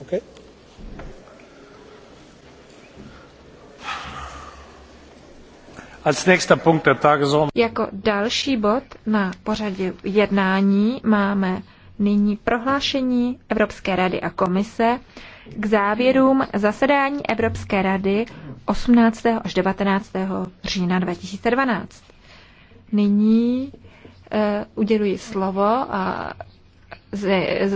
Okay. Jako další bod na pořadě jednání máme nyní prohlášení Evropské rady a komise k závěrům zasedání Evropské rady 18. až 19. října 2012. Nyní uh, uděluji slovo a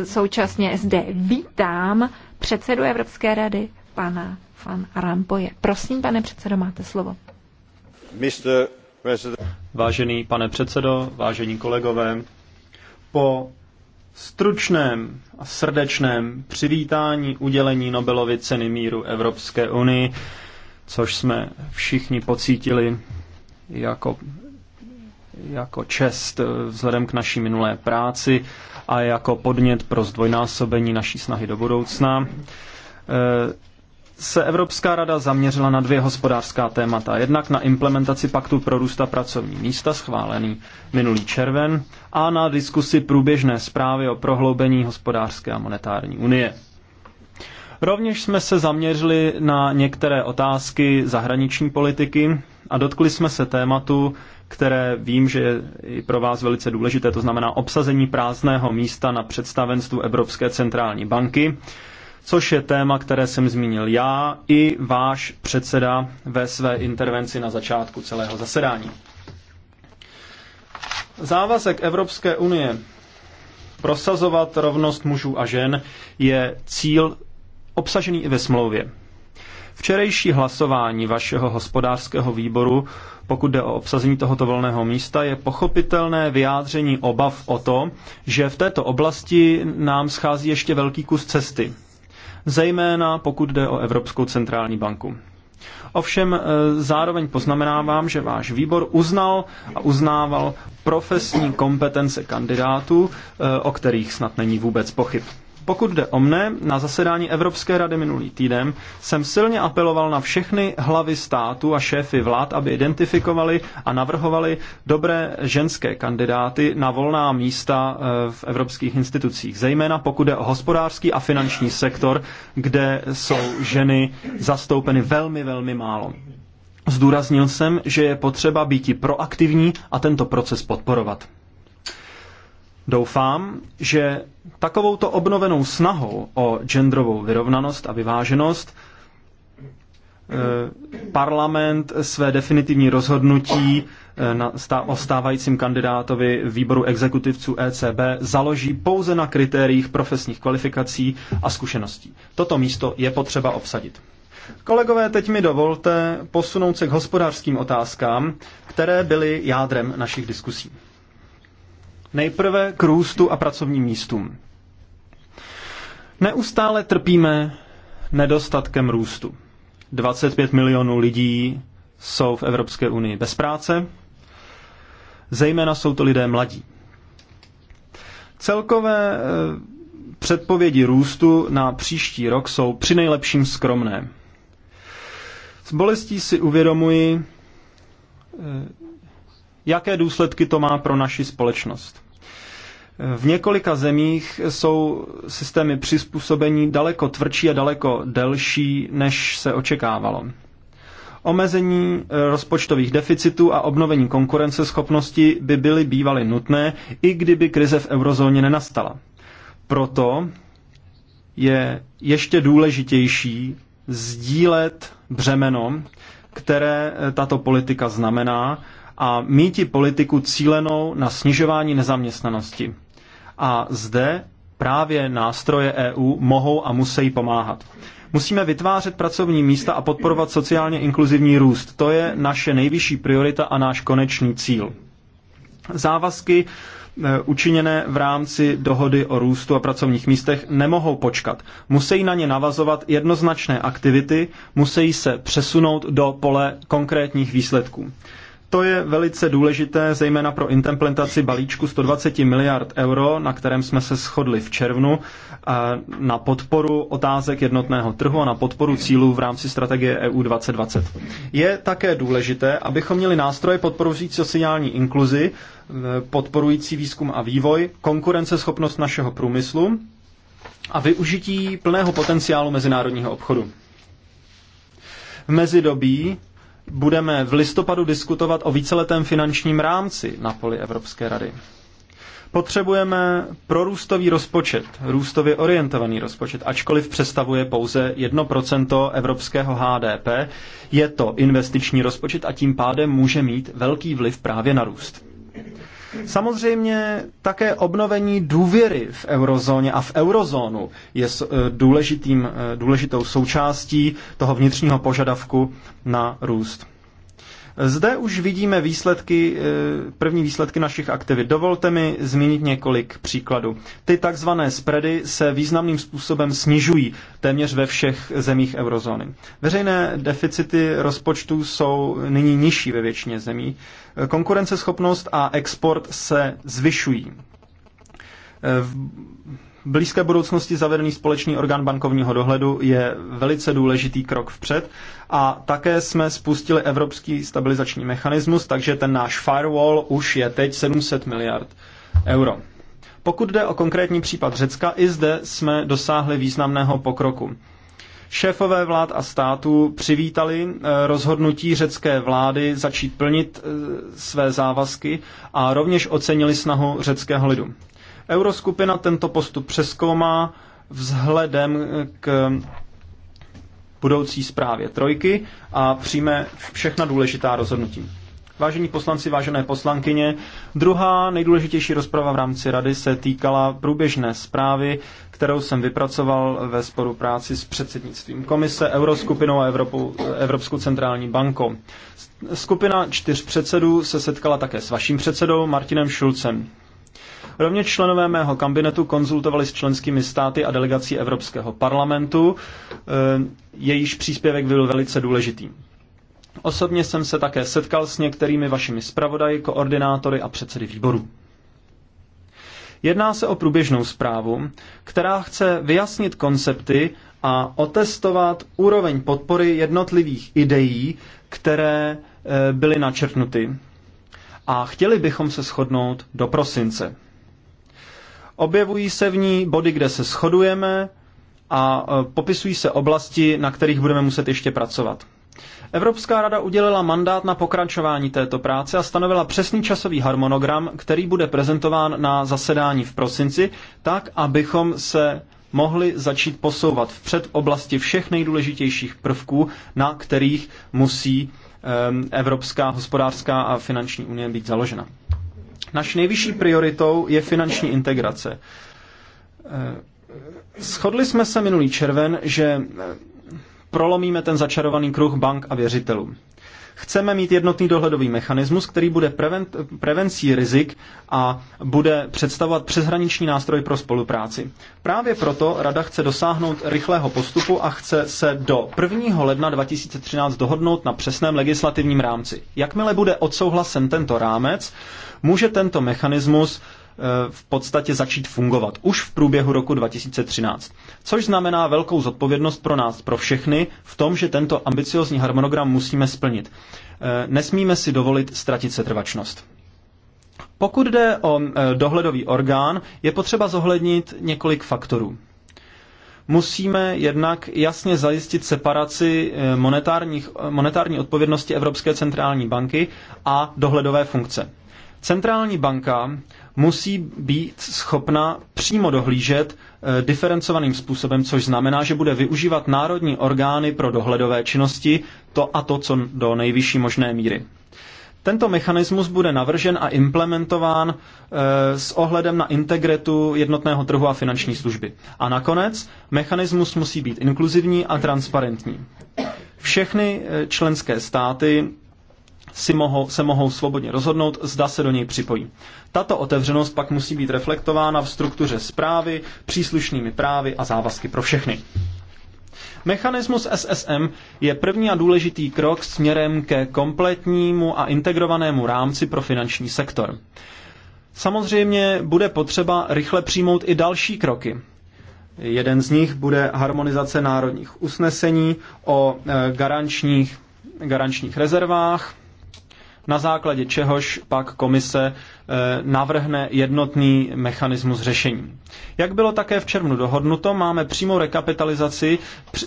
současně zde vítám předsedu Evropské rady, pana Van Rampoje. Prosím, pane předsedo, máte slovo. Vážený pane předsedo, vážení kolegové, po stručném a srdečném přivítání udělení Nobelovy ceny míru Evropské unii, což jsme všichni pocítili jako, jako čest vzhledem k naší minulé práci, a jako podnět pro zdvojnásobení naší snahy do budoucna e, se Evropská rada zaměřila na dvě hospodářská témata. Jednak na implementaci paktu pro růst a pracovní místa, schválený minulý červen, a na diskusi průběžné zprávy o prohloubení hospodářské a monetární unie. Rovněž jsme se zaměřili na některé otázky zahraniční politiky a dotkli jsme se tématu, které vím, že je i pro vás velice důležité, to znamená obsazení prázdného místa na představenstvu Evropské centrální banky, což je téma, které jsem zmínil já i váš předseda ve své intervenci na začátku celého zasedání. Závazek Evropské unie prosazovat rovnost mužů a žen je cíl obsažený i ve smlouvě. Včerejší hlasování vašeho hospodářského výboru, pokud jde o obsazení tohoto volného místa, je pochopitelné vyjádření obav o to, že v této oblasti nám schází ještě velký kus cesty. Zejména pokud jde o Evropskou centrální banku. Ovšem e, zároveň poznamenávám, že váš výbor uznal a uznával profesní kompetence kandidátů, e, o kterých snad není vůbec pochyb. Pokud jde o mne, na zasedání Evropské rady minulý týden jsem silně apeloval na všechny hlavy státu a šéfy vlád, aby identifikovali a navrhovali dobré ženské kandidáty na volná místa eh, v evropských institucích, zejména pokud jde o hospodářský a finanční sektor, kde jsou ženy zastoupeny velmi, velmi málo. Zdůraznil jsem, že je potřeba být proaktivní a tento proces podporovat. Doufám, že takovouto obnovenou snahou o genderovou vyrovnanost a vyváženost eh, parlament své definitivní rozhodnutí eh, o stávajícím kandidátovi výboru exekutivců ECB založí pouze na kritériích profesních kvalifikací a zkušeností. Toto místo je potřeba obsadit. Kolegové, teď mi dovolte posunout se k hospodářským otázkám, které byly jádrem našich diskusí. Nejprve k růstu a pracovním místům. Neustále trpíme nedostatkem růstu. 25 milionů lidí jsou v Evropské unii bez práce, zejména jsou to lidé mladí. Celkové eh, předpovědi růstu na příští rok jsou při nejlepším skromné. S bolestí si uvědomuji, eh, jaké důsledky to má pro naši společnost. V několika zemích jsou systémy přizpůsobení daleko tvrdší a daleko delší, než se očekávalo. Omezení eh, rozpočtových deficitů a obnovení konkurenceschopnosti by byly bývaly nutné, i kdyby krize v eurozóně nenastala. Proto je ještě důležitější sdílet břemeno, které eh, tato politika znamená, a míti politiku cílenou na snižování nezaměstnanosti. A zde právě nástroje EU mohou a musí pomáhat. Musíme vytvářet pracovní místa a podporovat sociálně inkluzivní růst. To je naše nejvyšší priorita a náš konečný cíl. Závazky e, učiněné v rámci dohody o růstu a pracovních místech nemohou počkat. Musí na ně navazovat jednoznačné aktivity, musí se přesunout do pole konkrétních výsledků. To je velice důležité, zejména pro implementaci balíčku 120 miliard euro, na kterém jsme se shodli v červnu, na podporu otázek jednotného trhu a na podporu cílů v rámci strategie EU 2020. Je také důležité, abychom měli nástroje podporující sociální inkluzi, e, podporující výzkum a vývoj, konkurenceschopnost našeho průmyslu a využití plného potenciálu mezinárodního obchodu. V mezidobí budeme v listopadu diskutovat o víceletém finančním rámci na poli Evropské rady. Potřebujeme prorůstový rozpočet, růstově orientovaný rozpočet, ačkoliv představuje pouze 1% evropského HDP, je to investiční rozpočet a tím pádem může mít velký vliv právě na růst. Samozřejmě také obnovení důvěry v eurozóně a v eurozónu je eh, důležitým, eh, důležitou součástí toho vnitřního požadavku na růst. Zde už vidíme výsledky, eh, první výsledky našich aktivit. Dovolte mi zmínit několik příkladů. Ty takzvané spready se významným způsobem snižují téměř ve všech zemích eurozóny. Veřejné deficity rozpočtů jsou nyní nižší ve většině zemí. Konkurenceschopnost a export se zvyšují. Eh, blízké budoucnosti zavedený společný orgán bankovního dohledu je velice důležitý krok vpřed a také jsme spustili evropský stabilizační mechanismus, takže ten náš firewall už je teď 700 miliard euro. Pokud jde o konkrétní případ Řecka, i zde jsme dosáhli významného pokroku. Šéfové vlád a států přivítali eh, rozhodnutí řecké vlády začít plnit eh, své závazky a rovněž ocenili snahu řeckého lidu. Euroskupina tento postup přeskoumá vzhledem k budoucí zprávě trojky a přijme všechna důležitá rozhodnutí. Vážení poslanci, vážené poslankyně, druhá nejdůležitější rozprava v rámci rady se týkala průběžné zprávy, kterou jsem vypracoval ve spolupráci s předsednictvím komise, Euroskupinou a Evropu, Evropskou centrální bankou. Skupina čtyř předsedů se setkala také s vaším předsedou Martinem Šulcem. Rovněž členové mého kabinetu konzultovali s členskými státy a delegací Evropského parlamentu, eh, jejíž příspěvek byl velice důležitý. Osobně jsem se také setkal s některými vašimi zpravodaji, koordinátory a předsedy výborů. Jedná se o průběžnou zprávu, která chce vyjasnit koncepty a otestovat úroveň podpory jednotlivých ideí, které eh, byly načrtnuty. A chtěli bychom se shodnout do prosince. Objevují se v ní body, kde se shodujeme a e, popisují se oblasti, na kterých budeme muset ještě pracovat. Evropská rada udělila mandát na pokračování této práce a stanovila přesný časový harmonogram, který bude prezentován na zasedání v prosinci, tak, abychom se mohli začít posouvat vpřed oblasti všech nejdůležitějších prvků, na kterých musí e, Evropská hospodářská a finanční unie být založena. Naš nejvyšší prioritou je finanční integrace. Eh, shodli jsme se minulý červen, že eh, prolomíme ten začarovaný kruh bank a věřitelů. Chceme mít jednotný dohledový mechanismus, který bude preven, prevencí rizik a bude představovat přeshraniční nástroj pro spolupráci. Právě proto Rada chce dosáhnout rychlého postupu a chce se do 1. ledna 2013 dohodnout na přesném legislativním rámci. Jakmile bude odsouhlasen tento rámec, může tento mechanismus eh, v podstatě začít fungovat už v průběhu roku 2013. Což znamená velkou zodpovědnost pro nás, pro všechny, v tom, že tento ambiciozní harmonogram musíme splnit. Eh, nesmíme si dovolit ztratit setrvačnost. Pokud jde o eh, dohledový orgán, je potřeba zohlednit několik faktorů. Musíme jednak jasně zajistit separaci monetárních, monetární odpovědnosti Evropské centrální banky a dohledové funkce. Centrální banka musí být schopna přímo dohlížet eh, diferencovaným způsobem, což znamená, že bude využívat národní orgány pro dohledové činnosti, to a to, co do nejvyšší možné míry. Tento mechanismus bude navržen a implementován e, s ohledem na integritu jednotného trhu a finanční služby. A nakonec, mechanismus musí být inkluzivní a transparentní. Všechny eh, členské státy si mohou, se mohou svobodně rozhodnout, zda se do něj připojí. Tato otevřenost pak musí být reflektována v struktuře zprávy, příslušnými právy a závazky pro všechny. Mechanismus SSM je první a důležitý krok směrem ke kompletnímu a integrovanému rámci pro finanční sektor. Samozřejmě bude potřeba rychle přijmout i další kroky. Jeden z nich bude harmonizace národních usnesení o e, garančních, garančních rezervách, na základě čehož pak komise eh, navrhne jednotný mechanismus řešení. Jak bylo také v červnu dohodnuto, máme přímou rekapitalizaci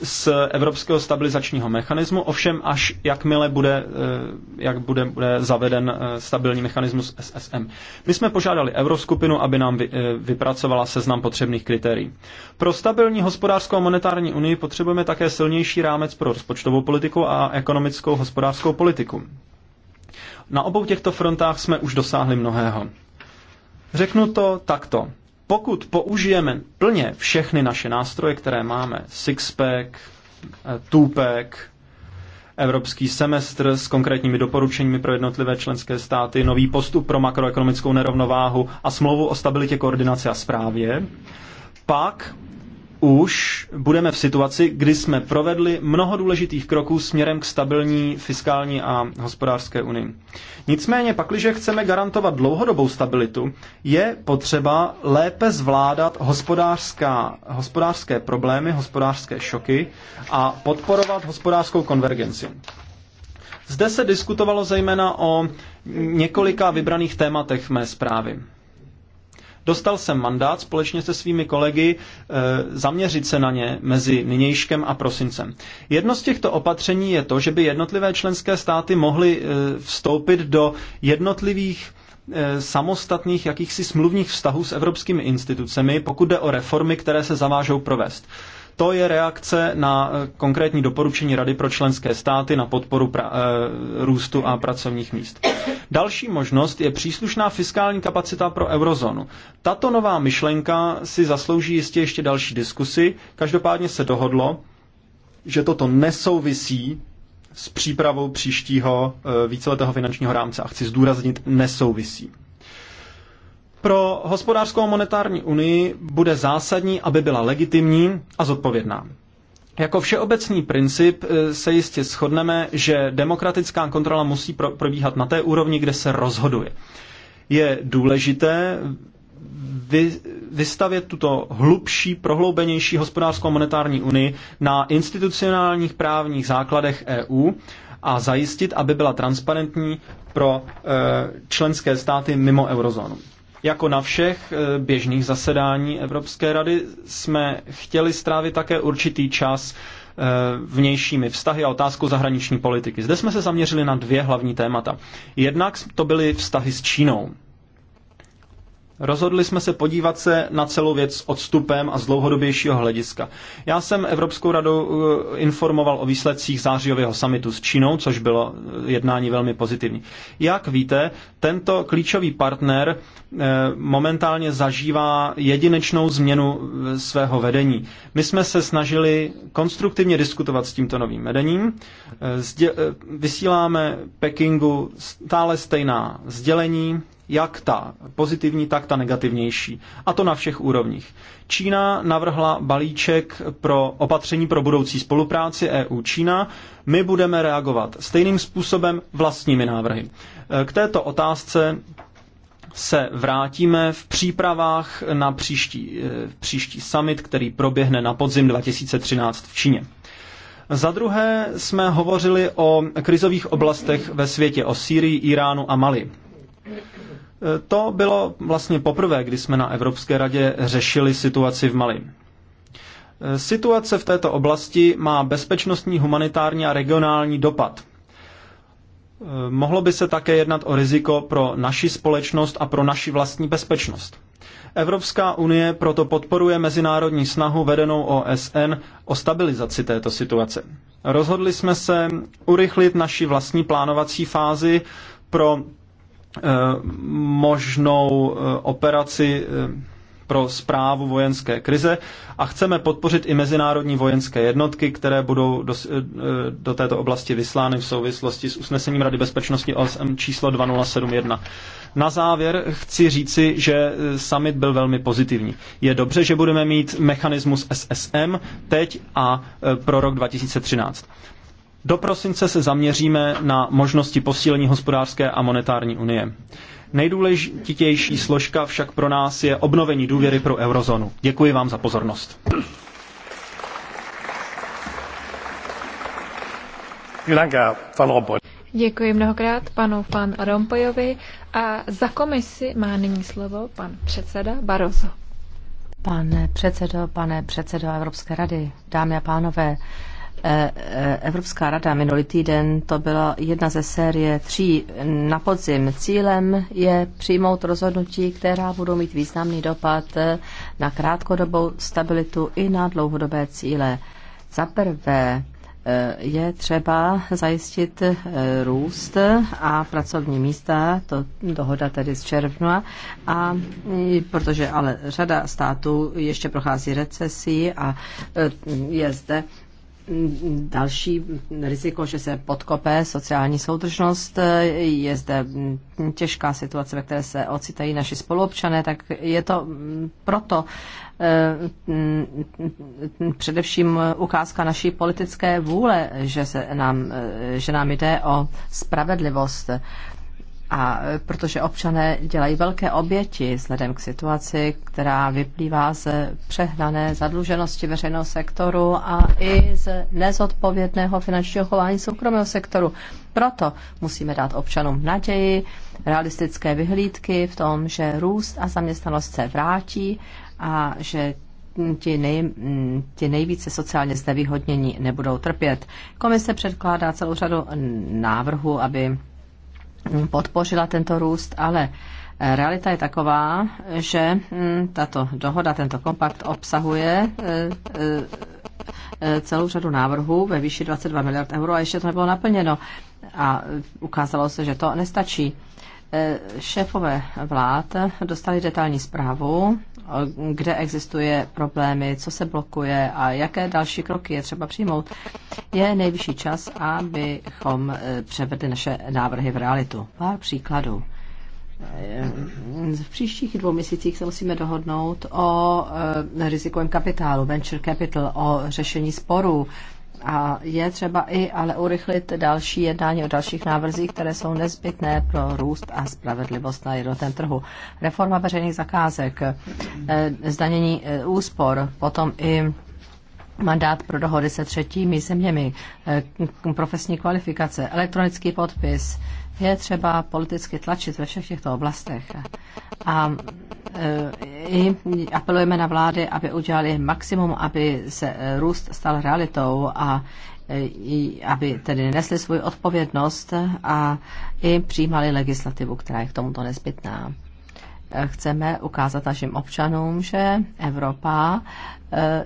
z Evropského stabilizačního mechanismu, ovšem až jakmile bude, eh, jak bude, bude zaveden eh, stabilní mechanismus SSM. My jsme požádali Euroskupinu, aby nám vypracovala seznam potřebných kritérií. Pro stabilní hospodářskou a monetární unii potřebujeme také silnější rámec pro rozpočtovou politiku a ekonomickou hospodářskou politiku. Na obou těchto frontách jsme už dosáhli mnohého. Řeknu to takto. Pokud použijeme plně všechny naše nástroje, které máme, sixpack, eh, tupek, evropský semestr s konkrétními doporučeními pro jednotlivé členské státy, nový postup pro makroekonomickou nerovnováhu a smlouvu o stabilitě, koordinaci a správě, pak už budeme v situaci, kdy jsme provedli mnoho důležitých kroků směrem k stabilní fiskální a hospodářské unii. Nicméně, pakliže chceme garantovat dlouhodobou stabilitu, je potřeba lépe zvládat hospodářská, hospodářské problémy, hospodářské šoky a podporovat hospodářskou konvergenci. Zde se diskutovalo zejména o několika vybraných tématech mé zprávy. Dostal jsem mandát společně se svými kolegy eh, zaměřit se na ně mezi nynějškem a prosincem. Jedno z těchto opatření je to, že by jednotlivé členské státy mohly eh, vstoupit do jednotlivých eh, samostatných jakýchsi smluvních vztahů s evropskými institucemi, pokud jde o reformy, které se zavážou provést. To je reakce na eh, konkrétní doporučení Rady pro členské státy na podporu pra, eh, růstu a pracovních míst. Další možnost je příslušná fiskální kapacita pro eurozónu. Tato nová myšlenka si zaslouží jistě ještě další diskusy. Každopádně se dohodlo, že toto nesouvisí s přípravou příštího eh, víceletého finančního rámce a chci zdůraznit nesouvisí. Pro hospodářskou a monetární unii bude zásadní, aby byla legitimní a zodpovědná. Jako všeobecný princip eh, se jistě shodneme, že demokratická kontrola musí probíhat na té úrovni, kde se rozhoduje. Je důležité vy, vystavět tuto hlubší, prohloubenější hospodářskou a monetární unii na institucionálních právních základech EU a zajistit, aby byla transparentní pro e, členské státy mimo eurozónu. Jako na všech eh, běžných zasedání Evropské rady jsme chtěli strávit také určitý čas eh, vnějšími vztahy a otázku zahraniční politiky. Zde jsme se zaměřili na dvě hlavní témata. Jednak to byly vztahy s Čínou. Rozhodli jsme se podívat se na celou věc s odstupem a z dlouhodobějšího hlediska. Já jsem Evropskou radu eh, informoval o výsledcích zářijového samitu s Čínou, což bylo eh, jednání velmi pozitivní. Jak víte, tento klíčový partner eh, momentálně zažívá jedinečnou změnu svého vedení. My jsme se snažili konstruktivně diskutovat s tímto novým vedením. Vysíláme Pekingu stále stejná sdělení, jak ta pozitivní, tak ta negativnější. A to na všech úrovních. Čína navrhla balíček pro opatření pro budoucí spolupráci EU-Čína. My budeme reagovat stejným způsobem vlastními návrhy. E, k této otázce se vrátíme v přípravách na příští, e, příští summit, který proběhne na podzim 2013 v Číně. Za druhé jsme hovořili o krizových oblastech ve světě, o Sýrii, Iránu a Mali. To bylo vlastně poprvé, kdy jsme na Evropské radě řešili situaci v Mali. Situace v této oblasti má bezpečnostní, humanitární a regionální dopad. Mohlo by se také jednat o riziko pro naši společnost a pro naši vlastní bezpečnost. Evropská unie proto podporuje mezinárodní snahu vedenou OSN o stabilizaci této situace. Rozhodli jsme se urychlit naši vlastní plánovací fázi pro Eh, možnou eh, operaci eh, pro zprávu vojenské krize a chceme podpořit i mezinárodní vojenské jednotky, které budou do, do této oblasti vyslány v souvislosti s usnesením Rady bezpečnosti OSM číslo 2071. Na závěr chci říci, že summit byl velmi pozitivní. Je dobře, že budeme mít mechanismus SSM teď a pro rok 2013. Do prosince se zaměříme na možnosti posílení hospodářské a monetární unie. Nejdůležitější složka však pro nás je obnovení důvěry pro eurozónu. Děkuji vám za pozornost. Děkuji mnohokrát panu Van Rompojovi a za komisi má nyní slovo pan předseda Barroso. Pane předsedo, pane předsedo Evropské rady, dámy a pánové, E, e, Evropská rada minulý týden to byla jedna ze série tří na podzim. Cílem je přijmout rozhodnutí, která budou mít významný dopad na krátkodobou stabilitu i na dlouhodobé cíle. Za prvé e, je třeba zajistit růst a pracovní místa, to dohoda tedy z června, a protože ale řada států ještě prochází recesí a je zde Další riziko, že se podkope sociální soudržnost, je zde těžká situace, ve které se ocitají naši spoluobčané, tak je to proto eh, především ukázka naší politické vůle, že, se nám, eh, že nám jde o spravedlivost a protože občané dělají velké oběti vzhledem k situaci, která vyplývá z přehnané zadluženosti veřejného sektoru a i z nezodpovědného finančního chování soukromého sektoru. Proto musíme dát občanům naději, realistické vyhlídky v tom, že růst a zaměstnanost se vrátí a že ti, nej, ti nejvíce sociálně znevýhodnění nebudou trpět. Komise předkládá celou řadu návrhů, aby podpořila tento růst, ale eh, realita je taková, že hm, tato dohoda, tento kompakt obsahuje eh, eh, celou řadu návrhů ve výši 22 miliard euro a ještě to nebylo naplněno. A ukázalo se, že to nestačí. Šéfové vlád dostali detailní zprávu kde existuje problémy, co se blokuje a jaké další kroky je třeba přijmout, je nejvyšší čas, abychom eh, převedli naše návrhy v realitu. Pár příkladů. Eh, v příštích dvou měsících se musíme dohodnout o eh, rizikovém kapitálu, venture capital, o řešení sporů, a je třeba i ale urychlit další jednání o dalších návrzích, které jsou nezbytné pro růst a spravedlivost na jednotném trhu. Reforma veřejných zakázek, eh, zdanění eh, úspor, potom i mandát pro dohody se třetími zeměmi, eh, profesní kvalifikace, elektronický podpis, je třeba politicky tlačit ve všech těchto oblastech. A e, i apelujeme na vlády, aby udělali maximum, aby se růst stal realitou a e, aby tedy nesli svou odpovědnost a i přijímali legislativu, která je k tomuto nezbytná chceme ukázat našim občanům, že Evropa eh,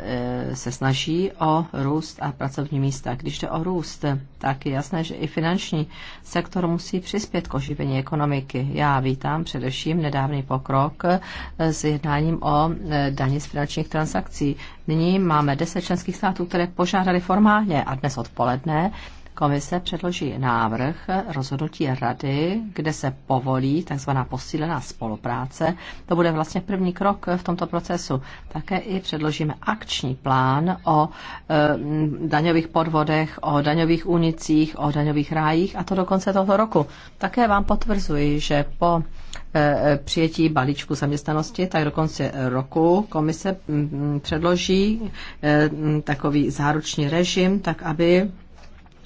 eh, se snaží o růst a pracovní místa. Když jde o růst, tak je jasné, že i finanční sektor musí přispět k oživení ekonomiky. Já vítám především nedávný pokrok eh, s jednáním o daní z finančních transakcí. Nyní máme deset členských států, které požádali formálně a dnes odpoledne Komise předloží návrh rozhodnutí rady, kde se povolí tzv. posílená spolupráce. To bude vlastně první krok v tomto procesu. Také i předložíme akční plán o e, daňových podvodech, o daňových únicích, o daňových rájích a to do konce tohoto roku. Také vám potvrzuji, že po e, přijetí balíčku zaměstnanosti, tak do konce roku komise mm, předloží e, takový záruční režim, tak aby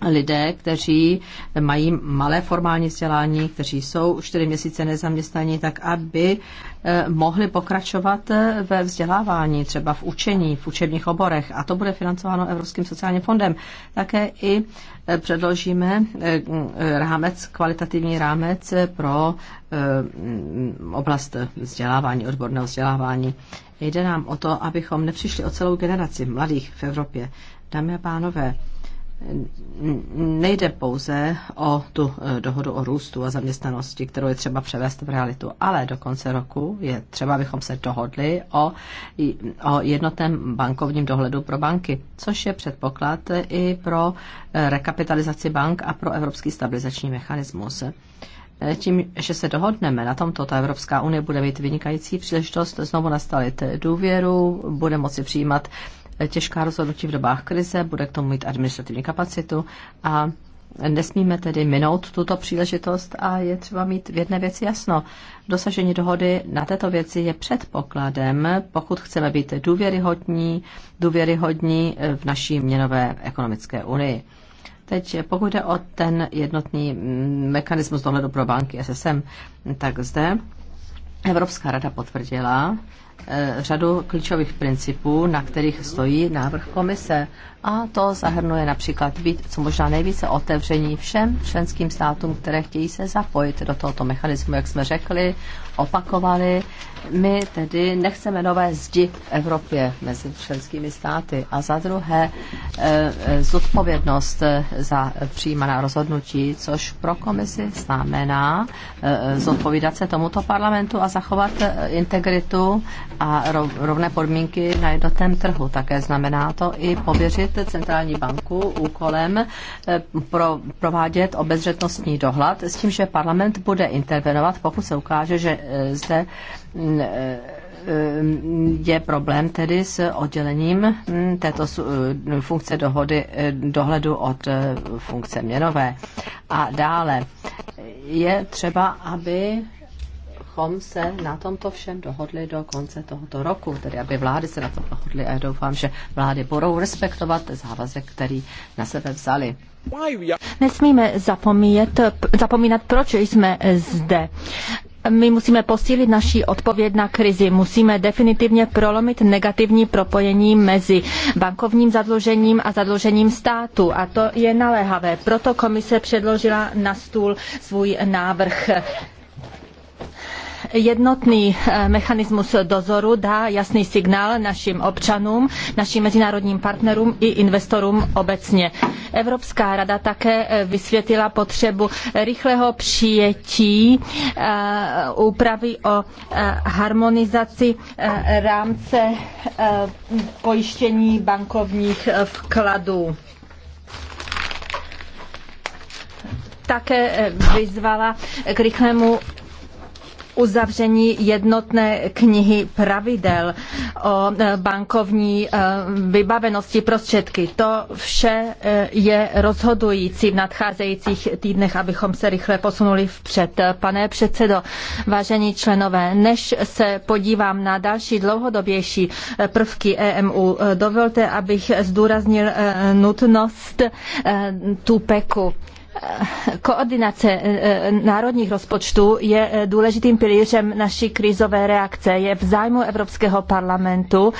lidé, kteří mají malé formální vzdělání, kteří jsou čtyři měsíce nezaměstnaní, tak aby eh, mohli pokračovat eh, ve vzdělávání, třeba v učení, v učebních oborech. A to bude financováno Evropským sociálním fondem. Také i eh, předložíme rámec, kvalitativní rámec pro oblast vzdělávání, odborného vzdělávání. Jde nám o to, abychom nepřišli o celou generaci mladých v Evropě. Dámy a pánové, nejde pouze o tu eh, dohodu o růstu a zaměstnanosti, kterou je třeba převést v realitu, ale do konce roku je třeba, abychom se dohodli o, o jednotném bankovním dohledu pro banky, což je předpoklad i pro eh, rekapitalizaci bank a pro evropský stabilizační mechanismus. Eh, tím, že se dohodneme na tomto, ta Evropská unie bude mít vynikající příležitost znovu nastavit důvěru, bude moci přijímat těžká rozhodnutí v dobách krize, bude k tomu mít administrativní kapacitu a Nesmíme tedy minout tuto příležitost a je třeba mít v jedné věci jasno. Dosažení dohody na této věci je předpokladem, pokud chceme být důvěryhodní, důvěryhodní eh, v naší měnové ekonomické unii. Teď eh, pokud jde o ten jednotný mm, mechanismus dohledu pro banky SSM, tak zde Evropská rada potvrdila, Eh, řadu klíčových principů, na kterých stojí návrh komise a to zahrnuje například být co možná nejvíce otevření všem členským státům, které chtějí se zapojit do tohoto mechanismu, jak jsme řekli, opakovali. My tedy nechceme nové zdi v Evropě mezi členskými státy a za druhé eh, eh, zodpovědnost eh, za přijímaná rozhodnutí, což pro komisi znamená zodpovídat se tomuto parlamentu a zachovat integritu a rovné podmínky na jednotném trhu. Také znamená to i pověřit centrální banku úkolem eh, pro, provádět obezřetnostní dohlad, s tím, že parlament bude intervenovat, pokud se ukáže, že eh, zde mm, eh, mm, je problém tedy s oddělením mm, této funkce dohody, dohledu od funkce měnové. A dále je třeba, aby abychom se na tomto všem dohodli do konce tohoto roku, tedy aby vlády se na to dohodly a já doufám, že vlády budou respektovat závazek, který na sebe vzali. Nesmíme zapomínat, zapomínat, proč jsme zde. My musíme posílit naši odpověď na krizi. Musíme definitivně prolomit negativní propojení mezi bankovním zadlužením a zadlužením státu. A to je naléhavé. Proto komise předložila na stůl svůj návrh jednotný eh, mechanismus dozoru dá jasný signál našim občanům, našim mezinárodním partnerům i investorům obecně. Evropská rada také eh, vysvětlila potřebu rychlého přijetí eh, úpravy o harmonizaci rámce pojištění bankovních vkladů. také vyzvala k rychlému uzavření jednotné knihy pravidel o e, bankovní e, vybavenosti prostředky. To vše e, je rozhodující v nadcházejících týdnech, abychom se rychle posunuli vpřed. Pane předsedo, vážení členové, než se podívám na další dlouhodobější prvky EMU, dovolte, abych zdůraznil nutnost tupeku. Koordinace eh, eh, národních rozpočtů je eh, důležitým pilířem naší krizové reakce. Je v zájmu Evropského parlamentu,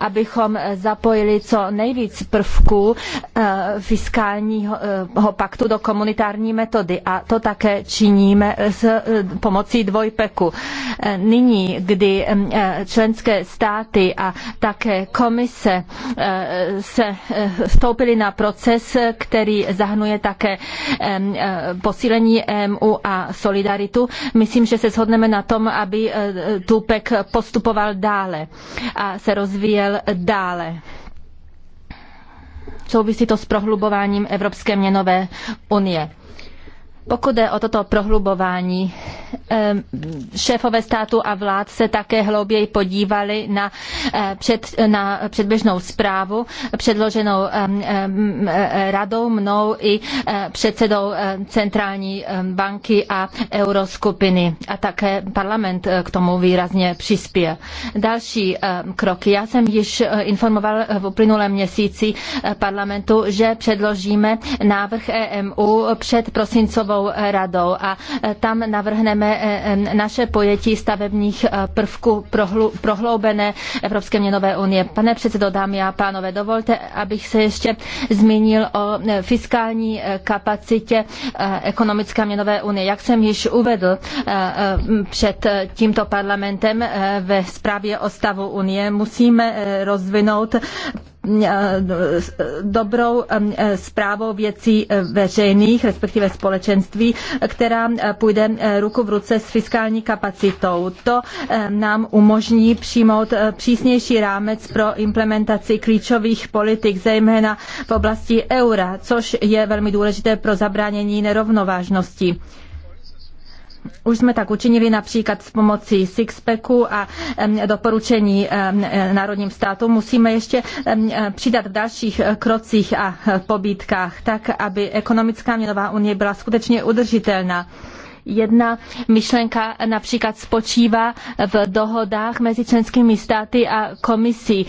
abychom zapojili co nejvíc prvků fiskálního paktu do komunitární metody a to také činíme s pomocí dvojpeku. E, nyní, kdy e, členské státy a také komise e, se vstoupily na proces, který zahrnuje také posílení EMU a solidaritu, myslím, že se shodneme na tom, aby Tupek postupoval dále a se rozvíjel dále. Souvisí to s prohlubováním Evropské měnové unie. Pokud jde o toto prohlubování, šéfové státu a vlád se také hlouběji podívali na, eh, před, na předběžnou zprávu předloženou radou mnou i eh, předsedou eh, Centrální banky a euroskupiny. A také parlament k tomu výrazně přispěl. Další kroky. Já jsem již informoval v uplynulém měsíci parlamentu, že předložíme návrh EMU před prosincovou stavebnou radou a e, tam navrhneme e, e, naše pojetí stavebních prvků prohloubené Evropské měnové unie. Pane předsedo, dámy a pánové, dovolte, abych se ještě zmínil o fiskální kapacitě ekonomické měnové unie. Jak jsem již uvedl před tímto parlamentem ve zprávě o stavu unie, musíme rozvinout Eh, dobrou eh, zprávou věcí eh, veřejných, respektive společenství, která půjde ruku v ruce s fiskální kapacitou. To nám umožní přijmout přísnější rámec pro implementaci klíčových politik, zejména v oblasti eura, což je velmi důležité pro zabránění nerovnovážnosti. Už jsme tak učinili například s pomocí Sixpacku a doporučení národním státům. Musíme ještě přidat v dalších eh, krocích a eh, pobídkách, tak aby ekonomická měnová unie byla skutečně udržitelná. Jedna myšlenka například spočívá v dohodách mezi členskými státy a komisí.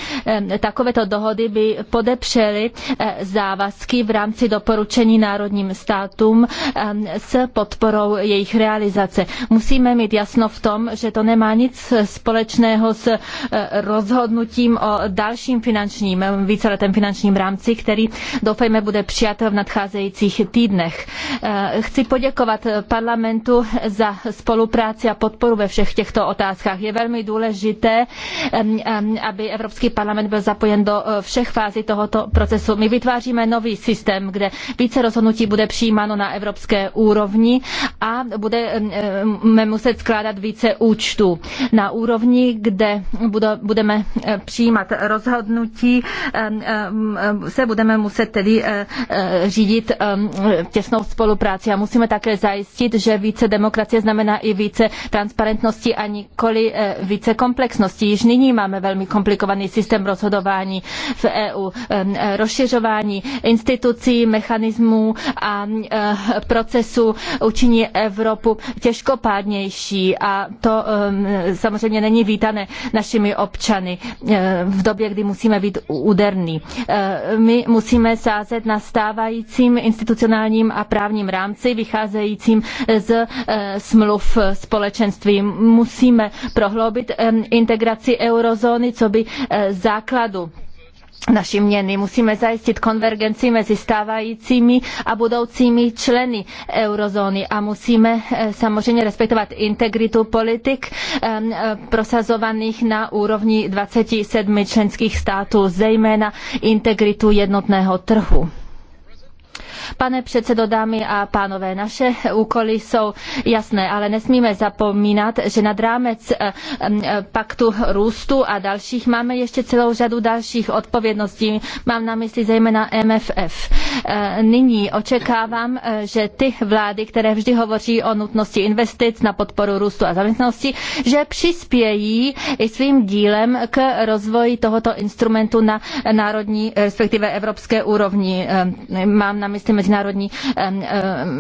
Takovéto dohody by podepřely eh, závazky v rámci doporučení národním státům s podporou jejich realizace. Musíme mít jasno v tom, že to nemá nic společného s eh, rozhodnutím o dalším finančním, víceletém finančním rámci, který doufejme bude přijat v nadcházejících týdnech. Eh, chci poděkovat parlamentu parlamentu za spolupráci a podporu ve všech těchto otázkách. Je velmi důležité, aby Evropský parlament byl zapojen do eh, všech fází tohoto procesu. My vytváříme nový systém, kde více rozhodnutí bude přijímáno na evropské úrovni a budeme muset skládat více účtů na úrovni, kde budeme eh, přijímat rozhodnutí, se budeme muset tedy eh, řídit těsnou spolupráci a musíme také zajistit, že více demokracie znamená i více transparentnosti a nikoli eh, více komplexnosti. Již nyní máme velmi komplikovaný systém rozhodování v EU, ehm, eh, rozšiřování institucí, mechanismů a eh, procesu učiní Evropu těžkopádnější a to ehm, samozřejmě není vítané našimi občany v době, kdy musíme být úderní. My musíme sázet na stávajícím institucionálním a právním rámci, vycházejícím z Eh, smluv společenství. Musíme prohloubit eh, integraci eurozóny, co by eh, základu naší měny. Musíme zajistit konvergenci mezi stávajícími a budoucími členy eurozóny a musíme samozřejmě respektovat integritu politik prosazovaných na úrovni 27 členských států, zejména integritu jednotného trhu. Pane předsedo, dámy a pánové, naše úkoly jsou jasné, ale nesmíme zapomínat, že nad rámec eh, eh, paktu růstu a dalších máme ještě celou řadu dalších odpovědností. Mám na mysli zejména MFF. Eh, nyní očekávám, že ty vlády, které vždy hovoří o nutnosti investic na podporu růstu a zaměstnanosti, že přispějí i svým dílem k rozvoji tohoto instrumentu na národní, respektive evropské úrovni. Mám na na mysli mezinárodní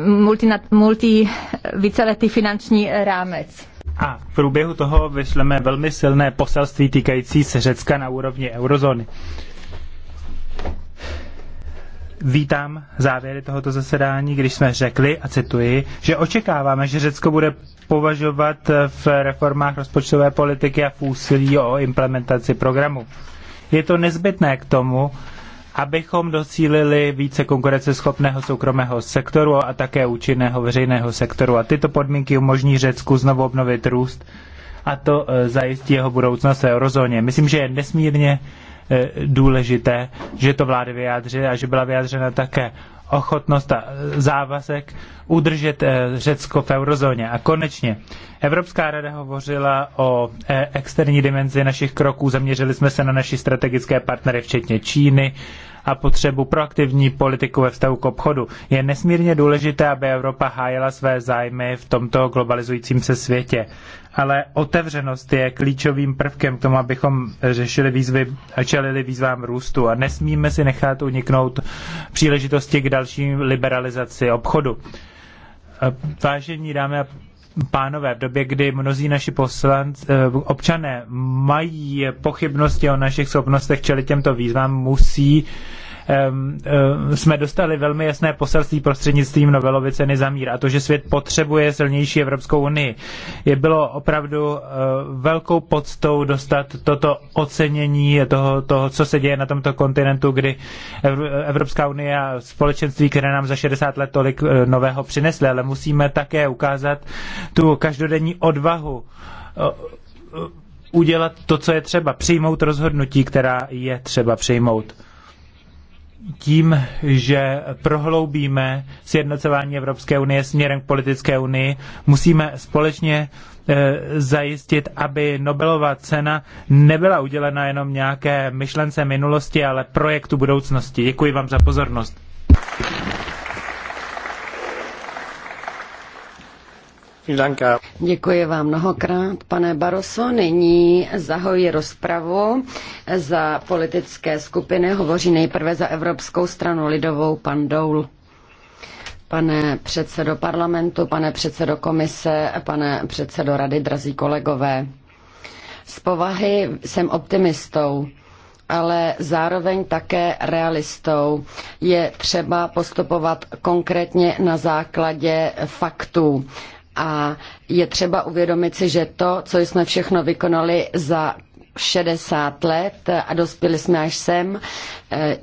multi, multi víceletý finanční rámec. A v průběhu toho vyšleme velmi silné poselství týkající se Řecka na úrovni eurozóny. Vítám závěry tohoto zasedání, když jsme řekli, a cituji, že očekáváme, že Řecko bude považovat v reformách rozpočtové politiky a v úsilí o implementaci programu. Je to nezbytné k tomu, abychom docílili více konkurenceschopného soukromého sektoru a také účinného veřejného sektoru. A tyto podmínky umožní Řecku znovu obnovit růst a to e, zajistí jeho budoucnost v eurozóně. Myslím, že je nesmírně e, důležité, že to vlády vyjádřily a že byla vyjádřena také ochotnost a závazek udržet eh, Řecko v eurozóně. A konečně, Evropská rada hovořila o eh, externí dimenzi našich kroků, zaměřili jsme se na naši strategické partnery, včetně Číny a potřebu proaktivní politiku ve vztahu k obchodu. Je nesmírně důležité, aby Evropa hájila své zájmy v tomto globalizujícím se světě. Ale otevřenost je klíčovým prvkem k tomu, abychom řešili výzvy a čelili výzvám růstu. A nesmíme si nechat uniknout příležitosti k další liberalizaci obchodu. Vážení dámy a pánové, v době, kdy mnozí naši poslanci, eh, občané mají pochybnosti o našich schopnostech čelit těmto výzvám, musí jsme dostali velmi jasné poselství prostřednictvím Nobelovy ceny za mír a to, že svět potřebuje silnější Evropskou unii. Je bylo opravdu eh, velkou poctou dostat toto ocenění toho, toho, co se děje na tomto kontinentu, kdy Evropská unie a společenství, které nám za 60 let tolik eh, nového přinesly, ale musíme také ukázat tu každodenní odvahu eh, udělat to, co je třeba, přijmout rozhodnutí, která je třeba přijmout tím, že prohloubíme sjednocování Evropské unie směrem k politické unii, musíme společně e, zajistit, aby Nobelova cena nebyla udělena jenom nějaké myšlence minulosti, ale projektu budoucnosti. Děkuji vám za pozornost. Děkuji vám mnohokrát, pane Baroso. Nyní zahojí rozpravu za politické skupiny. Hovoří nejprve za Evropskou stranu lidovou pan Doul. Pane předsedo parlamentu, pane předsedo komise, pane předsedo rady, drazí kolegové. Z povahy jsem optimistou ale zároveň také realistou. Je třeba postupovat konkrétně na základě faktů. A je třeba uvědomit si, že to, co jsme všechno vykonali za 60 let a dospěli jsme až sem, eh,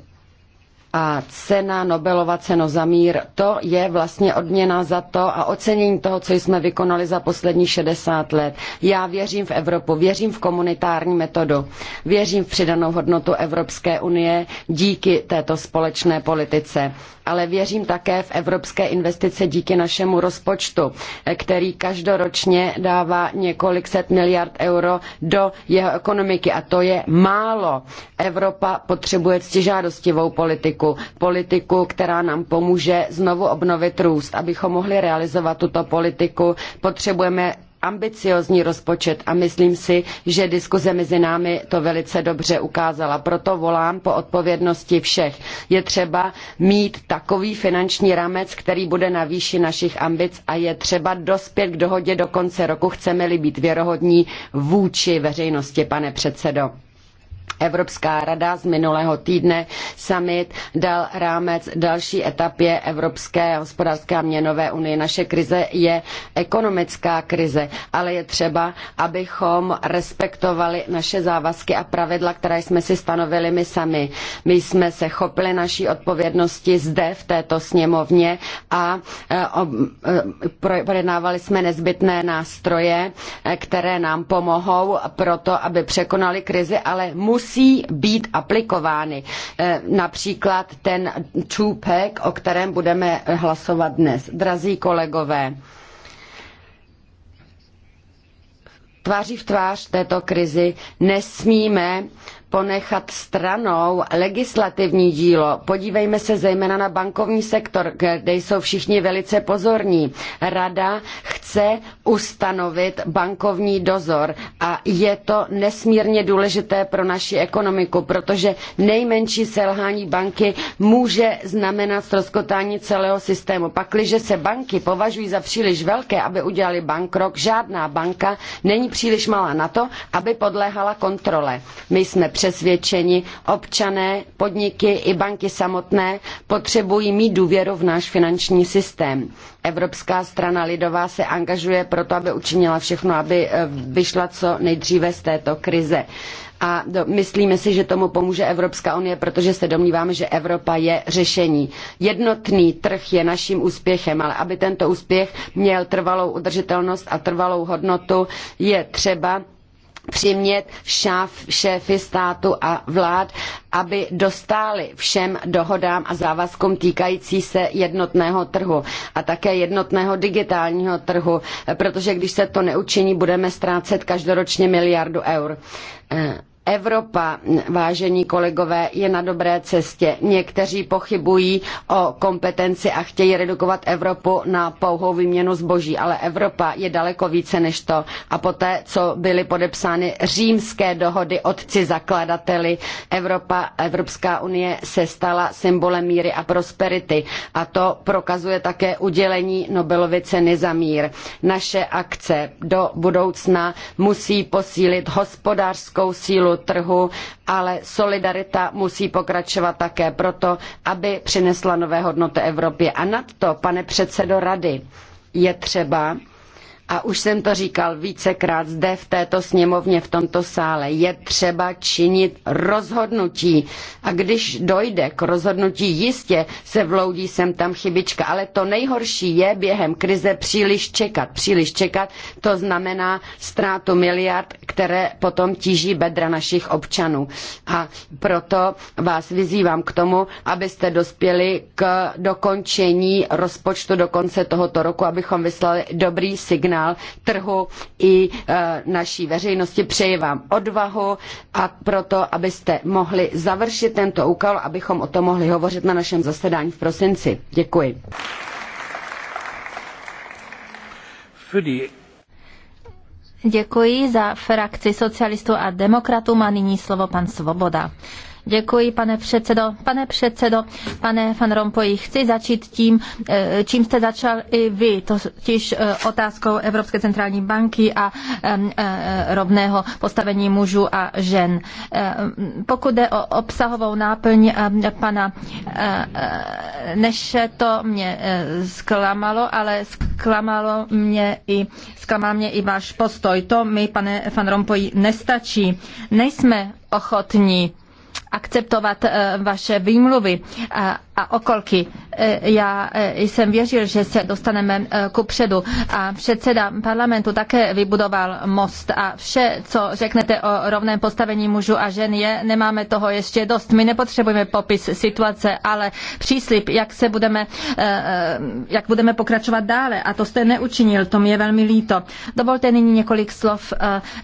a cena Nobelova cena za mír, to je vlastně odměna za to a ocenění toho, co jsme vykonali za poslední 60 let. Já věřím v Evropu, věřím v komunitární metodu, věřím v přidanou hodnotu Evropské unie díky této společné politice, ale věřím také v evropské investice díky našemu rozpočtu, který každoročně dává několik set miliard euro do jeho ekonomiky a to je málo. Evropa potřebuje ctižádostivou politiku politiku. Politiku, která nám pomůže znovu obnovit růst. Abychom mohli realizovat tuto politiku, potřebujeme ambiciózní rozpočet a myslím si, že diskuze mezi námi to velice dobře ukázala. Proto volám po odpovědnosti všech. Je třeba mít takový finanční rámec, který bude na výši našich ambic a je třeba dospět k dohodě do konce roku, chceme-li být věrohodní vůči veřejnosti, pane předsedo. Evropská rada z minulého týdne summit dal rámec další etapě Evropské hospodářské a měnové unie. Naše krize je ekonomická krize, ale je třeba, abychom respektovali naše závazky a pravidla, která jsme si stanovili my sami. My jsme se chopili naší odpovědnosti zde v této sněmovně a e, e, projednávali jsme nezbytné nástroje, e, které nám pomohou pro to, aby překonali krizi, ale musí musí být aplikovány. Eh, například ten two-pack, o kterém budeme hlasovat dnes. Drazí kolegové, tváří v tvář této krizi nesmíme ponechat stranou legislativní dílo. Podívejme se zejména na bankovní sektor, kde jsou všichni velice pozorní. Rada chce ustanovit bankovní dozor a je to nesmírně důležité pro naši ekonomiku, protože nejmenší selhání banky může znamenat rozkotání celého systému. Pakliže se banky považují za příliš velké, aby udělali bankrok, žádná banka není příliš malá na to, aby podléhala kontrole. My jsme přesvědčeni. Občané, podniky i banky samotné potřebují mít důvěru v náš finanční systém. Evropská strana lidová se angažuje proto, aby učinila všechno, aby eh, vyšla co nejdříve z této krize a myslíme si, že tomu pomůže Evropská unie, protože se domníváme, že Evropa je řešení. Jednotný trh je naším úspěchem, ale aby tento úspěch měl trvalou udržitelnost a trvalou hodnotu, je třeba přimět šáf, šéfy státu a vlád, aby dostáli všem dohodám a závazkům týkající se jednotného trhu a také jednotného digitálního trhu, protože když se to neučiní, budeme ztrácet každoročně miliardu eur. Eh, Evropa, vážení kolegové, je na dobré cestě. Někteří pochybují o kompetenci a chtějí redukovat Evropu na pouhou výměnu zboží, ale Evropa je daleko více než to. A poté, co byly podepsány římské dohody otci zakladateli, Evropa, Evropská unie se stala symbolem míry a prosperity. A to prokazuje také udělení Nobelovy ceny za mír. Naše akce do budoucna musí posílit hospodářskou sílu trhu, ale solidarita musí pokračovat také proto, aby přinesla nové hodnoty Evropě. A nad to, pane předsedo rady, je třeba, a už jsem to říkal vícekrát zde v této sněmovně, v tomto sále, je třeba činit rozhodnutí. A když dojde k rozhodnutí, jistě se vloudí sem tam chybička, ale to nejhorší je během krize příliš čekat. Příliš čekat, to znamená ztrátu miliard, které potom tíží bedra našich občanů. A proto vás vyzývám k tomu, abyste dospěli k dokončení rozpočtu do konce tohoto roku, abychom vyslali dobrý signál signál trhu i e, naší veřejnosti. Přeji vám odvahu a proto, abyste mohli završit tento úkol, abychom o tom mohli hovořit na našem zasedání v prosinci. Děkuji. Děkuji za frakci socialistů a demokratů. Má nyní slovo pan Svoboda. Děkuji, pane předsedo. Pane předsedo, pane Van Rompuy, chci začít tím, eh, čím jste začal i vy, totiž eh, otázkou Evropské centrální banky a eh, rovného postavení mužů a žen. Pokud jde o obsahovou náplň pana Neše, to mě zklamalo, ale zklamalo mě i, zklamal mě i váš postoj. To mi, pane Van Rompuy, nestačí. Nejsme ochotní akceptovat eh, vaše výmluvy a okolky. E, já e, jsem věřil, že se dostaneme e, ku předu a předseda parlamentu také vybudoval most a vše, co řeknete o rovném postavení mužů a žen je, nemáme toho ještě dost. My nepotřebujeme popis situace, ale příslip, jak se budeme, jak budeme pokračovat dále a to jste neučinil, to mi je velmi líto. Dovolte nyní několik slov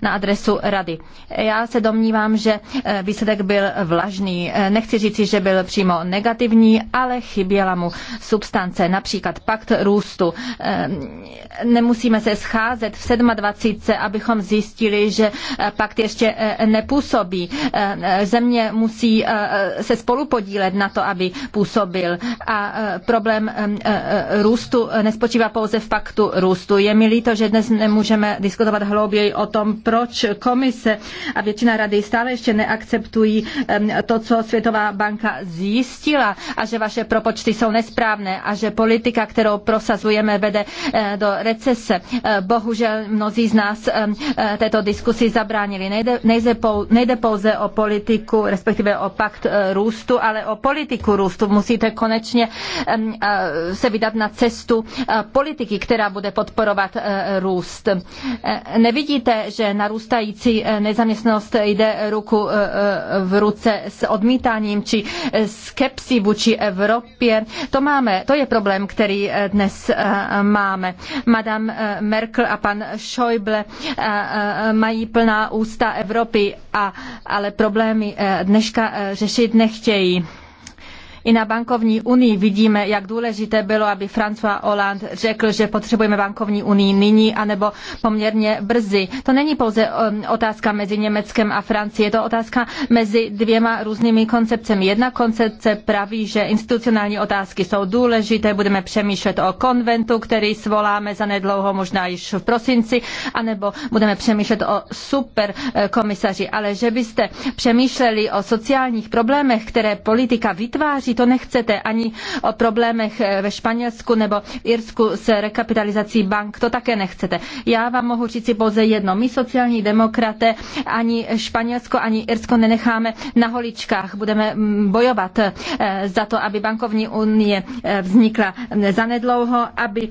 na adresu rady. Já se domnívám, že výsledek byl vlažný. Nechci říci, že byl přímo negativní, ale chyběla mu substance, například pakt růstu. Ehm, nemusíme se scházet v 27, abychom zjistili, že eh, pakt ještě eh, nepůsobí. Ehm, země musí eh, se spolupodílet na to, aby působil. A problém ehm, růstu nespočívá pouze v paktu růstu. Je mi líto, že dnes nemůžeme diskutovat hlouběji o tom, proč komise a většina rady stále ještě neakceptují to, co Světová banka zjistila a že vaše propočty jsou nesprávné a že politika, kterou prosazujeme, vede eh, do recese. Eh, bohužel mnozí z nás eh, této diskusi zabránili. Nejde, nejde, pou, nejde pouze o politiku, respektive o pakt růstu, ale o politiku růstu. Musíte konečně se vydat na cestu politiky, která bude podporovat růst. Nevidíte, že narůstající nezaměstnost jde ruku v ruce s odmítáním či skepsí vůči Evropě. To máme, to je problém, který eh, dnes eh, máme. Madame eh, Merkel a pan Schäuble mají plná ústa Evropy, a, ale problémy dneška řešit nechtějí. I na bankovní unii vidíme, jak důležité bylo, aby François Hollande řekl, že potřebujeme bankovní unii nyní anebo poměrně brzy. To není pouze um, otázka mezi Německem a Francií, je to otázka mezi dvěma různými koncepcemi. Jedna koncepce praví, že institucionální otázky jsou důležité, budeme přemýšlet o konventu, který svoláme zanedlouho, možná již v prosinci, anebo budeme přemýšlet o super komisaři, ale že byste přemýšleli o sociálních problémech, které politika vytváří, financí to nechcete, ani o problémech eh, ve Španělsku nebo v Irsku s rekapitalizací bank, to také nechcete. Já vám mohu říci pouze jedno, my sociální demokraté ani Španělsko, ani Irsko nenecháme na holičkách, budeme mm, bojovat eh, za to, aby bankovní unie eh, vznikla zanedlouho, aby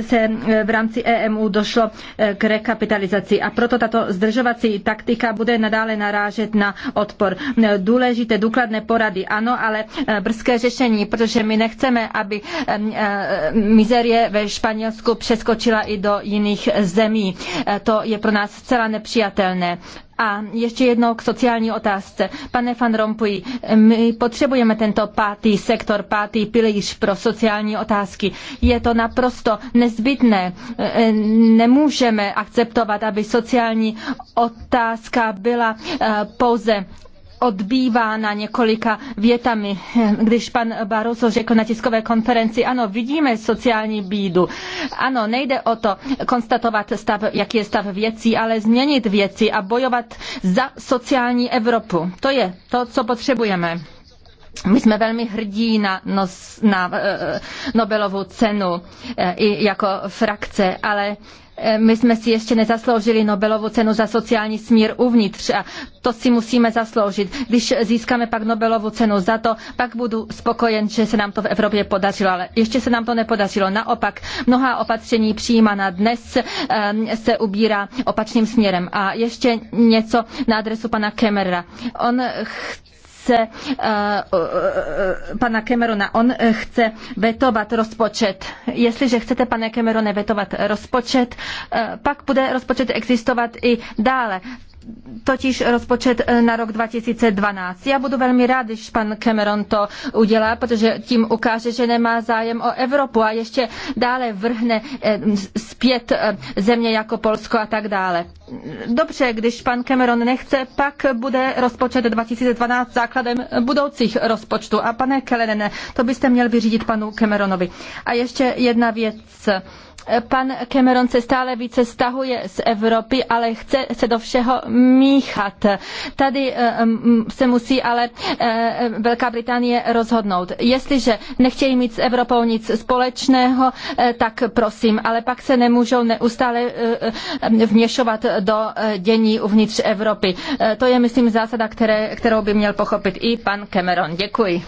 se v rámci EMU došlo k rekapitalizaci a proto tato zdržovací taktika bude nadále narážet na odpor. Důležité důkladné porady ano, ale brzy španělské řešení, protože my nechceme, aby e, mizerie ve Španělsku přeskočila i do jiných zemí. E, to je pro nás zcela nepřijatelné. A ještě jednou k sociální otázce. Pane Van Rompuy, my potřebujeme tento pátý sektor, pátý pilíř pro sociální otázky. Je to naprosto nezbytné. E, nemůžeme akceptovat, aby sociální otázka byla pouze odbývá na několika větami, když pan Barroso řekl na tiskové konferenci, ano, vidíme sociální bídu. Ano, nejde o to konstatovat, stav, jaký je stav věcí, ale změnit věci a bojovat za sociální Evropu. To je to, co potřebujeme. My jsme velmi hrdí na, nos, na e, Nobelovu cenu e, i jako frakce, ale E, my jsme si ještě nezasloužili Nobelovu cenu za sociální smír uvnitř a to si musíme zasloužit. Když získáme pak Nobelovu cenu za to, pak budu spokojen, že se nám to v Evropě podařilo, ale ještě se nám to nepodařilo. Naopak, mnoha opatření přijímaná dnes e, se ubírá opačným směrem. A ještě něco na adresu pana Kemera. On chce chce eh, eh, pana Camerona. On eh, chce vetovat rozpočet. Jestliže chcete, pane Camerone, vetovat rozpočet, pak bude rozpočet existovat i dále totiž rozpočet eh, na rok 2012. Já budu velmi rád, když pan Cameron to udělá, protože tím ukáže, že nemá zájem o Evropu a ještě dále vrhne eh, zpět eh, země jako Polsko a tak dále. Dobře, když pan Cameron nechce, pak bude rozpočet 2012 základem budoucích rozpočtů. A pane Kellenene, to byste měl vyřídit panu Cameronovi. A ještě jedna věc pan Cameron se stále více stahuje z Evropy, ale chce se do všeho míchat. Tady eh, se musí ale eh, Velká Británie rozhodnout. Jestliže nechtějí mít s Evropou nic společného, eh, tak prosím, ale pak se nemůžou neustále vměšovat do dění uvnitř Evropy. To je, myslím, zásada, které, kterou by měl pochopit i pan Cameron. Děkuji.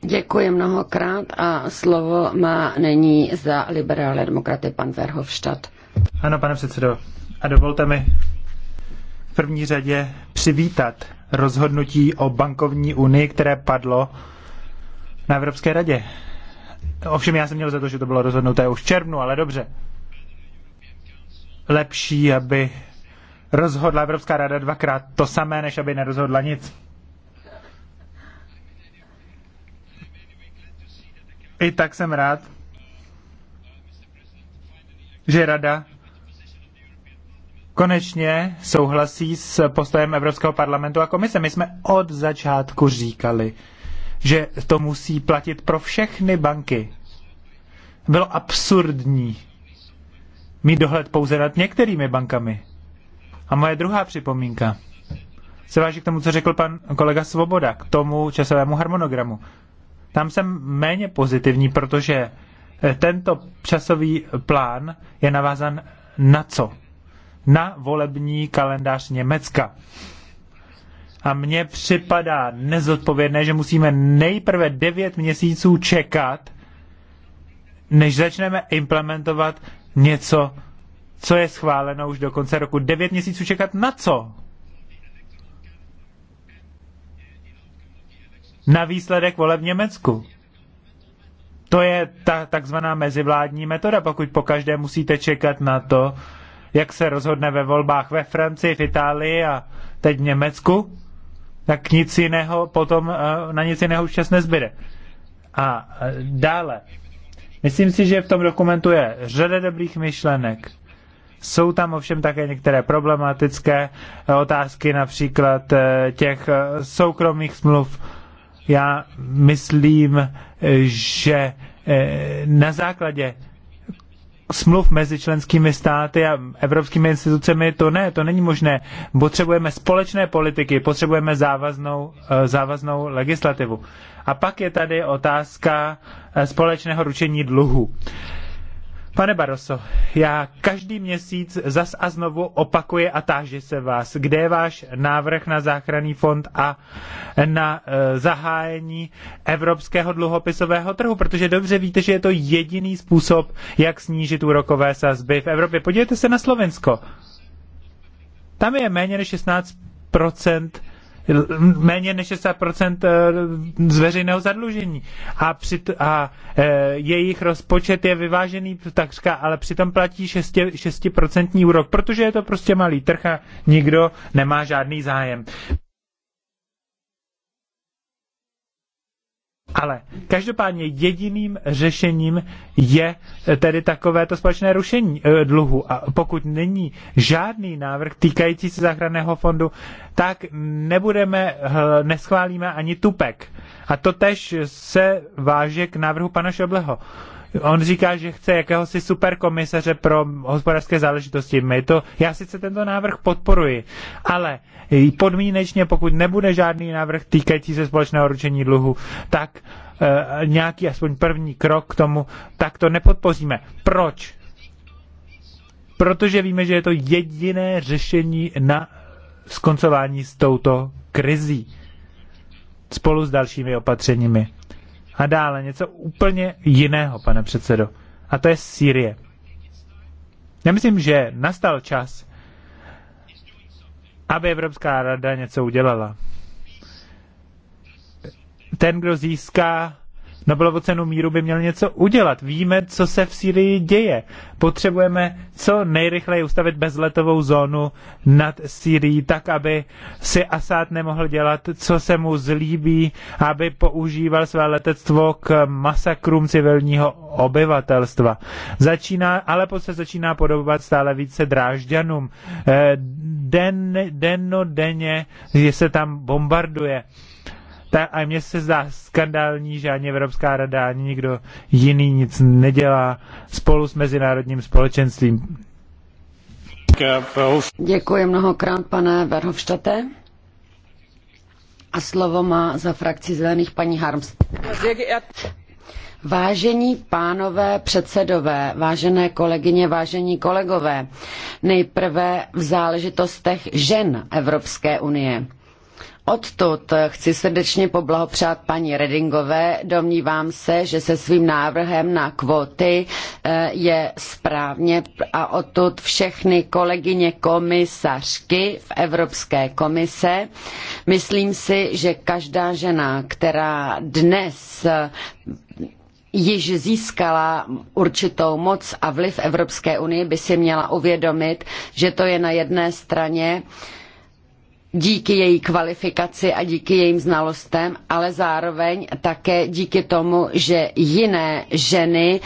Děkuji mnohokrát a slovo má není za liberále demokraty pan Verhofstadt. Ano, pane předsedo. A dovolte mi v první řadě přivítat rozhodnutí o bankovní unii, které padlo na Evropské radě. Ovšem já jsem měl za to, že to bylo rozhodnuté už v červnu, ale dobře. Lepší, aby rozhodla Evropská rada dvakrát to samé, než aby nerozhodla nic. I tak jsem rád, že Rada konečně souhlasí s postojem Evropského parlamentu a komise. My jsme od začátku říkali, že to musí platit pro všechny banky. Bylo absurdní mít dohled pouze nad některými bankami. A moje druhá připomínka se váží k tomu, co řekl pan kolega Svoboda, k tomu časovému harmonogramu tam jsem méně pozitivní, protože eh, tento časový plán je navázan na co? Na volební kalendář Německa. A mně připadá nezodpovědné, že musíme nejprve devět měsíců čekat, než začneme implementovat něco, co je schváleno už do konce roku. Devět měsíců čekat na co? na výsledek voleb v Německu. To je ta takzvaná mezivládní metoda, pokud po každé musíte čekat na to, jak se rozhodne ve volbách ve Francii, v Itálii a teď v Německu, tak nic jiného potom, eh, na nic jiného už čas nezbyde. A eh, dále, myslím si, že v tom dokumentu je řada dobrých myšlenek. Jsou tam ovšem také některé problematické eh, otázky, například těch soukromých smluv, já myslím, že eh, na základě smluv mezi členskými státy a evropskými institucemi, to ne, to není možné. Potřebujeme společné politiky, potřebujeme závaznou, eh, závaznou legislativu. A pak je tady otázka eh, společného ručení dluhu. Pane Baroso, já každý měsíc zas a znovu opakuje a táži se vás, kde je váš návrh na záchranný fond a na e, zahájení evropského dluhopisového trhu, protože dobře víte, že je to jediný způsob, jak snížit úrokové sazby v Evropě. Podívejte se na Slovensko. Tam je méně než 16 méně než 60% eh, z veřejného zadlužení. A, při, t- a e, jejich rozpočet je vyvážený tak říká, ale přitom platí 6%, 6% úrok, protože je to prostě malý trh a nikdo nemá žádný zájem. Ale každopádně jediným řešením je tedy takovéto společné rušení eh, dluhu. A pokud není žádný návrh týkající se záchranného fondu, tak nebudeme, eh, neschválíme ani tupek. A to tež se váže k návrhu pana Šobleho. On říká, že chce jakéhosi superkomisaře pro hospodářské záležitosti. My to, já sice tento návrh podporuji, ale podmínečně, pokud nebude žádný návrh týkající se společného ručení dluhu, tak e, nějaký aspoň první krok k tomu, tak to nepodpoříme. Proč? Protože víme, že je to jediné řešení na skoncování s touto krizí spolu s dalšími opatřeními. A dále něco úplně jiného, pane předsedo. A to je Sýrie. Já myslím, že nastal čas, aby Evropská rada něco udělala. Ten, kdo získá Nobelovu cenu míru by měl něco udělat. Víme, co se v Sýrii děje. Potřebujeme co nejrychleji ustavit bezletovou zónu nad Sýrií, tak, aby si Assad nemohl dělat, co se mu zlíbí, aby používal své letectvo k masakrům civilního obyvatelstva. Začíná, ale po se začíná podobat stále více drážďanům. Eh, den, denno denně se tam bombarduje. Ta, a mně se zdá skandální, že ani Evropská rada, ani nikdo jiný nic nedělá spolu s mezinárodním společenstvím. Děkuji mnohokrát, pane Verhofštate. A slovo má za frakci zelených paní Harms. Vážení pánové předsedové, vážené kolegyně, vážení kolegové, nejprve v záležitostech žen Evropské unie. Odtud chci srdečně poblahopřát paní Redingové. Domnívám se, že se svým návrhem na kvóty eh, je správně a odtud všechny kolegyně komisařky v Evropské komise. Myslím si, že každá žena, která dnes eh, již získala určitou moc a vliv Evropské unie, by si měla uvědomit, že to je na jedné straně uh, díky její kvalifikaci a díky jejím znalostem, ale zároveň také díky tomu, že jiné ženy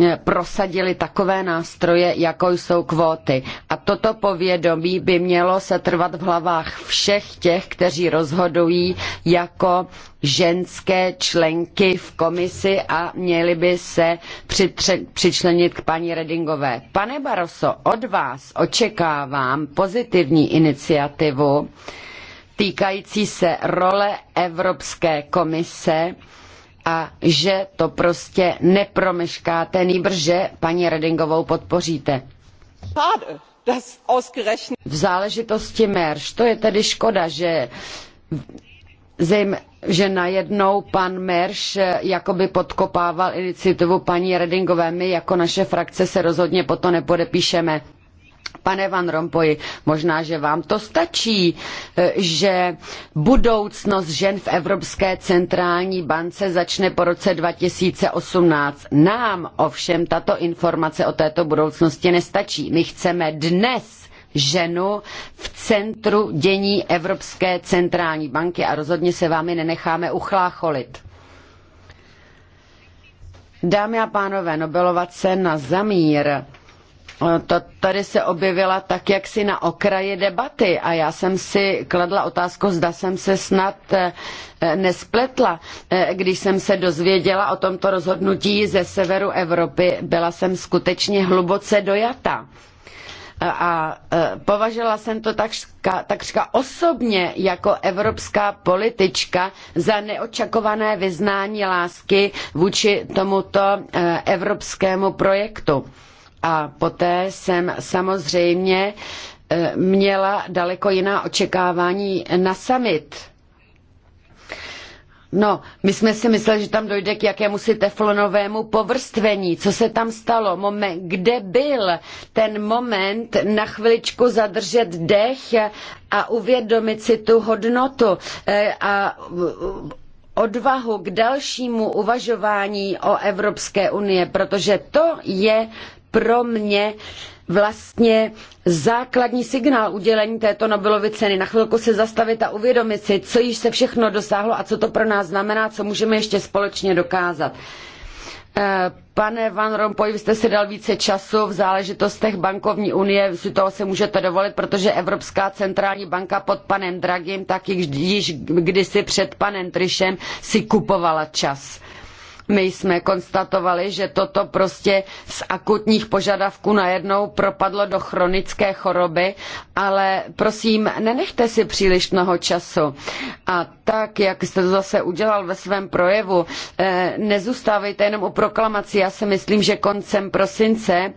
E, prosadili takové nástroje, jako jsou kvóty. A toto povědomí by mělo se trvat v hlavách všech těch, kteří rozhodují jako ženské členky v komisi a měli by se přitře- přičlenit k paní Redingové. Pane Baroso, od vás očekávám pozitivní iniciativu týkající se role Evropské komise a že to prostě nepromeškáte, že paní Redingovou podpoříte. V záležitosti Merš, to je tedy škoda, že že najednou pan Merš eh, jakoby podkopával iniciativu paní Redingové. My jako naše frakce se rozhodně po to nepodepíšeme. Pane Van Rompuy, možná, že vám to stačí, eh, že budoucnost žen v Evropské centrální bance začne po roce 2018. Nám ovšem tato informace o této budoucnosti nestačí. My chceme dnes ženu v centru dění Evropské centrální banky a rozhodně se vámi nenecháme uchlácholit. Dámy a pánové, Nobelova cena za mír to tady se objevila tak jaksi na okraji debaty a já jsem si kladla otázku, zda jsem se snad eh, nespletla, eh, když jsem se dozvěděla o tomto rozhodnutí ze severu Evropy, byla jsem skutečně hluboce dojata. Eh, a považovala jsem to takřka, takřka osobně jako evropská politička za neočakované vyznání lásky vůči tomuto evropskému projektu a poté jsem samozřejmě e, měla daleko jiná očekávání na summit. No, my jsme si mysleli, že tam dojde k si teflonovému povrstvení. Co se tam stalo? Moment, kde byl ten moment na chviličku zadržet dech a uvědomit si tu hodnotu e, a odvahu k dalšímu uvažování o Evropské unii, protože to je pro mě vlastně základní signál udělení této Nobelovy ceny. Na chvilku se zastavit a uvědomit si, co již se všechno dosáhlo a co to pro nás znamená, co můžeme ještě společně dokázat. Eh, pane Van Rompuy, vy jste si dal více času v záležitostech bankovní unie, si toho se můžete dovolit, protože Evropská centrální banka pod panem Dragim, tak již kdysi před panem Trišem, si kupovala čas my jsme konstatovali, že toto prostě z akutních požadavků najednou propadlo do chronické choroby, ale prosím, nenechte si příliš mnoho času. A tak, jak jste to zase udělal ve svém projevu, eh, nezůstávejte jenom u proklamací. Já si myslím, že koncem prosince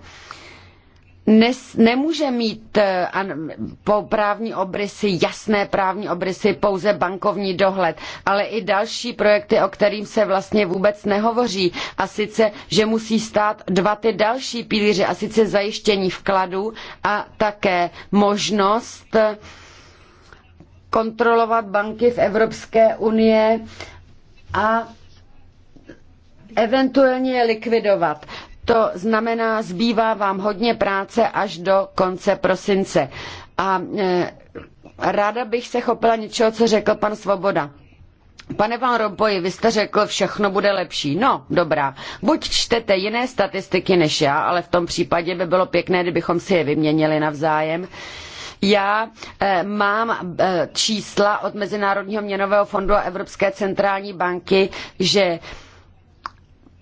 nes, nemůže mít eh, an, po právní obrysy, jasné právní obrysy, pouze bankovní dohled, ale i další projekty, o kterým se vlastně vůbec nehovoří. A sice, že musí stát dva ty další pilíře, a sice zajištění vkladů a také možnost eh, kontrolovat banky v Evropské unii a eventuálně je likvidovat. To znamená, zbývá vám hodně práce až do konce prosince. A eh, ráda bych se chopila něčeho, co řekl pan Svoboda. Pane Van Rompuy, vy jste řekl, všechno bude lepší. No, dobrá. Buď čtete jiné statistiky než já, ale v tom případě by bylo pěkné, kdybychom si je vyměnili navzájem. Já e, mám e, čísla od Mezinárodního měnového fondu a Evropské centrální banky, že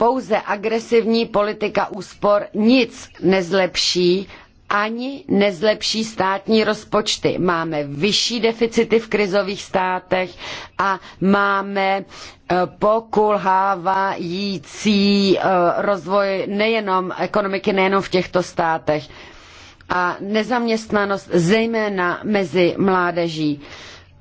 pouze agresivní politika úspor nic nezlepší, ani nezlepší státní rozpočty. Máme vyšší deficity v krizových státech a máme e, pokulhávající e, rozvoj nejenom ekonomiky, nejenom v těchto státech. A nezaměstnanost zejména mezi mládeží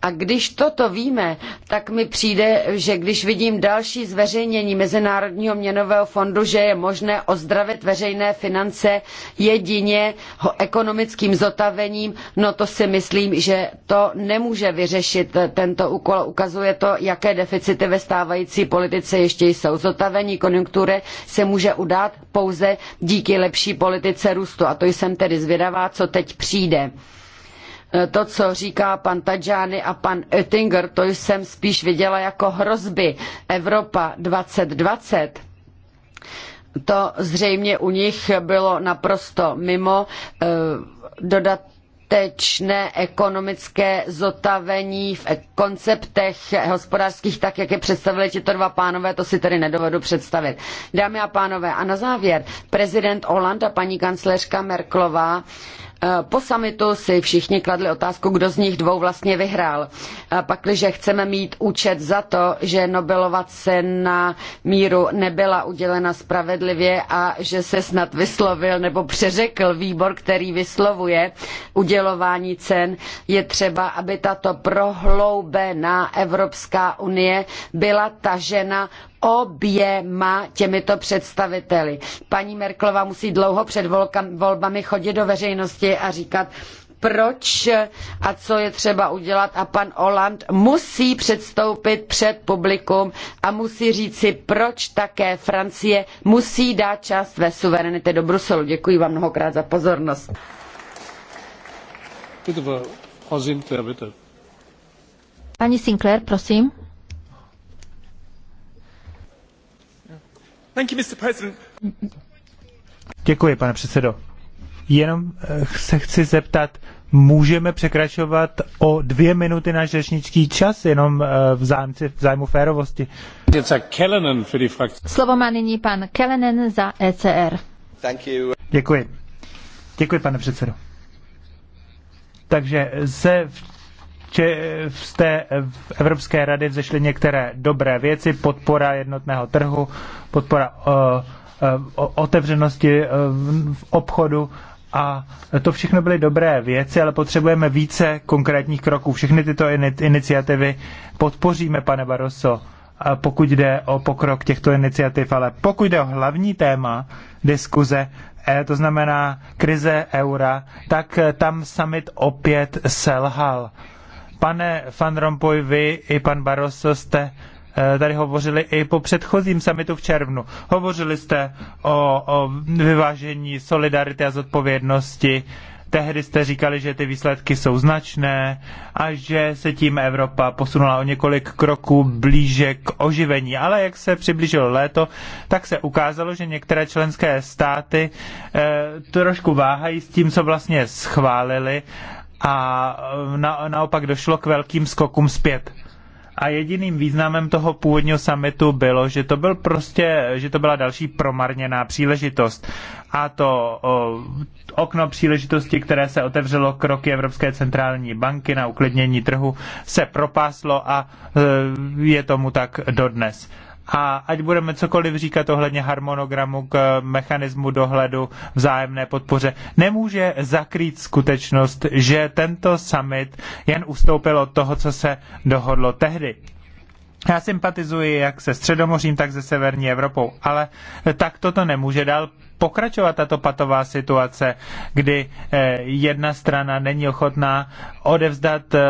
a když toto víme, tak mi přijde, že když vidím další zveřejnění Mezinárodního měnového fondu, že je možné ozdravit veřejné finance jedině ho ekonomickým zotavením, no to si myslím, že to nemůže vyřešit tento úkol. Ukazuje to, jaké deficity ve stávající politice ještě jsou. Zotavení konjunktury se může udát pouze díky lepší politice růstu. A to jsem tedy zvědavá, co teď přijde to, co říká pan Tajani a pan Oettinger, to jsem spíš viděla jako hrozby. Evropa 2020 to zřejmě u nich bylo naprosto mimo eh, dodatečné ekonomické zotavení v konceptech hospodářských, tak jak je představili tito dva pánové, to si tedy nedovedu představit. Dámy a pánové, a na závěr, prezident Hollande a paní kancléřka Merklová Eh, po samitu si všichni kladli otázku, kdo z nich dvou vlastně vyhrál. Eh, pakliže chceme mít účet za to, že Nobelova cena míru nebyla udělena spravedlivě a že se snad vyslovil nebo přeřekl výbor, který vyslovuje udělování cen, je třeba, aby tato prohloubená Evropská unie byla tažena oběma těmito představiteli. Paní Merkelová musí dlouho před volbami chodit do veřejnosti a říkat, proč a co je třeba udělat a pan Oland musí předstoupit před publikum a musí říci, proč také Francie musí dát část své suverenity do Bruselu. Děkuji vám mnohokrát za pozornost. Paní Sinclair, prosím. Děkuji, pane předsedo. Jenom eh, se chci zeptat, můžeme překračovat o dvě minuty náš řečnický čas, jenom eh, v, zájmci, v zájmu férovosti. Slovo má nyní pan Kellenen za ECR. Děkuji. Děkuji, pane předsedo. Takže se v z té Evropské rady vzešly některé dobré věci, podpora jednotného trhu, podpora eh, eh, otevřenosti eh, v obchodu a to všechno byly dobré věci, ale potřebujeme více konkrétních kroků. Všechny tyto iniciativy podpoříme, pane Barroso, pokud jde o pokrok těchto iniciativ, ale pokud jde o hlavní téma diskuze, to znamená krize eura, tak tam summit opět selhal. Pane Van Rompuy, vy i pan Barroso jste eh, tady hovořili i po předchozím samitu v červnu. Hovořili jste o, o vyvážení solidarity a zodpovědnosti. Tehdy jste říkali, že ty výsledky jsou značné a že se tím Evropa posunula o několik kroků blíže k oživení. Ale jak se přiblížilo léto, tak se ukázalo, že některé členské státy eh, trošku váhají s tím, co vlastně schválili a eh, na, naopak došlo k velkým skokům zpět. A jediným významem toho původního summitu bylo, že to byl prostě, že to byla další promarněná příležitost. A to o, eh, okno příležitosti, které se otevřelo kroky Evropské centrální banky na uklidnění trhu, se propáslo a eh, je tomu tak dodnes. A ať budeme cokoliv říkat ohledně harmonogramu k mechanismu dohledu vzájemné podpoře, nemůže zakrýt skutečnost, že tento summit jen ustoupil od toho, co se dohodlo tehdy. Já sympatizuji jak se Středomořím, tak se Severní Evropou, ale tak toto nemůže dál pokračovat tato patová situace, kdy eh, jedna strana není ochotná odevzdat eh,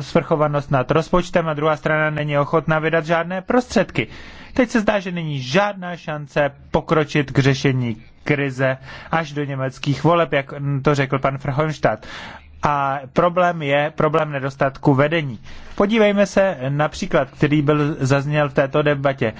svrchovanost nad rozpočtem a druhá strana není ochotná vydat žádné prostředky. Teď se zdá, že není žádná šance pokročit k řešení krize až do německých voleb, jak to řekl pan Frhonstadt. A problém je problém nedostatku vedení. Podívejme se na příklad, který byl zazněl v této debatě.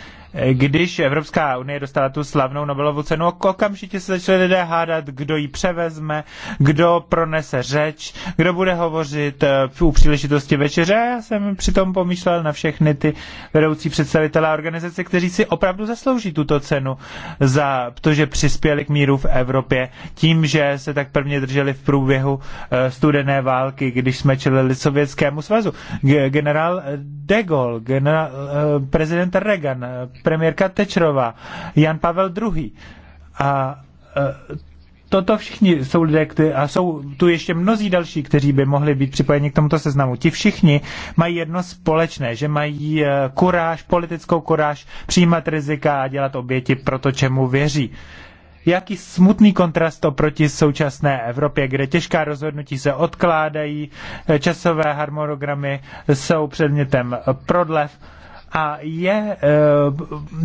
Když Evropská unie dostala tu slavnou Nobelovu cenu, okamžitě se začali lidé hádat, kdo ji převezme, kdo pronese řeč, kdo bude hovořit eh, u příležitosti večeře. Já jsem přitom pomýšlel na všechny ty vedoucí představitelé organizace, kteří si opravdu zaslouží tuto cenu za to, že přispěli k míru v Evropě tím, že se tak pevně drželi v průběhu eh, studené války, když jsme čelili Sovětskému svazu. Generál eh, De Gaulle, generál, prezident Reagan, premiérka Tečrova, Jan Pavel II. A e, toto všichni jsou lidé, kteří, a jsou tu ještě mnozí další, kteří by mohli být připojeni k tomuto seznamu. Ti všichni mají jedno společné, že mají e, kuráž, politickou kuráž, přijímat rizika a dělat oběti pro to, čemu věří. Jaký smutný kontrast oproti současné Evropě, kde těžká rozhodnutí se odkládají, e, časové harmonogramy jsou předmětem prodlev a je eh,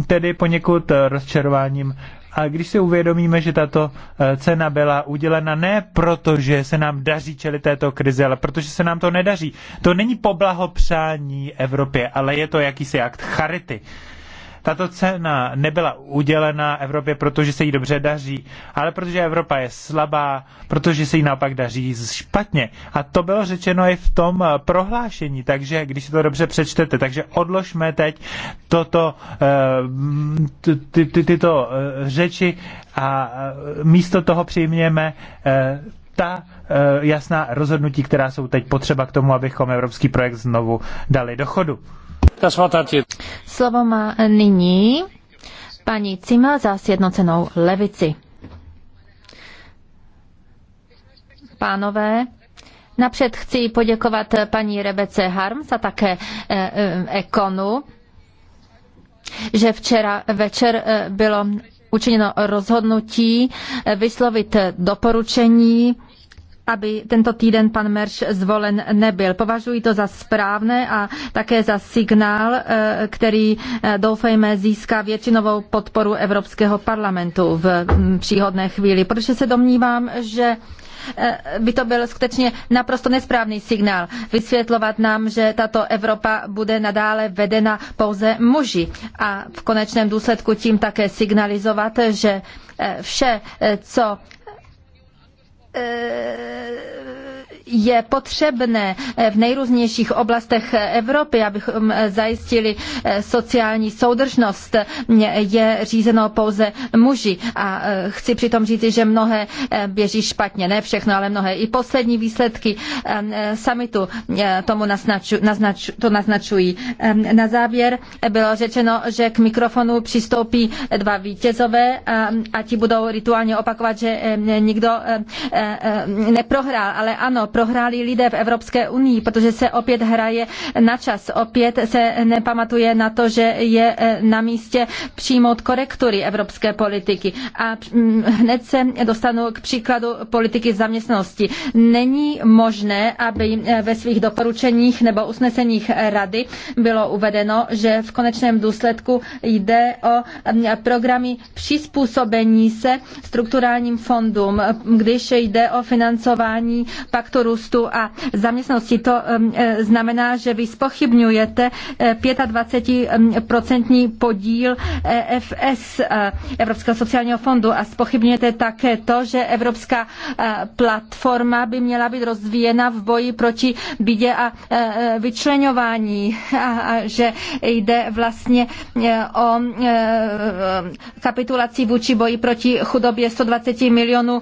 tedy poněkud rozčarováním. A když si uvědomíme, že tato eh, cena byla udělena ne proto, že se nám daří čelit této krizi, ale protože se nám to nedaří. To není poblahopřání Evropě, ale je to jakýsi akt charity. Tato cena nebyla udělena Evropě, protože se jí dobře daří, ale protože Evropa je slabá, protože se jí naopak daří špatně. A to bylo řečeno i v tom eh, prohlášení, takže když si to dobře přečtete, takže odložme teď toto, eh, ty, ty, tyto eh, řeči a místo toho přijměme ta jasná rozhodnutí, která jsou teď potřeba k tomu, abychom evropský projekt znovu dali do chodu. Slovo má nyní paní Cima za sjednocenou levici. Pánové, napřed chci poděkovat paní Rebece Harms a také eh, eh, Ekonu, že včera večer eh, bylo učiněno rozhodnutí vyslovit doporučení aby tento týden pan Merš zvolen nebyl. Považuji to za správné a také za signál, eh, který eh, doufejme získá většinovou podporu Evropského parlamentu v mm, příhodné chvíli, protože se domnívám, že eh, by to byl skutečně naprosto nesprávný signál vysvětlovat nám, že tato Evropa bude nadále vedena pouze muži a v konečném důsledku tím také signalizovat, že vše, co Eh, je potřebné eh, v nejrůznějších oblastech Evropy, abychom eh, zajistili sociální soudržnost, je řízeno pouze muži. A chci přitom říci, že mnohé běží špatně, ne všechno, ale mnohé. I poslední výsledky samitu tomu naznaču, naznaču, to naznačují. Na závěr bylo řečeno, že k mikrofonu přistoupí dva vítězové a, a ti budou rituálně opakovat, že nikdo Eh, eh, neprohrál, ale ano, prohráli lidé v Evropské unii, protože se opět hraje na čas. Opět se nepamatuje na to, že je eh, na místě přijmout korektury evropské politiky. A mm, hned se dostanu k příkladu politiky zaměstnanosti. Není možné, aby ve svých doporučeních nebo usneseních rady bylo uvedeno, že v konečném důsledku jde o mm, programy přizpůsobení se strukturálním fondům, když jde o financování paktu růstu a zaměstnanosti. To um, eh, znamená, že vy spochybňujete 25% eh, podíl EFS eh, e Evropského sociálního fondu a spochybňujete také to, že Evropská platforma by měla být rozvíjena v boji proti bídě a vyčlenování a že jde vlastně o kapitulaci vůči boji proti chudobě 120 milionů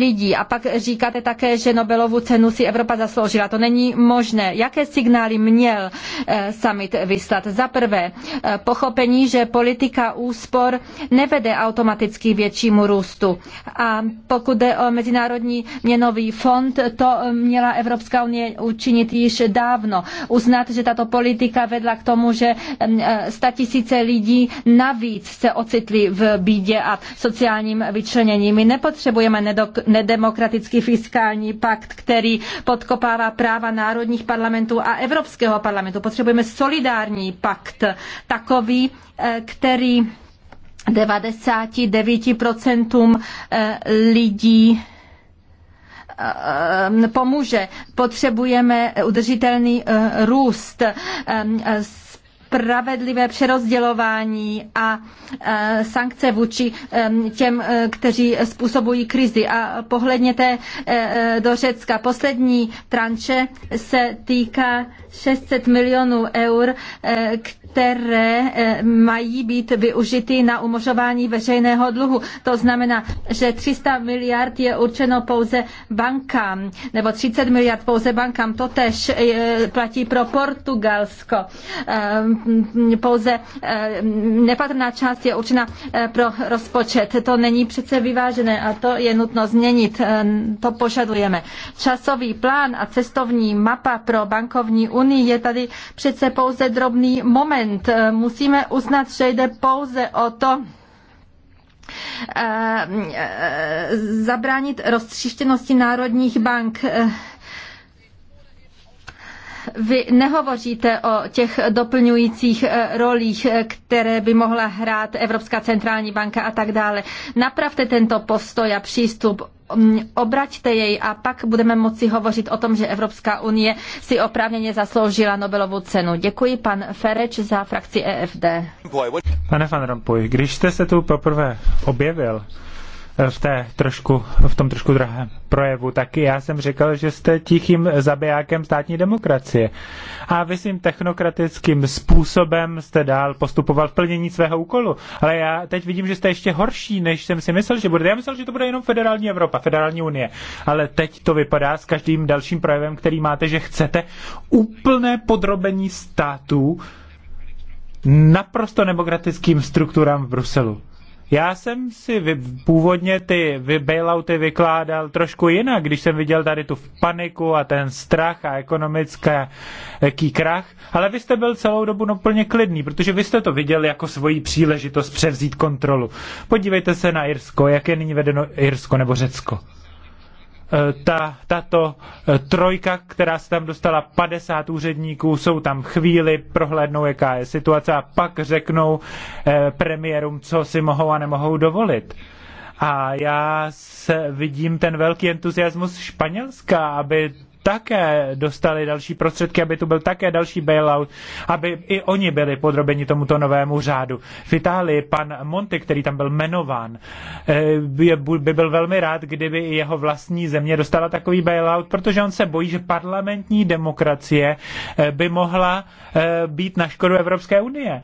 lidí lidí. A pak říkáte také, že Nobelovu cenu si Evropa zasloužila. To není možné. Jaké signály měl eh, summit vyslat? Za prvé, eh, pochopení, že politika úspor nevede automaticky většímu růstu. A pokud jde o Mezinárodní měnový fond, to měla Evropská unie učinit již dávno. Uznat, že tato politika vedla k tomu, že mm, eh, statisíce lidí navíc se ocitli v bídě a sociálním vyčlenění. My nepotřebujeme nedok- demokratický fiskální pakt, který podkopává práva národních parlamentů a Evropského parlamentu. Potřebujeme solidární pakt, takový, eh, který 99% eh, lidí eh, pomůže. Potřebujeme udržitelný růst spravedlivé přerozdělování a e, sankce vůči e, těm, e, kteří způsobují krizi. A pohledněte do Řecka. Poslední tranče se týká 600 milionů eur, které mají být využity na umožování veřejného dluhu. To znamená, že 300 miliard je určeno pouze bankám, nebo 30 miliard pouze bankám. To tež platí pro Portugalsko pouze eh, nepatrná část je určena eh, pro rozpočet. To není přece vyvážené a to je nutno změnit. Eh, to požadujeme. Časový plán a cestovní mapa pro bankovní unii je tady přece pouze drobný moment. Musíme uznat, že jde pouze o to, zabránit roztříštěnosti národních bank. Vy nehovoříte o těch doplňujících eh, rolích, eh, které by mohla hrát Evropská centrální banka a tak dále. Napravte tento postoj a přístup mm, obraťte jej a pak budeme moci hovořit o tom, že Evropská unie si oprávněně zasloužila Nobelovu cenu. Děkuji pan Fereč za frakci EFD. Pane Van Rompuy, když jste se tu poprvé objevil, v, té trošku, v tom trošku drahém projevu, tak já jsem říkal, že jste tichým zabijákem státní demokracie. A vy svým technokratickým způsobem jste dál postupoval v plnění svého úkolu. Ale já teď vidím, že jste ještě horší, než jsem si myslel, že bude. Já myslel, že to bude jenom federální Evropa, federální unie. Ale teď to vypadá s každým dalším projevem, který máte, že chcete úplné podrobení států naprosto demokratickým strukturám v Bruselu. Já jsem si vy, původně ty vy, bailouty vykládal trošku jinak, když jsem viděl tady tu paniku a ten strach a ekonomický krach, ale vy jste byl celou dobu úplně no, klidný, protože vy jste to viděl jako svoji příležitost převzít kontrolu. Podívejte se na Irsko, jak je nyní vedeno Irsko nebo Řecko. Eh, ta, tato eh, trojka, která se tam dostala 50 úředníků, jsou tam chvíli, prohlédnou, jaká je situace a pak řeknou eh, premiérům, co si mohou a nemohou dovolit. A já se vidím ten velký entuziasmus Španělska, aby také dostali další prostředky, aby tu byl také další bailout, aby i oni byli podrobeni tomuto novému řádu. V Itálii pan Monti, který tam byl jmenován, eh, by byl velmi rád, kdyby i jeho vlastní země dostala takový bailout, protože on se bojí, že parlamentní demokracie eh, by mohla eh, být na škodu Evropské unie.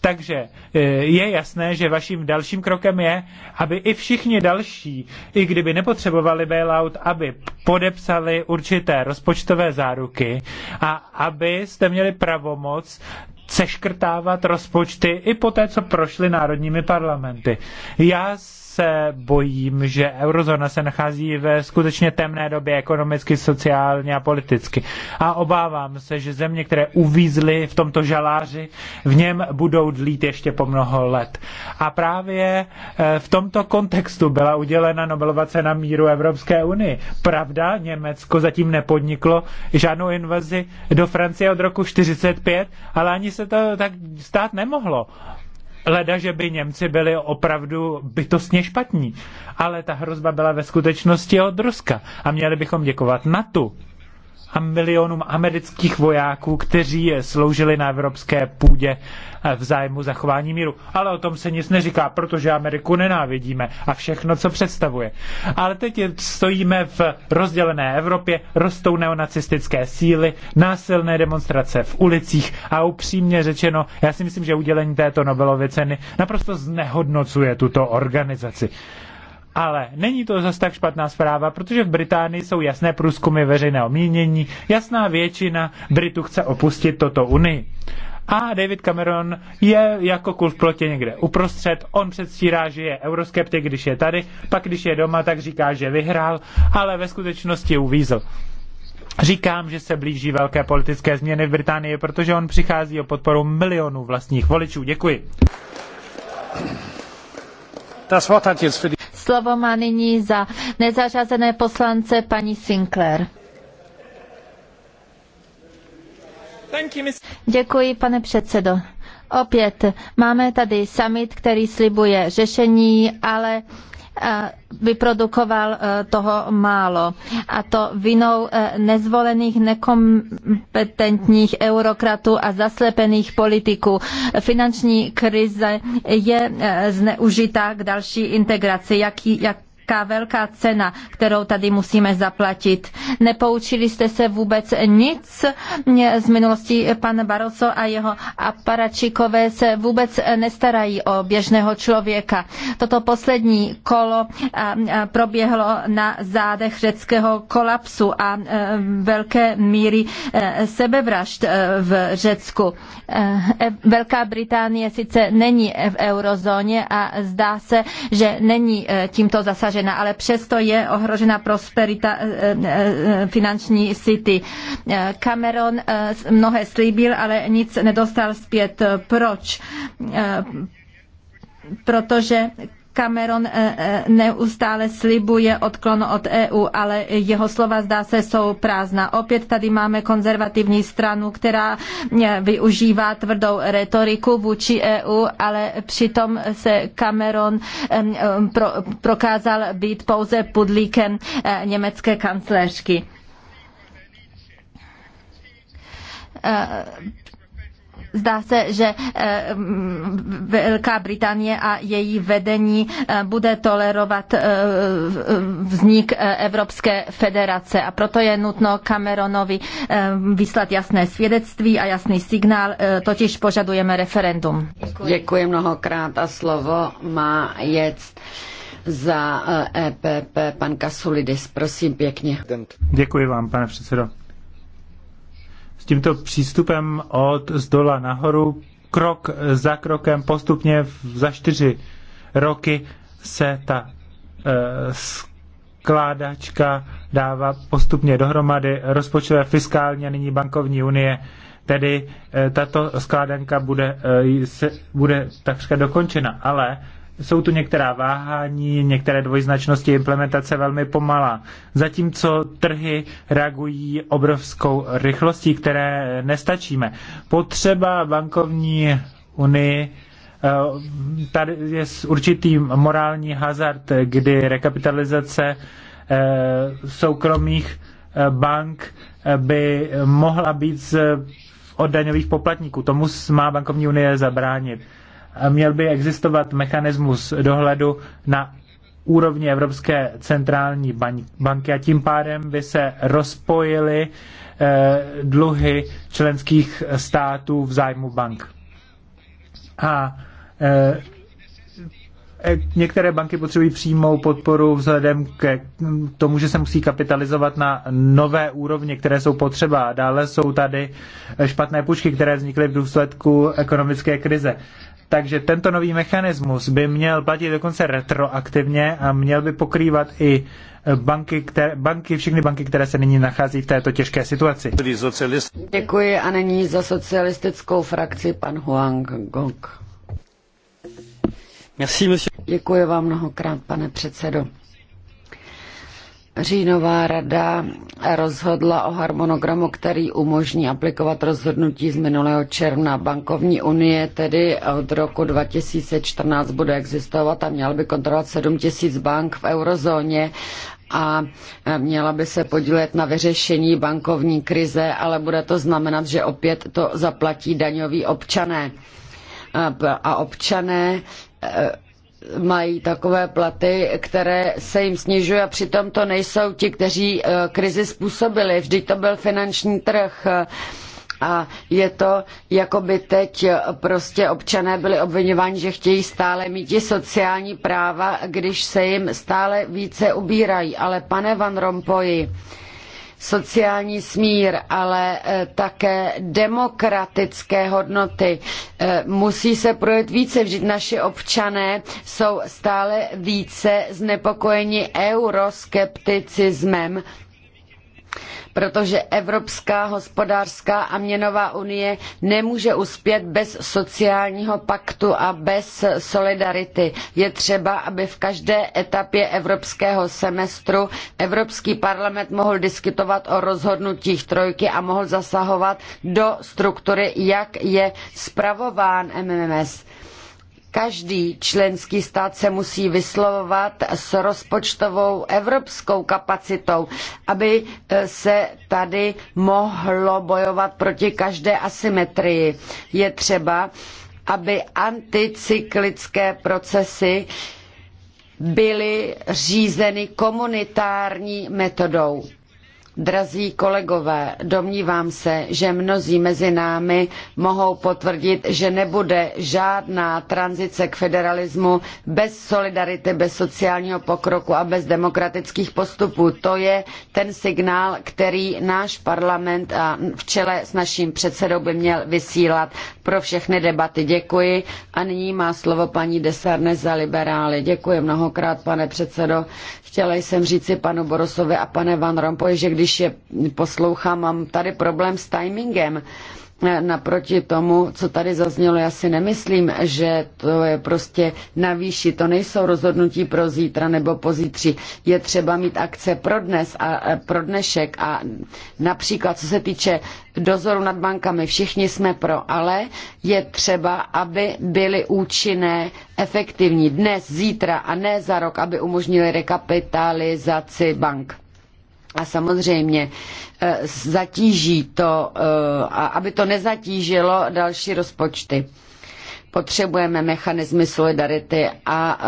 Takže eh, je jasné, že vaším dalším krokem je, aby i všichni další, i kdyby nepotřebovali bailout, aby podepsali určité rozpočtové záruky a aby jste měli pravomoc seškrtávat rozpočty i po té, co prošly národními parlamenty. Já se bojím, že eurozona se nachází ve skutečně temné době ekonomicky, sociálně a politicky. A obávám se, že země, které uvízly v tomto žaláři, v něm budou dlít ještě po mnoho let. A právě e, v tomto kontextu byla udělena Nobelova cena míru Evropské unii. Pravda, Německo zatím nepodniklo žádnou invazi do Francie od roku 45, ale ani se to tak stát nemohlo. Leda, že by Němci byli opravdu bytostně špatní. Ale ta hrozba byla ve skutečnosti od Ruska. A měli bychom děkovat NATO a milionům amerických vojáků, kteří sloužili na evropské půdě v zájmu zachování míru. Ale o tom se nic neříká, protože Ameriku nenávidíme a všechno, co představuje. Ale teď stojíme v rozdělené Evropě, rostou neonacistické síly, násilné demonstrace v ulicích a upřímně řečeno, já si myslím, že udělení této Nobelovy ceny naprosto znehodnocuje tuto organizaci. Ale není to zase tak špatná zpráva, protože v Británii jsou jasné průzkumy veřejného mínění, jasná většina Britů chce opustit toto unii. A David Cameron je jako kul v plotě někde uprostřed, on předstírá, že je euroskeptik, když je tady, pak když je doma, tak říká, že vyhrál, ale ve skutečnosti uvízl. Říkám, že se blíží velké politické změny v Británii, protože on přichází o podporu milionů vlastních voličů. Děkuji. Das Wort hat jetzt für die Slovo má nyní za nezařazené poslance paní Sinclair. Děkuji, pane předsedo. Opět máme tady summit, který slibuje řešení, ale Eh, vyprodukoval eh, toho málo. A to vinou eh, nezvolených, nekompetentních eurokratů a zaslepených politiků. Finanční krize je zneužitá k další integraci. Jaký, jak nějaká velká cena, kterou tady musíme zaplatit. Nepoučili jste se vůbec nic z minulosti pan Barroso a jeho aparačikové se vůbec nestarají o běžného člověka. Toto poslední kolo proběhlo na zádech řeckého kolapsu a e, velké míry e, sebevražd e, v Řecku. Velká Británie sice není v eurozóně a zdá se, že není tímto zasažen ohrožena, ale přesto je ohrožena prosperita eh, eh, eh, finanční city. Cameron mnohé slíbil, ale nic nedostal zpět. Proč? protože Cameron eh, eh, neustále slibuje odklon od EU, ale jeho slova zdá se jsou prázdná. Opět tady máme konzervativní stranu, která eh, využívá tvrdou retoriku vůči EU, ale přitom se Cameron prokázal být pouze pudlíkem německé kancléřky Zdá se, že eh, Velká Británie a její vedení eh, bude tolerovat eh, vznik Evropské federace a proto je nutno Cameronovi vyslat jasné svědectví a jasný signál, totiž požadujeme referendum. Děkuji, Děkuji mnohokrát a slovo má jec za EPP e pan Kasulidis. Prosím pěkně. Děkuji vám, pane předsedo tímto přístupem od zdola nahoru, krok za krokem, postupně za čtyři roky se ta e, skládačka dává postupně dohromady rozpočtové, fiskální a nyní bankovní unie. Tedy e, tato skládanka bude, e, se, bude takřka dokončena, ale jsou tu některá váhání, některé dvojznačnosti, implementace velmi pomalá. Zatímco trhy reagují obrovskou rychlostí, které nestačíme. Potřeba bankovní unii eh, tady je určitý morální hazard, kdy rekapitalizace eh, soukromých eh, bank by mohla být od daňových poplatníků. Tomu má bankovní unie zabránit měl by existovat mechanismus dohledu na úrovni Evropské centrální banky a tím pádem by se rozpojily eh, dluhy členských států v zájmu bank. A eh, některé banky potřebují přímou podporu vzhledem k tomu, že se musí kapitalizovat na nové úrovně, které jsou potřeba. Dále jsou tady eh, špatné pušky, které vznikly v důsledku ekonomické krize. Takže tento nový mechanismus by měl platit dokonce retroaktivně a měl by pokrývat i eh, banky, které, banky, všechny banky, které se nyní nachází v této těžké situaci. Děkuji a není za socialistickou frakci pan Huang Gong. Děkuji vám mnohokrát, pane předsedo. Říjnová rada rozhodla o harmonogramu, který umožní aplikovat rozhodnutí z minulého června. Bankovní unie tedy od roku 2014 bude existovat a měla by kontrolovat 7 tisíc bank v eurozóně a měla by se podílet na vyřešení bankovní krize, ale bude to znamenat, že opět to zaplatí daňoví občané. A občané mají takové platy, které se jim snižují a přitom to nejsou ti, kteří eh, krizi způsobili. Vždyť to byl finanční trh. A je to, jako by teď eh, prostě občané byli obvinováni, že chtějí stále mít i sociální práva, když se jim stále více ubírají. Ale pane Van Rompuyi, sociální smír, ale eh, také demokratické hodnoty eh, musí se projevit více, vždyť naši občané jsou stále více znepokojeni euroskepticismem protože Evropská hospodářská a měnová unie nemůže uspět bez sociálního paktu a bez solidarity. Je třeba, aby v každé etapě evropského semestru Evropský parlament mohl diskutovat o rozhodnutích trojky a mohl zasahovat do struktury, jak je spravován MMS Každý členský stát se musí vyslovovat s rozpočtovou evropskou kapacitou, aby eh, se tady mohlo bojovat proti každé asymetrii. Je třeba, aby anticyklické procesy byly řízeny komunitární metodou Drazí kolegové, domnívám se, že mnozí mezi námi mohou potvrdit, že nebude žádná tranzice k federalismu bez solidarity, bez sociálního pokroku a bez demokratických postupů. To je ten signál, který náš parlament a v čele s naším předsedou by měl vysílat pro všechny debaty. Děkuji a nyní má slovo paní Desarne za liberály. Děkuji mnohokrát, pane předsedo. Chtěla jsem říci panu Borosovi a pane Van Rompuy, že když když je poslouchám, mám tady problém s timingem. Naproti tomu, co tady zaznělo, já si nemyslím, že to je prostě na výši. To nejsou rozhodnutí pro zítra nebo pozítří. Je třeba mít akce pro dnes a e, pro dnešek. A například, co se týče dozoru nad bankami, všichni jsme pro, ale je třeba, aby byly účinné, efektivní dnes, zítra a ne za rok, aby umožnili rekapitalizaci bank. A samozřejmě eh, zatíží to, eh, aby to nezatížilo další rozpočty. Potřebujeme mechanismy solidarity a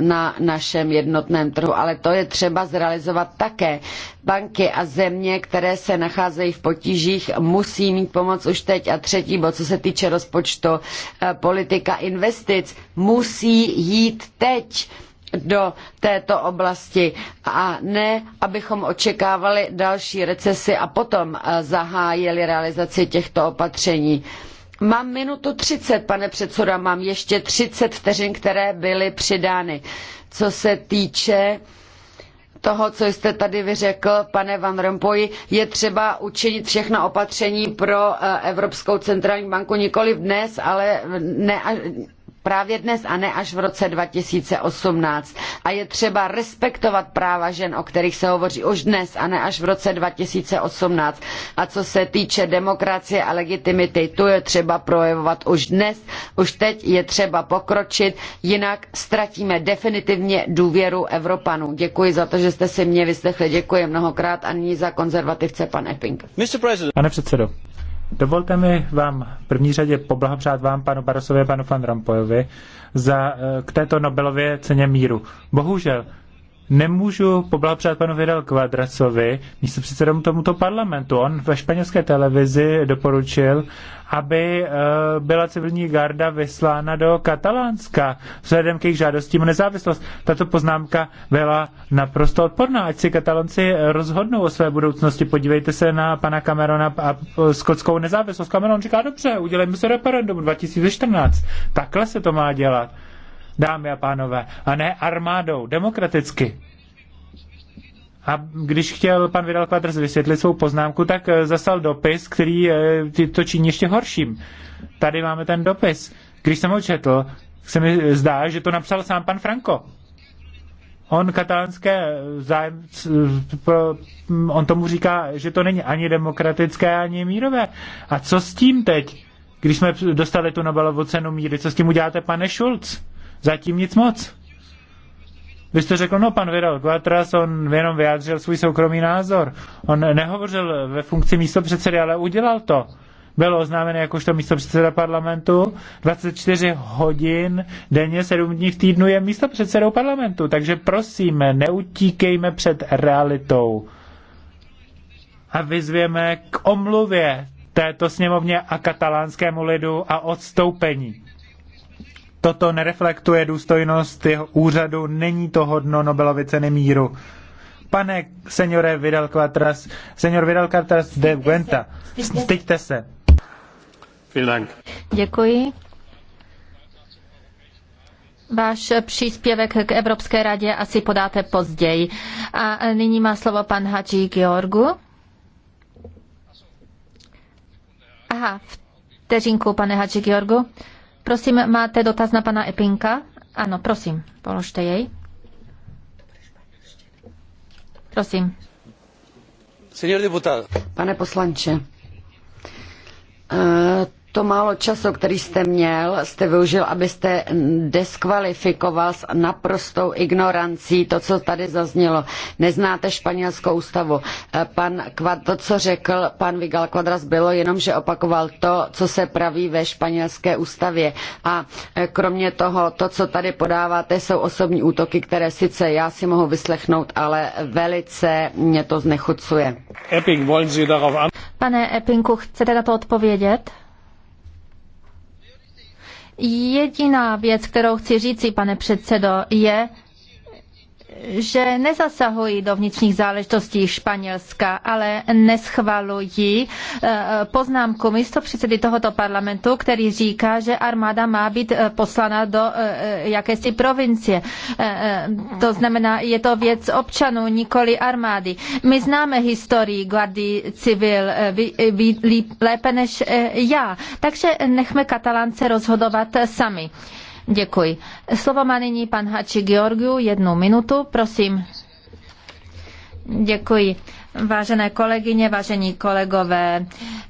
na našem jednotném trhu, ale to je třeba zrealizovat také. Banky a země, které se nacházejí v potížích, musí mít pomoc už teď. A třetí bod, co se týče rozpočtu, eh, politika investic musí jít teď do této oblasti a ne, abychom očekávali další recesi a potom eh, zahájili realizaci těchto opatření. Mám minutu 30, pane předsedo, mám ještě 30 vteřin, které byly přidány. Co se týče toho, co jste tady vyřekl, pane Van Rompuy, je třeba učinit všechna opatření pro eh, Evropskou centrální banku nikoli dnes, ale ne, právě dnes a ne až v roce 2018. A je třeba respektovat práva žen, o kterých se hovoří už dnes a ne až v roce 2018. A co se týče demokracie a legitimity, tu je třeba projevovat už dnes, už teď je třeba pokročit, jinak ztratíme definitivně důvěru Evropanů. Děkuji za to, že jste si mě vyslechli. Děkuji mnohokrát a nyní za konzervativce pan Epping. Pane předsedo, Dovolte mi vám v první řadě poblahopřát vám, panu Barosovi a panu Van Rompuyovi, za, eh, k této Nobelově ceně míru. Bohužel, nemůžu poblahopřát panu Vidal Kvadracovi, místo předsedom tomuto parlamentu. On ve španělské televizi doporučil, aby eh, byla civilní garda vyslána do Katalánska vzhledem k jejich žádostím o nezávislost. Tato poznámka byla naprosto odporná. Ať si Katalonci rozhodnou o své budoucnosti. Podívejte se na pana Camerona a eh, skotskou nezávislost. Cameron říká, dobře, udělejme se referendum 2014. Takhle se to má dělat dámy a pánové, a ne armádou, demokraticky. A když chtěl pan Vidal Quadras vysvětlit svou poznámku, tak eh, zasal dopis, který eh, to činí ještě horším. Tady máme ten dopis. Když jsem ho četl, se mi zdá, že to napsal sám pan Franco. On katalánské eh, zájem, mm, on tomu říká, že to není ani demokratické, ani mírové. A co s tím teď? Když jsme dostali tu Nobelovu cenu míry, co s tím uděláte, pane Schulz? Zatím nic moc. Vy jste řekl, no pan Vidal Guatras, on jenom vyjádřil svůj soukromý názor. On nehovořil ve funkci místopředsedy, ale udělal to. Byl oznámen jakožto místopředseda parlamentu, 24 hodin denně, 7 dní v týdnu je místopředsedou parlamentu. Takže prosím, neutíkejme před realitou. A vyzvěme k omluvě této sněmovně a katalánskému lidu a odstoupení. Toto nereflektuje důstojnost jeho úřadu, není to hodno Nobelovy ceny míru. Pane seniore Vidal Quatras, senior Vidal Quatras de Guenta, styďte se. Děkuji. Váš příspěvek k Evropské radě asi podáte později. A nyní má slovo pan Hadži Georgu. Aha, vteřinku, pane Hadži Georgu. Prosím, máte dotaz na pana Epinka? Ano, prosím, položte jej. Prosím. Pane poslanče, eh, to málo času, který jste měl, jste využil, abyste deskvalifikoval s naprostou ignorancí to, co tady zaznělo. Neznáte španělskou ústavu. Eh, pan, to, co řekl pan Vigal Quadras, bylo jenom, že opakoval to, co se praví ve španělské ústavě. A eh, kromě toho, to, co tady podáváte, jsou osobní útoky, které sice já si mohu vyslechnout, ale velice mě to znechucuje. Epping, wollen Sie darauf an... Pane Eppingu, chcete na to odpovědět? Jediná věc, kterou chci říci, pane předsedo, je, že nezasahují do vnitřních záležitostí Španělska, ale neschvalují eh, poznámku místo předsedy tohoto parlamentu, který říká, že armáda má být eh, poslana do eh, jakési provincie. To znamená, je to věc občanů, nikoli armády. My známe historii Guardi Civil lépe než já, takže nechme Katalánce rozhodovat sami. Děkuji. Slovo má nyní pan Hači Georgiu, jednu minutu, prosím. Děkuji. Vážené kolegyně, vážení kolegové,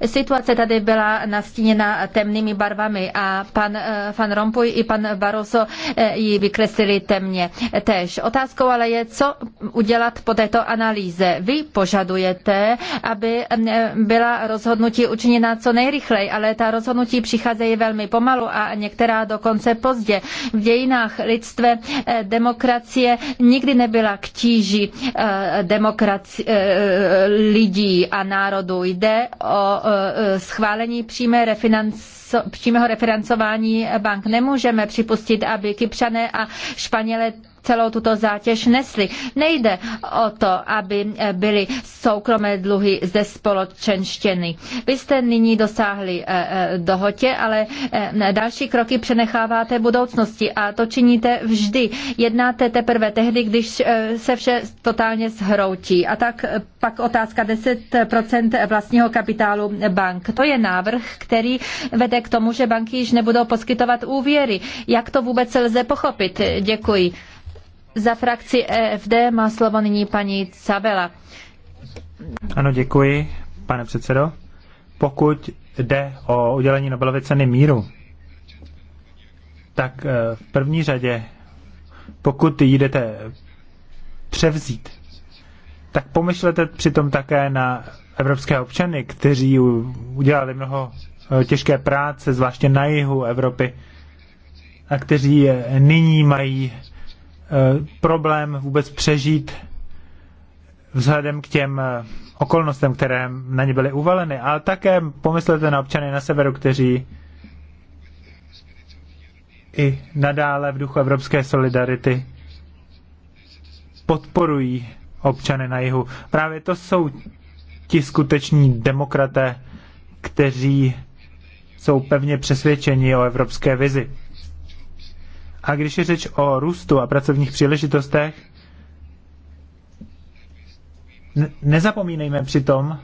situace tady byla nastíněna temnými barvami a pan Van eh, Rompuy i pan Barroso eh, ji vykreslili temně tež. Otázkou ale je, co udělat po této analýze. Vy požadujete, aby eh, byla rozhodnutí učiněna co nejrychleji, ale ta rozhodnutí přicházejí velmi pomalu a některá dokonce pozdě. V dějinách lidstve demokracie nikdy nebyla k tíži demokracie lidí a národů. Jde o e, schválení přímé refinanc přímého refinancování bank. Nemůžeme připustit, aby Kypřané a Španělé celou tuto zátěž nesli. Nejde o to, aby eh, byly soukromé dluhy ze společenštěny. Vy jste nyní dosáhli eh, eh, dohotě, ale další kroky přenecháváte budoucnosti a to činíte vždy. Jednáte teprve tehdy, když se vše totálně zhroutí. A tak pak otázka 10% vlastního kapitálu bank. To je návrh, který vede k tomu, že banky již nebudou poskytovat úvěry. Jak to vůbec lze pochopit? Děkuji. Za frakci EFD má slovo nyní paní Cavela. Ano, děkuji, pane předsedo. Pokud jde o udělení Nobelovy ceny míru, tak eh, v první řadě, pokud jdete převzít, tak pomyšlete přitom také na evropské občany, kteří udělali mnoho eh, těžké práce, zvláště na jihu Evropy, a kteří eh, nyní mají Eh, problém vůbec přežít vzhledem k těm eh, okolnostem, které na ně byly uvaleny, ale také pomyslete na občany na severu, kteří i nadále v duchu evropské solidarity podporují občany na jihu. Právě to jsou ti skuteční demokraté, kteří jsou pevně přesvědčeni o evropské vizi. A když je řeč o růstu a pracovních příležitostech, nezapomínejme přitom,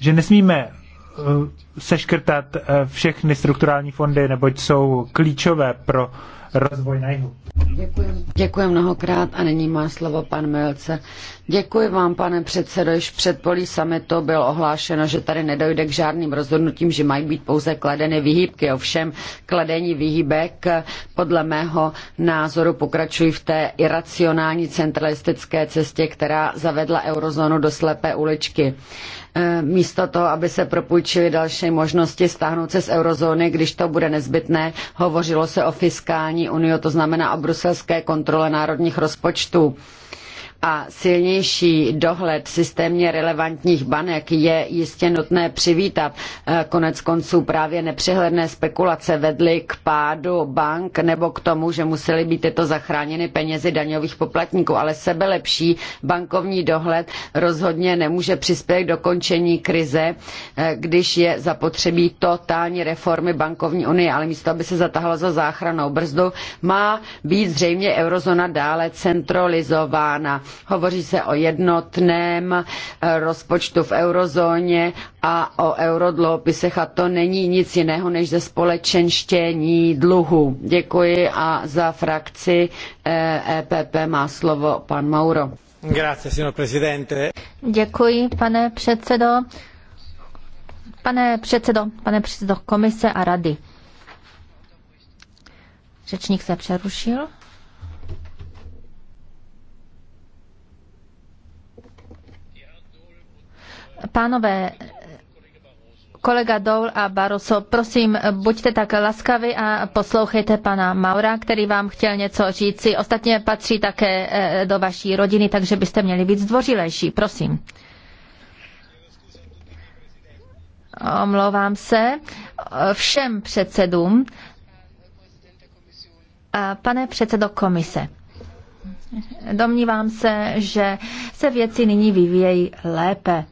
že nesmíme uh, seškrtat uh, všechny strukturální fondy, neboť jsou klíčové pro rozvoj na jihu. Děkuji. Děkuji mnohokrát a nyní má slovo pan Melce. Děkuji vám, pane předsedo, již před polí summitu bylo ohlášeno, že tady nedojde k žádným rozhodnutím, že mají být pouze kladeny výhýbky. Ovšem, kladení výhýbek podle mého názoru pokračují v té iracionální centralistické cestě, která zavedla eurozónu do slepé uličky e, místo toho, aby se propůjčily další možnosti stáhnout se z eurozóny, když to bude nezbytné, hovořilo se o fiskální unii, to znamená o bruselské kontrole národních rozpočtů a silnější dohled systémně relevantních banek je jistě nutné přivítat. E, konec konců právě nepřehledné spekulace vedly k pádu bank nebo k tomu, že musely být tyto zachráněny penězi daňových poplatníků, ale sebelepší bankovní dohled rozhodně nemůže přispět k dokončení krize, e, když je zapotřebí totální reformy bankovní unie, ale místo, aby se zatahalo za záchranou brzdu, má být zřejmě eurozona dále centralizována Hovoří se o jednotném eh, rozpočtu v eurozóně a o eurodluhopisech a to není nic jiného než ze společenštění dluhu. Děkuji a za frakci EPP eh, e má slovo pan Mauro. Děkuji, pane předsedo. Pane předsedo, pane předsedo komise a rady. Řečník se přerušil. Pánové, kolega Doul a Barroso, prosím, buďte tak laskavi a poslouchejte pana Maura, který vám chtěl něco říci. Ostatně patří také eh, do vaší rodiny, takže byste měli být zdvořilejší. Prosím. Omlouvám se všem předsedům. Pane předsedo komise, domnívám se, že se věci nyní vyvíjejí lépe.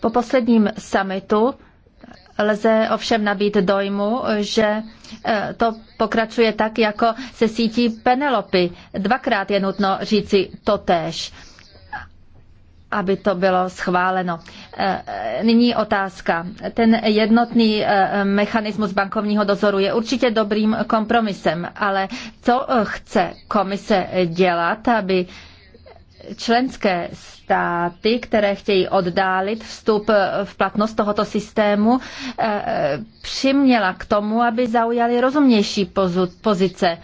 Po posledním summitu lze ovšem nabít dojmu, že e, to pokračuje tak, jako se sítí Penelopy. Dvakrát je nutno říci totéž aby to bylo schváleno. E, nyní otázka. Ten jednotný e, mechanismus bankovního dozoru je určitě dobrým kompromisem, ale co chce komise dělat, aby členské státy, které chtějí oddálit vstup v platnost tohoto systému, eh, přiměla k tomu, aby zaujali rozumnější pozice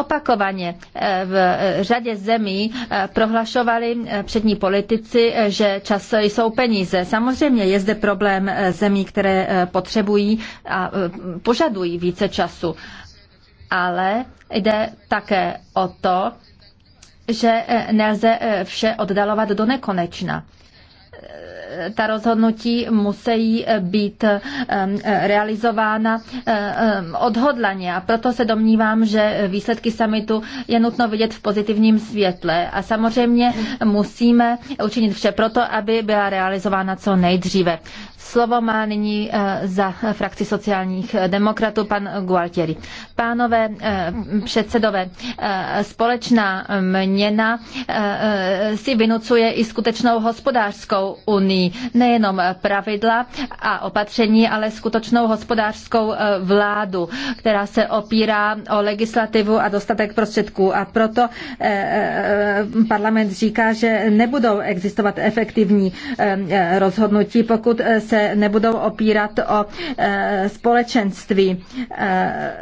opakovaně eh, v řadě zemí eh, prohlašovali přední politici, že čas jsou peníze. Samozřejmě je zde problém zemí, které potřebují a požadují více času, ale jde také o to, že e, nelze e, vše oddalovat do nekonečna e, ta rozhodnutí musí být realizována odhodlaně. A proto se domnívám, že výsledky samitu je nutno vidět v pozitivním světle. A samozřejmě musíme učinit vše proto, aby byla realizována co nejdříve. Slovo má nyní eh, za frakci sociálních demokratů pan Gualtieri. Pánové eh, předsedové, eh, společná měna si vynucuje i skutečnou hospodářskou unii. Nejenom pravidla a opatření, ale skutečnou hospodářskou vládu, která se opírá o legislativu a dostatek prostředků. A proto parlament říká, že nebudou existovat efektivní rozhodnutí, pokud se se nebudou opírat o eh, společenství. Eh,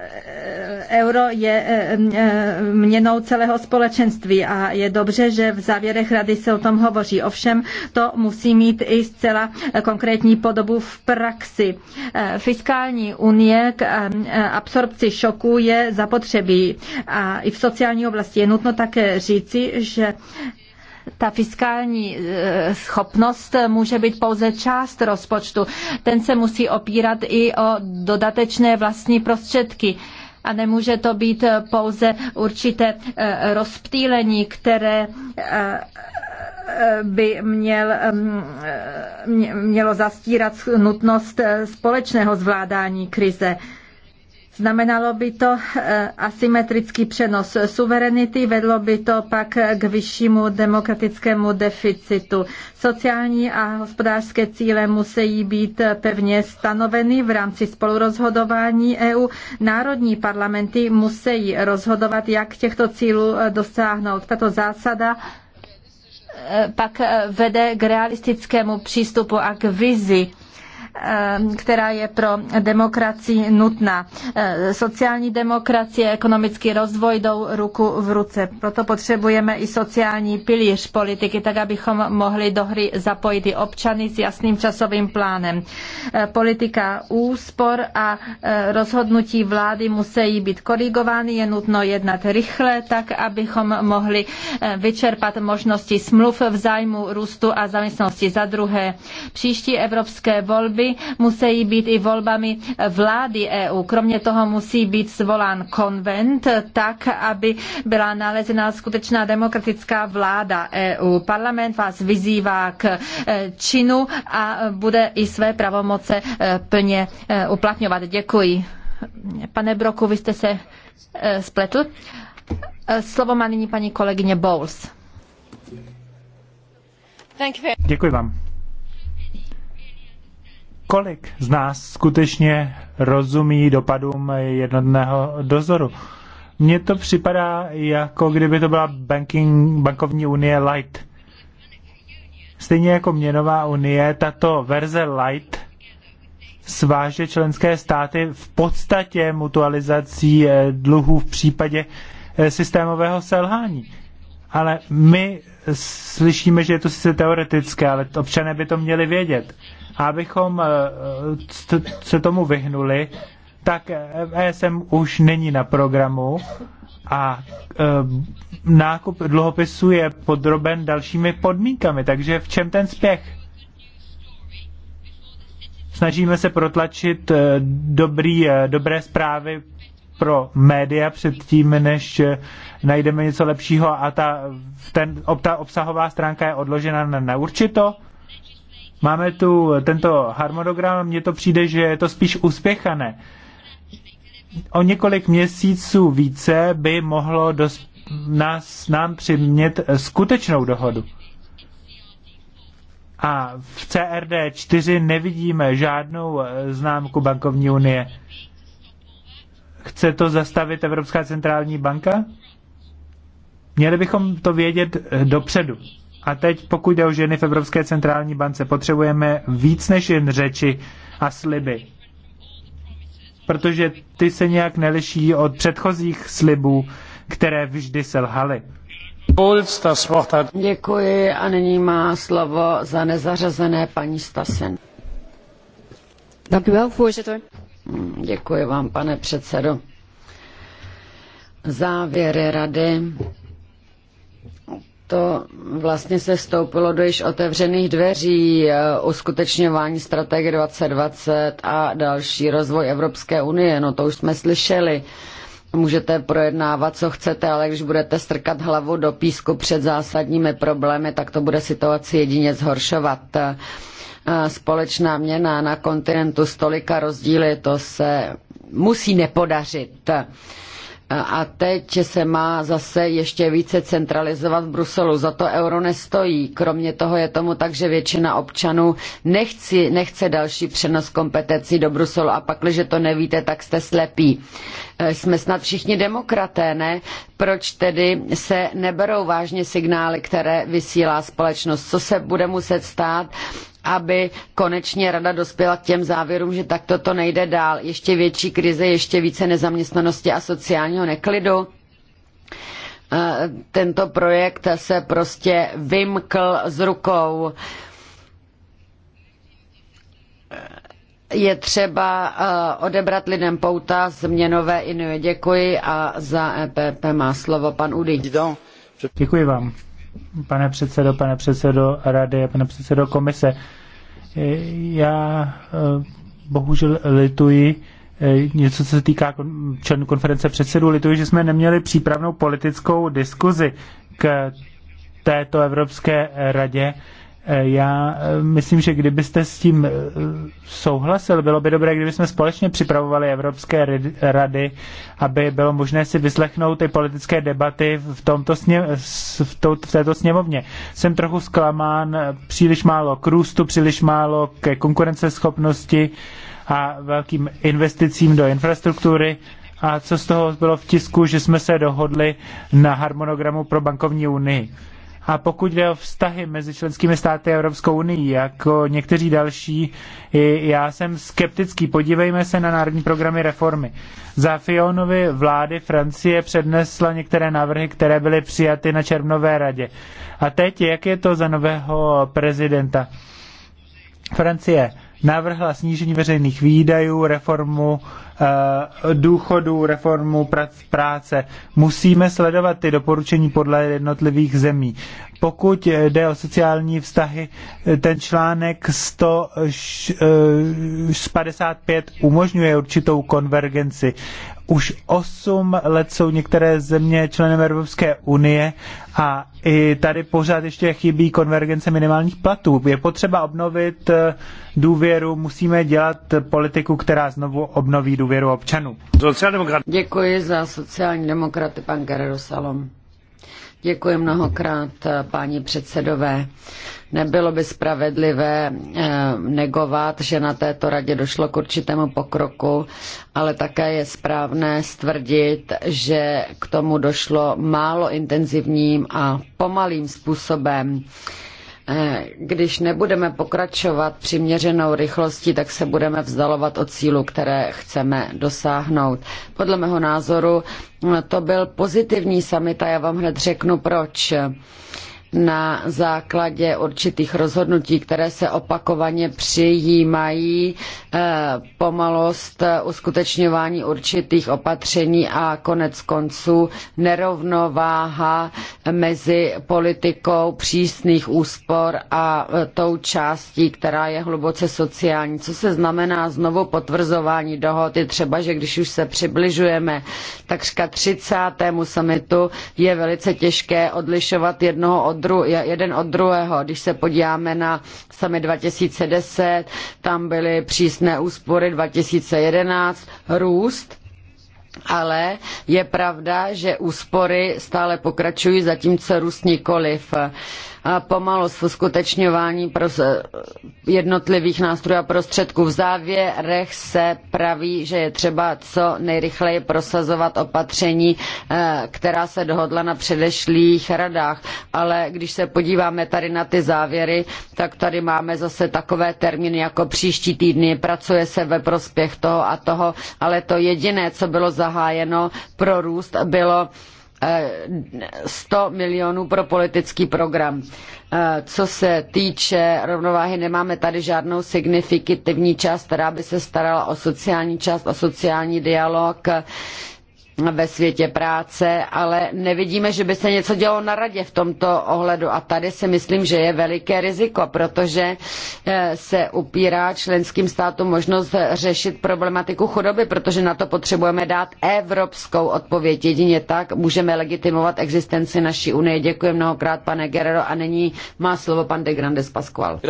euro je eh, měnou celého společenství a je dobře, že v závěrech rady se o tom hovoří. Ovšem to musí mít i zcela konkrétní podobu v praxi. Fiskální unie k absorpci šoku je zapotřebí a i v sociální oblasti je nutno také říci, že ta fiskální e, schopnost může být pouze část rozpočtu. Ten se musí opírat i o dodatečné vlastní prostředky a nemůže to být pouze určité e, rozptýlení, které e, by měl, mělo zastírat nutnost společného zvládání krize. Znamenalo by to eh, asymetrický přenos suverenity, vedlo by to pak k vyššímu demokratickému deficitu. Sociální a hospodářské cíle musí být pevně stanoveny v rámci spolurozhodování EU. Národní parlamenty musí rozhodovat, jak těchto cílů eh, dosáhnout. Tato zásada eh, pak vede k realistickému přístupu a k vizi Eh, která je pro demokracii nutná. Eh, sociální demokracie, ekonomický rozvoj jdou ruku v ruce. Proto potřebujeme i sociální pilíř politiky, tak abychom mohli do hry zapojit i občany s jasným časovým plánem. Eh, politika úspor a rozhodnutí vlády musí být korigovány, je nutno jednat rychle, tak abychom mohli vyčerpat možnosti smluv v zájmu růstu a zaměstnanosti. Za druhé, příští evropské volby volby musí být i volbami vlády EU. Kromě toho musí být zvolán konvent tak, aby byla nalezena skutečná demokratická vláda EU. Parlament vás vyzývá k e, činu a bude i své pravomoce e, plně e, uplatňovat. Děkuji. Pane Broku, vy jste se spletl. Slovo má nyní paní kolegyně Bowles. Děkuji vám kolik z nás skutečně rozumí dopadům jednotného dozoru. Mně to připadá, jako kdyby to byla banking, bankovní unie light. Stejně jako měnová unie, tato verze light sváže členské státy v podstatě mutualizací eh, dluhů v případě eh, systémového selhání. Ale my slyšíme, že je to sice teoretické, ale občané by to měli vědět abychom eh, se tomu vyhnuli, tak ESM už není na programu a eh, nákup dluhopisů je podroben dalšími podmínkami. Takže v čem ten spěch? Snažíme se protlačit eh, dobrý, dobré zprávy pro média předtím, než najdeme něco lepšího a ta, ten, ta obsahová stránka je odložena na neurčito. Máme tu tento harmonogram, mně to přijde, že je to spíš uspěchané. O několik měsíců více by mohlo dos- nás, nám přimět skutečnou dohodu. A v CRD 4 nevidíme žádnou známku bankovní unie. Chce to zastavit Evropská centrální banka? Měli bychom to vědět dopředu. A teď, pokud jde o ženy v Evropské centrální bance, potřebujeme víc než jen řeči a sliby. Protože ty se nějak neliší od předchozích slibů, které vždy selhaly. Děkuji a nyní má slovo za nezařazené paní Stasen. Děkuji vám, pane předsedo. Závěry rady to vlastně se vstoupilo do již otevřených dveří eh, uskutečňování strategie 2020 a další rozvoj Evropské unie. No to už jsme slyšeli. Můžete projednávat, co chcete, ale když budete strkat hlavu do písku před zásadními problémy, tak to bude situaci jedině zhoršovat eh, společná měna na kontinentu stolika rozdíly, to se musí nepodařit a teď se má zase ještě více centralizovat v Bruselu. Za to euro nestojí. Kromě toho je tomu tak, že většina občanů nechci, nechce další přenos kompetencí do Bruselu a pak, když to nevíte, tak jste slepí. Eh, jsme snad všichni demokraté, ne? Proč tedy se neberou vážně signály, které vysílá společnost? Co se bude muset stát, aby konečně rada dospěla k těm závěrům, že takto to nejde dál. Ještě větší krize, ještě více nezaměstnanosti a sociálního neklidu eh, tento projekt se prostě vymkl z rukou. Je třeba eh, odebrat lidem pouta změnové inuje. Děkuji a za EPP má slovo pan Udy. Děkuji vám pane předsedo, pane předsedo rady, pane předsedo komise. Eh, já eh, bohužel lituji, eh, něco, co se týká členů konference předsedů, lituji, že jsme neměli přípravnou politickou diskuzi k této Evropské radě já eh, myslím, že kdybyste s tím eh, souhlasil, bylo by dobré, kdybychom společně připravovali Evropské rady, aby bylo možné si vyslechnout ty politické debaty v, tomto sně, v, to, v této sněmovně. Jsem trochu zklamán, eh, příliš málo k růstu, příliš málo ke konkurenceschopnosti a velkým investicím do infrastruktury. A co z toho bylo v tisku, že jsme se dohodli na harmonogramu pro bankovní unii a pokud jde o vztahy mezi členskými státy a Evropskou unii, jako někteří další, já jsem skeptický. Podívejme se na národní programy reformy. Za Fionovy vlády Francie přednesla některé návrhy, které byly přijaty na Červnové radě. A teď, jak je to za nového prezidenta? Francie navrhla snížení veřejných výdajů, reformu eh, důchodů, reformu práce. Musíme sledovat ty doporučení podle jednotlivých zemí. Pokud jde o sociální vztahy, eh, ten článek 155 eh, umožňuje určitou konvergenci, už 8 let jsou některé země členem Evropské unie a i tady pořád ještě chybí konvergence minimálních platů. Je potřeba obnovit eh, důvěru, musíme dělat politiku, která znovu obnoví důvěru občanů. Děkuji za sociální demokraty, pan Gerardo Salom. Děkuji mnohokrát, páni předsedové. Nebylo by spravedlivé eh, negovat, že na této radě došlo k určitému pokroku, ale také je správné stvrdit, že k tomu došlo málo intenzivním a pomalým způsobem Eh, když nebudeme pokračovat přiměřenou rychlostí, tak se budeme vzdalovat od cílu, které chceme dosáhnout. Podle mého názoru eh, to byl pozitivní summit a já vám hned řeknu proč na základě určitých rozhodnutí, které se opakovaně přijímají, eh, pomalost eh, uskutečňování určitých opatření a konec konců nerovnováha mezi politikou přísných úspor a eh, tou částí, která je hluboce sociální. Co se znamená znovu potvrzování dohod? Je třeba, že když už se přibližujeme takřka 30. summitu, je velice těžké odlišovat jednoho od dru, jeden od druhého. Když se podíváme na sami 2010, tam byly přísné úspory 2011, růst ale je pravda, že úspory stále pokračují, zatímco růst nikoliv pomalost v uskutečňování jednotlivých nástrojů a prostředků. V závěrech se praví, že je třeba co nejrychleji prosazovat opatření, eh, která se dohodla na předešlých radách. Ale když se podíváme tady na ty závěry, tak tady máme zase takové termíny jako příští týdny. Pracuje se ve prospěch toho a toho, ale to jediné, co bylo zahájeno pro růst, bylo 100 eh, milionů pro politický program. Eh, co se týče rovnováhy, nemáme tady žádnou signifikativní část, která by se starala o sociální část, o sociální dialog ve světě práce, ale nevidíme, že by se něco dělo na radě v tomto ohledu. A tady si myslím, že je veliké riziko, protože eh, se upírá členským státům možnost řešit problematiku chudoby, protože na to potřebujeme dát evropskou odpověď. Jedině tak můžeme legitimovat existenci naší unie. Děkuji mnohokrát, pane Guerrero, a nyní má slovo pan de Grandes Pascual.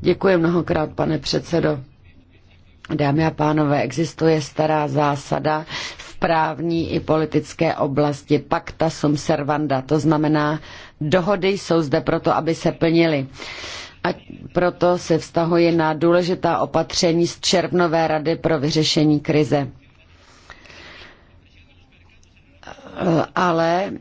Děkuji mnohokrát, pane předsedo. Dámy a pánové, existuje stará zásada v právní i politické oblasti pacta sum servanda, to znamená, dohody jsou zde proto, aby se plnily. A proto se vztahuje na důležitá opatření z červnové rady pro vyřešení krize. Ale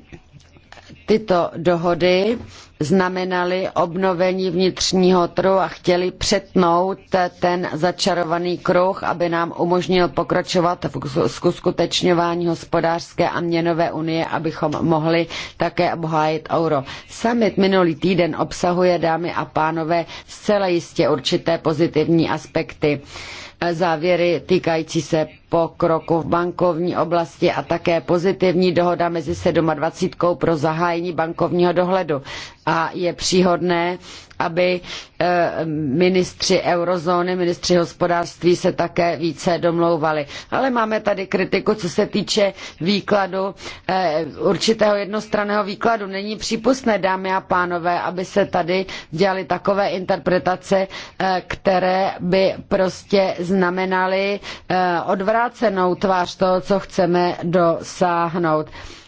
Tyto dohody znamenaly obnovení vnitřního trhu a chtěli přetnout ten začarovaný kruh, aby nám umožnil pokračovat v uskutečňování hospodářské a měnové unie, abychom mohli také obhájit euro. Summit minulý týden obsahuje, dámy a pánové, zcela jistě určité pozitivní aspekty závěry týkající se pokroku v bankovní oblasti a také pozitivní dohoda mezi 27 pro zahájení bankovního dohledu. A je příhodné, aby eh, ministři eurozóny, ministři hospodářství se také více domlouvali. Ale máme tady kritiku, co se týče výkladu, eh, určitého jednostranného výkladu. Není přípustné, dámy a pánové, aby se tady dělaly takové interpretace, eh, které by prostě znamenaly odvrácenou tvář toho, co chceme dosáhnout.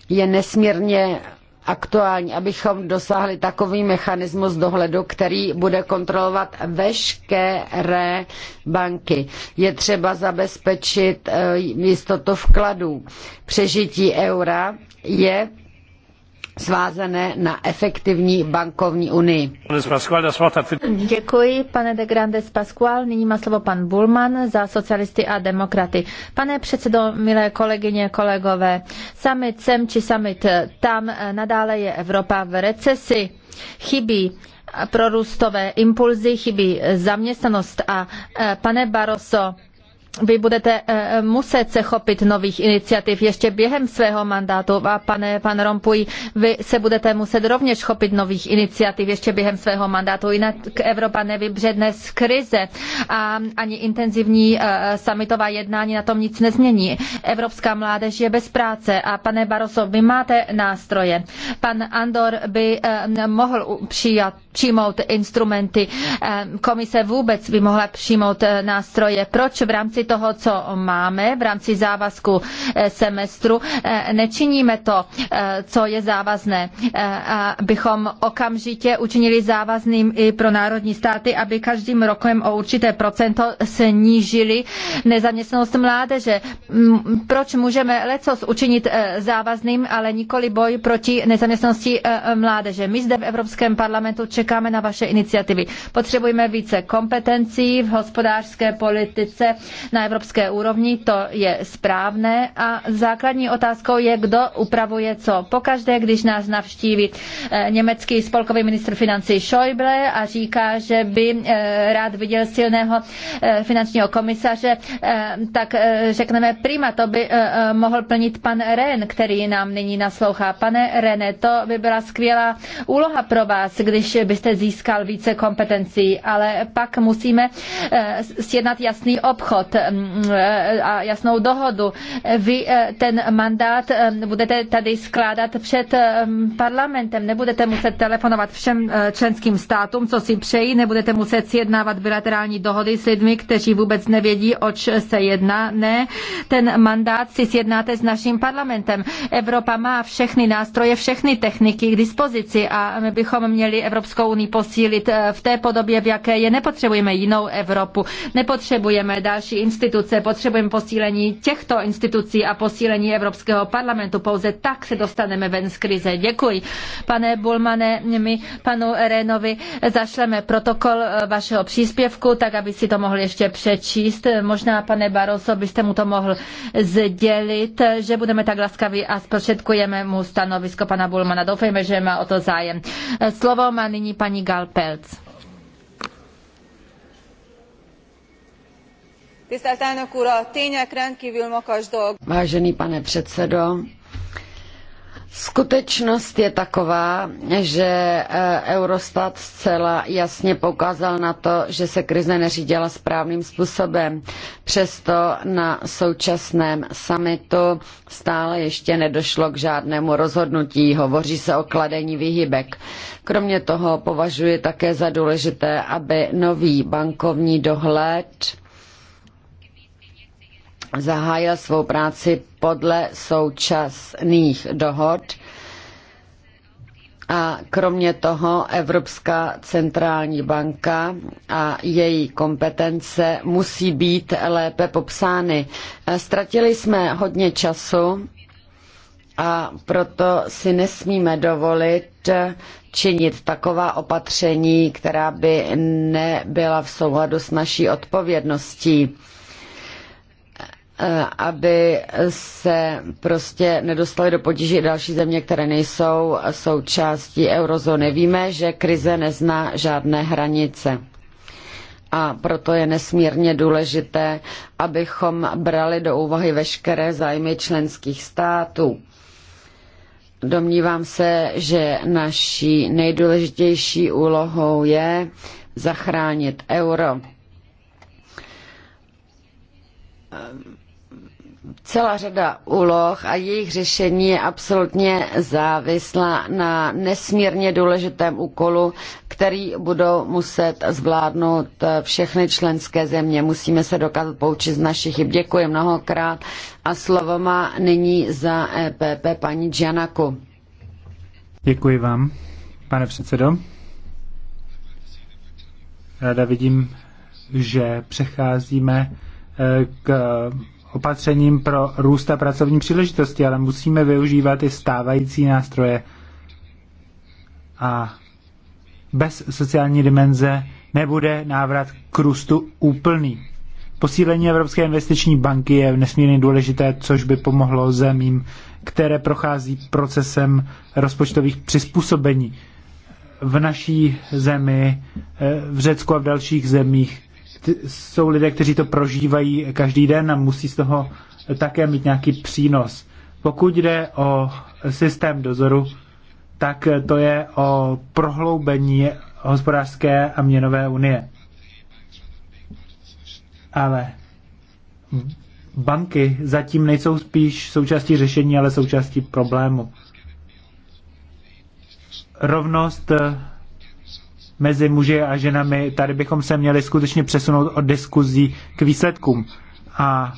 Je nesmírně aktuální, abychom dosáhli takový mechanismus dohledu, který bude kontrolovat veškeré banky. Je třeba zabezpečit eh, jistotu vkladů. Přežití eura je svázané na efektivní bankovní unii. Děkuji, pane de Grandes Pascual. Nyní má slovo pan Bulman za socialisty a demokraty. Pane předsedo, milé kolegyně, kolegové, summit sem či summit tam eh, nadále je Evropa v recesi. Chybí prorůstové impulzy, chybí zaměstnanost a eh, pane Barroso, vy budete eh, muset se chopit nových iniciativ ještě během svého mandátu a pane pan Rompuy, vy se budete muset rovněž chopit nových iniciativ ještě během svého mandátu, jinak Evropa nevybředne z krize a ani intenzivní eh, summitová jednání na tom nic nezmění. Evropská mládež je bez práce a pane Barroso, vy máte nástroje. Pan Andor by eh, mohl přijat, přijmout instrumenty, komise vůbec by mohla přijmout nástroje. Proč v rámci rámci toho, co máme, v rámci závazku eh, semestru. Eh, nečiníme to, eh, co je závazné, abychom okamžitě učinili závazným i pro národní státy, aby každým rokem o určité procento snížili nezaměstnanost mládeže. Proč můžeme lecos učinit závazným, ale nikoli boj proti nezaměstnanosti mládeže? My zde v Evropském parlamentu čekáme na vaše iniciativy. Potřebujeme více kompetencí v hospodářské politice, na evropské úrovni, to je správné. A základní otázkou je, kdo upravuje co. Pokaždé, když nás navštíví eh, německý spolkový ministr financí Schäuble a říká, že by eh, rád viděl silného eh, finančního komisaře, tak řekneme prima, to by mohl plnit pan Ren, který nám nyní naslouchá. Pane René, to by byla skvělá úloha pro vás, když byste získal více kompetencí, ale pak musíme sjednat jasný obchod. Mm, eh, a jasnou dohodu. Vy eh, ten mandát eh, budete tady skládat před parlamentem, nebudete muset telefonovat všem členským státům, co si přejí, nebudete muset sjednávat bilaterální dohody s lidmi, kteří vůbec nevědí, oč se jedná. Ne, ten mandát si sjednáte s naším parlamentem. Evropa má všechny nástroje, všechny techniky k dispozici a my bychom měli Evropskou unii posílit v té podobě, v jaké je. Nepotřebujeme jinou Evropu, nepotřebujeme další instituce, potřebujeme posílení těchto institucí a posílení Evropského parlamentu. Pouze tak se dostaneme ven z krize. Děkuji. Pane Bulmane, my panu Renovi zašleme protokol vašeho příspěvku, tak aby si to mohl ještě přečíst. Možná, pane Baroso, byste mu to mohl sdělit, že budeme tak laskaví a zprostředkujeme mu stanovisko pana Bulmana. Doufejme, že má o to zájem. Slovo má nyní paní Galpelc. Vážený pane předsedo, Skutečnost je taková, že eh, Eurostat zcela jasně poukázal na to, že se krize neřídila správným způsobem. Přesto na současném summitu stále ještě nedošlo k žádnému rozhodnutí. Hovoří se o kladení výhybek. Kromě toho považuji také za důležité, aby nový bankovní dohled zahájil svou práci podle současných dohod. A kromě toho Evropská centrální banka a její kompetence musí být lépe popsány. Ztratili jsme hodně času a proto si nesmíme dovolit činit taková opatření, která by nebyla v souladu s naší odpovědností Eh, aby se prostě nedostaly do potíží další země, které nejsou součástí eurozóny. Víme, že krize nezná žádné hranice. A proto je nesmírně důležité, abychom brali do úvahy veškeré zájmy členských států. Domnívám se, že naší nejdůležitější úlohou je zachránit euro. Um celá řada úloh a jejich řešení je absolutně závislá na nesmírně důležitém úkolu, který budou muset zvládnout eh, všechny členské země. Musíme se dokázat poučit z našich chyb. Děkuji mnohokrát a slovo má nyní za EPP paní Gianaku. Děkuji vám, pane předsedo. Ráda vidím, že přecházíme eh, k opatřením pro růst a pracovní příležitosti, ale musíme využívat i stávající nástroje. A bez sociální dimenze nebude návrat k růstu úplný. Posílení Evropské investiční banky je nesmírně důležité, což by pomohlo zemím, které prochází procesem rozpočtových přizpůsobení. V naší zemi, eh, v Řecku a v dalších zemích jsou lidé, kteří to prožívají každý den a musí z toho také mít nějaký přínos. Pokud jde o systém dozoru, tak to je o prohloubení hospodářské a měnové unie. Ale banky zatím nejsou spíš součástí řešení, ale součástí problému. Rovnost mezi muži a ženami, tady bychom se měli skutečně přesunout od diskuzí k výsledkům. A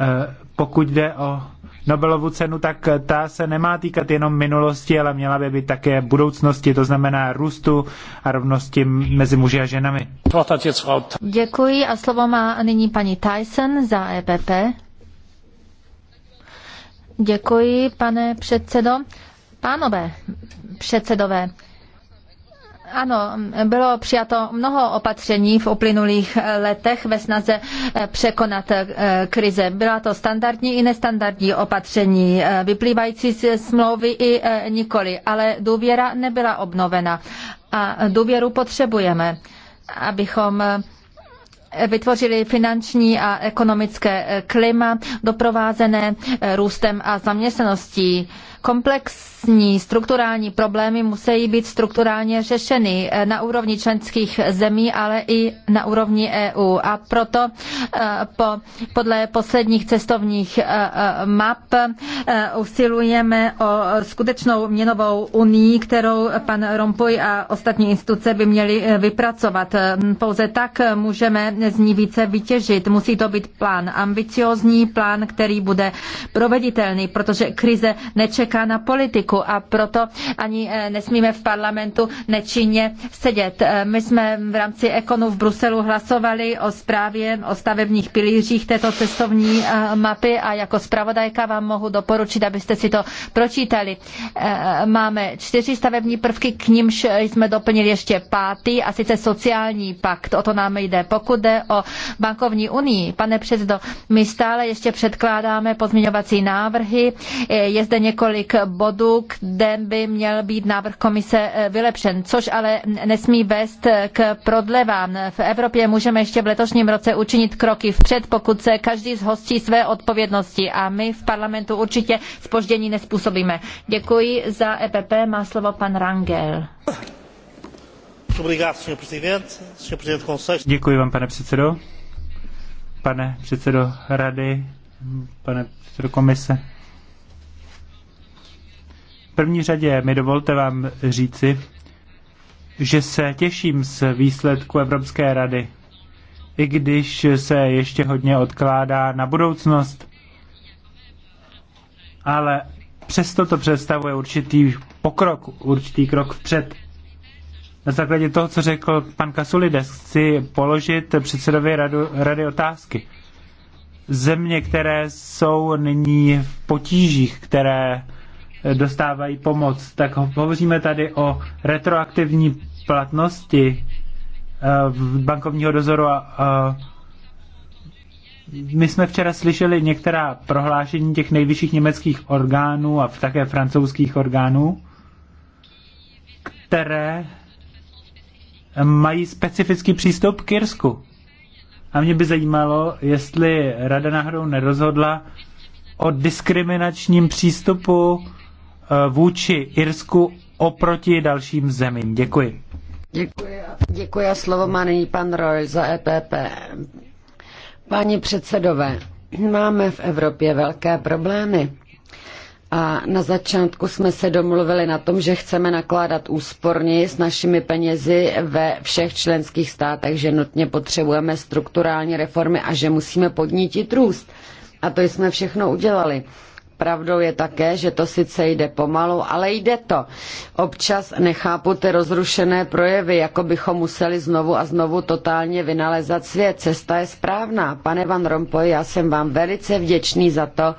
e, pokud jde o Nobelovu cenu, tak ta se nemá týkat jenom minulosti, ale měla by být také budoucnosti, to znamená růstu a rovnosti mezi muži a ženami. Děkuji a slovo má nyní paní Tyson za EPP. Děkuji, pane předsedo. Pánové předsedové, ano, bylo přijato mnoho opatření v uplynulých letech ve snaze eh, překonat eh, krize. Byla to standardní i nestandardní opatření, eh, vyplývající z smlouvy i nikoli, ale důvěra nebyla obnovena. A důvěru potřebujeme, abychom vytvořili finanční a ekonomické klima doprovázené růstem a zaměstnaností. Komplex vlastní strukturální problémy musí být strukturálně řešeny eh, na úrovni členských zemí, ale i na úrovni EU. A proto eh, po, podle posledních cestovních eh, map usilujeme o skutečnou měnovou unii, kterou pan Rompuy a ostatní instituce by měli vypracovat. Mm, pouze tak můžeme z ní více vytěžit. Musí to být plán, ambiciózní plán, který bude proveditelný, protože krize nečeká na politiku politiku a proto ani eh, nesmíme v parlamentu nečinně sedět. Eh, my jsme v rámci Ekonu v Bruselu hlasovali o zprávě o stavebních pilířích této cestovní eh, mapy a jako zpravodajka vám mohu doporučit, abyste si to pročítali. Máme čtyři stavební prvky, k nimž jsme doplnili ještě pátý, a sice sociální pakt. O to nám jde. Pokud jde o bankovní unii, pane předsedo, my stále ještě předkládáme pozměňovací návrhy. Je zde několik bodů, kde by měl být návrh komise eh, vylepšen, což ale nesmí vést eh, k prodlevám. V Evropě můžeme ještě v letošním roce učinit kroky vpřed, pokud se každý zhostí své odpovědnosti a my v parlamentu určitě spoždění nespůsobíme. Děkuji za EPP, má slovo pan Rangel. Děkuji vám, pane předsedo. Pane předsedo rady, pane předsedo komise. V první řadě mi dovolte vám říci, že se těším z výsledku Evropské rady, i když se ještě hodně odkládá na budoucnost. Ale přesto to představuje určitý pokrok, určitý krok vpřed. Na základě toho, co řekl pan Kasulides, chci položit předsedovi radu, rady otázky. Země, které jsou nyní v potížích, které dostávají pomoc. Tak hovoříme tady o retroaktivní platnosti eh, bankovního dozoru a my jsme včera slyšeli některá prohlášení těch nejvyšších německých orgánů a také francouzských orgánů, které mají specifický přístup k Irsku. A mě by zajímalo, jestli rada náhodou nerozhodla o diskriminačním přístupu Eh, vůči Irsku oproti dalším zemím. Děkuji. Děkuji, děkuji a slovo má nyní pan Roy za EPP. Páni předsedové, máme v Evropě velké problémy. A na začátku jsme se domluvili na tom, že chceme nakládat úsporně s našimi penězi ve všech členských státech, že nutně potřebujeme strukturální reformy a že musíme podnítit růst. A to jsme všechno udělali. Pravdou je také, že to sice jde pomalu, ale jde to. Občas nechápu ty rozrušené projevy, jako bychom museli znovu a znovu totálně vynalezat svět. Cesta je správná. Pane Van Rompuy, já jsem vám velice vděčný za to,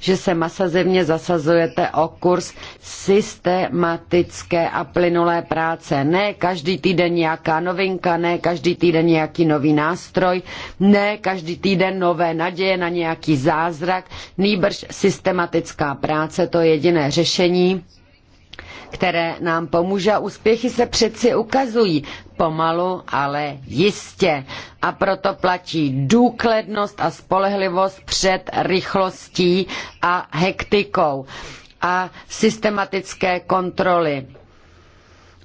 že se masazivně zasazujete o kurz systematické a plynulé práce. Ne každý týden nějaká novinka, ne každý týden nějaký nový nástroj, ne každý týden nové naděje na nějaký zázrak, nýbrž systematické systematická práce to jediné řešení, které nám pomůže a úspěchy se přeci ukazují pomalu, ale jistě. A proto platí důklednost a spolehlivost před rychlostí a hektikou a systematické kontroly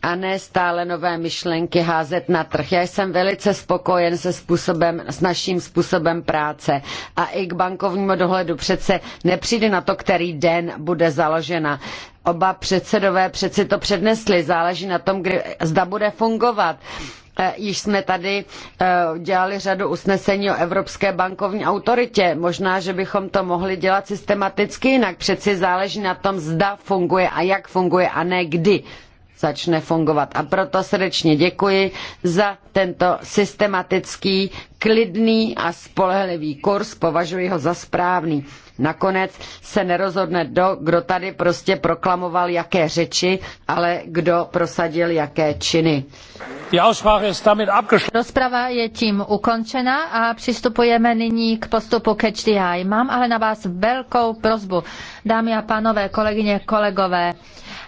a ne stále nové myšlenky házet na trh. Já jsem velice spokojen se způsobem, s naším způsobem práce a i k bankovnímu dohledu přece nepřijde na to, který den bude založena. Oba předsedové přeci to přednesli, záleží na tom, kdy, zda bude fungovat e, již jsme tady e, dělali řadu usnesení o Evropské bankovní autoritě. Možná, že bychom to mohli dělat systematicky jinak. Přeci záleží na tom, zda funguje a jak funguje a ne kdy začne fungovat. A proto srdečně děkuji za tento systematický, klidný a spolehlivý kurz. Považuji ho za správný. Nakonec se nerozhodne do, kdo tady prostě proklamoval jaké řeči, ale kdo prosadil jaké činy. Rozprava je tím ukončena a přistupujeme nyní k postupu Catch the Eye. Mám ale na vás velkou prozbu. Dámy a pánové, kolegyně, kolegové,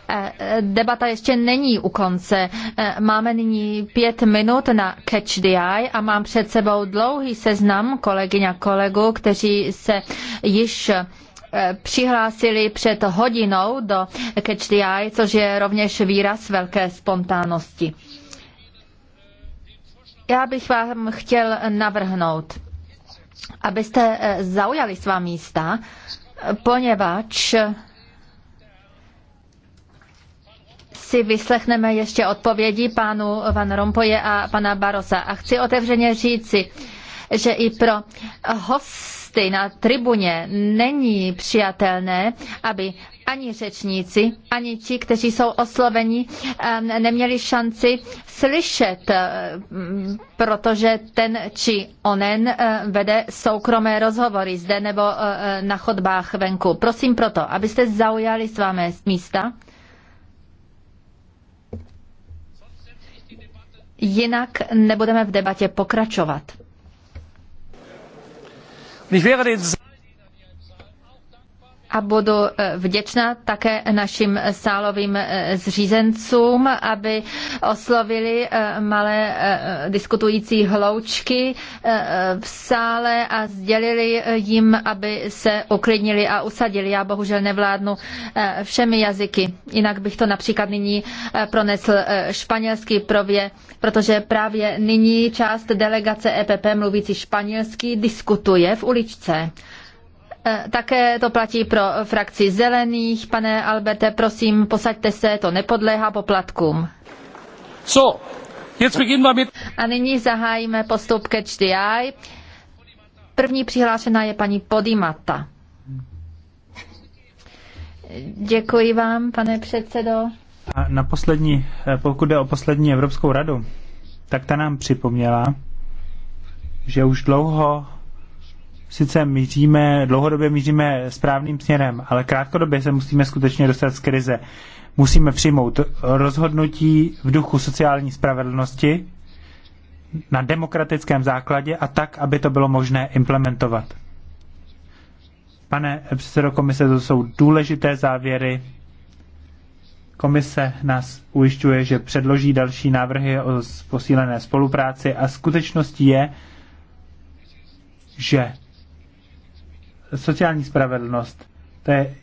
eh, debata ještě není u konce. Eh, máme nyní pět minut na Catch the Eye a mám před sebou dlouhý seznam kolegyň a kolegů, kteří se již již eh, přihlásili před hodinou do Catch the Eye, což je rovněž výraz velké spontánnosti. Já bych vám chtěl navrhnout, abyste eh, zaujali svá místa, poněvadž si vyslechneme ještě odpovědi pánu Van Rompoje a pana Barosa. A chci otevřeně říci, že i pro host hosty na tribuně není přijatelné, aby ani řečníci, ani ti, kteří jsou osloveni, neměli šanci slyšet, eh, protože ten či onen eh, vede soukromé rozhovory zde nebo eh, na chodbách venku. Prosím proto, abyste zaujali svá místa. Jinak nebudeme v debatě pokračovat ich wäre den a budu eh, vděčná také našim sálovým eh, zřízencům, aby oslovili eh, malé diskutující hloučky v sále a sdělili jim, aby se uklidnili a usadili. Já bohužel nevládnu všemi jazyky, jinak bych to například nyní pronesl španělský prově, protože právě nyní část delegace EPP mluvící španělský diskutuje v uličce. Eh, také to platí pro frakci zelených. Pane Alberte, prosím, posaďte se, to nepodléhá poplatkům. So, mit... A nyní zahájíme postup ke HDI. První přihlášená je paní Podimata. Děkuji vám, pane předsedo. A na poslední, eh, pokud jde o poslední Evropskou radu, tak ta nám připomněla, že už dlouho sice míříme, dlouhodobě míříme správným směrem, ale krátkodobě se musíme skutečně dostat z krize. Musíme přijmout rozhodnutí v duchu sociální spravedlnosti na demokratickém základě a tak, aby to bylo možné implementovat. Pane předsedo komise, to jsou důležité závěry. Komise nás ujišťuje, že předloží další návrhy o posílené spolupráci a skutečností je, že sociální spravedlnost, to je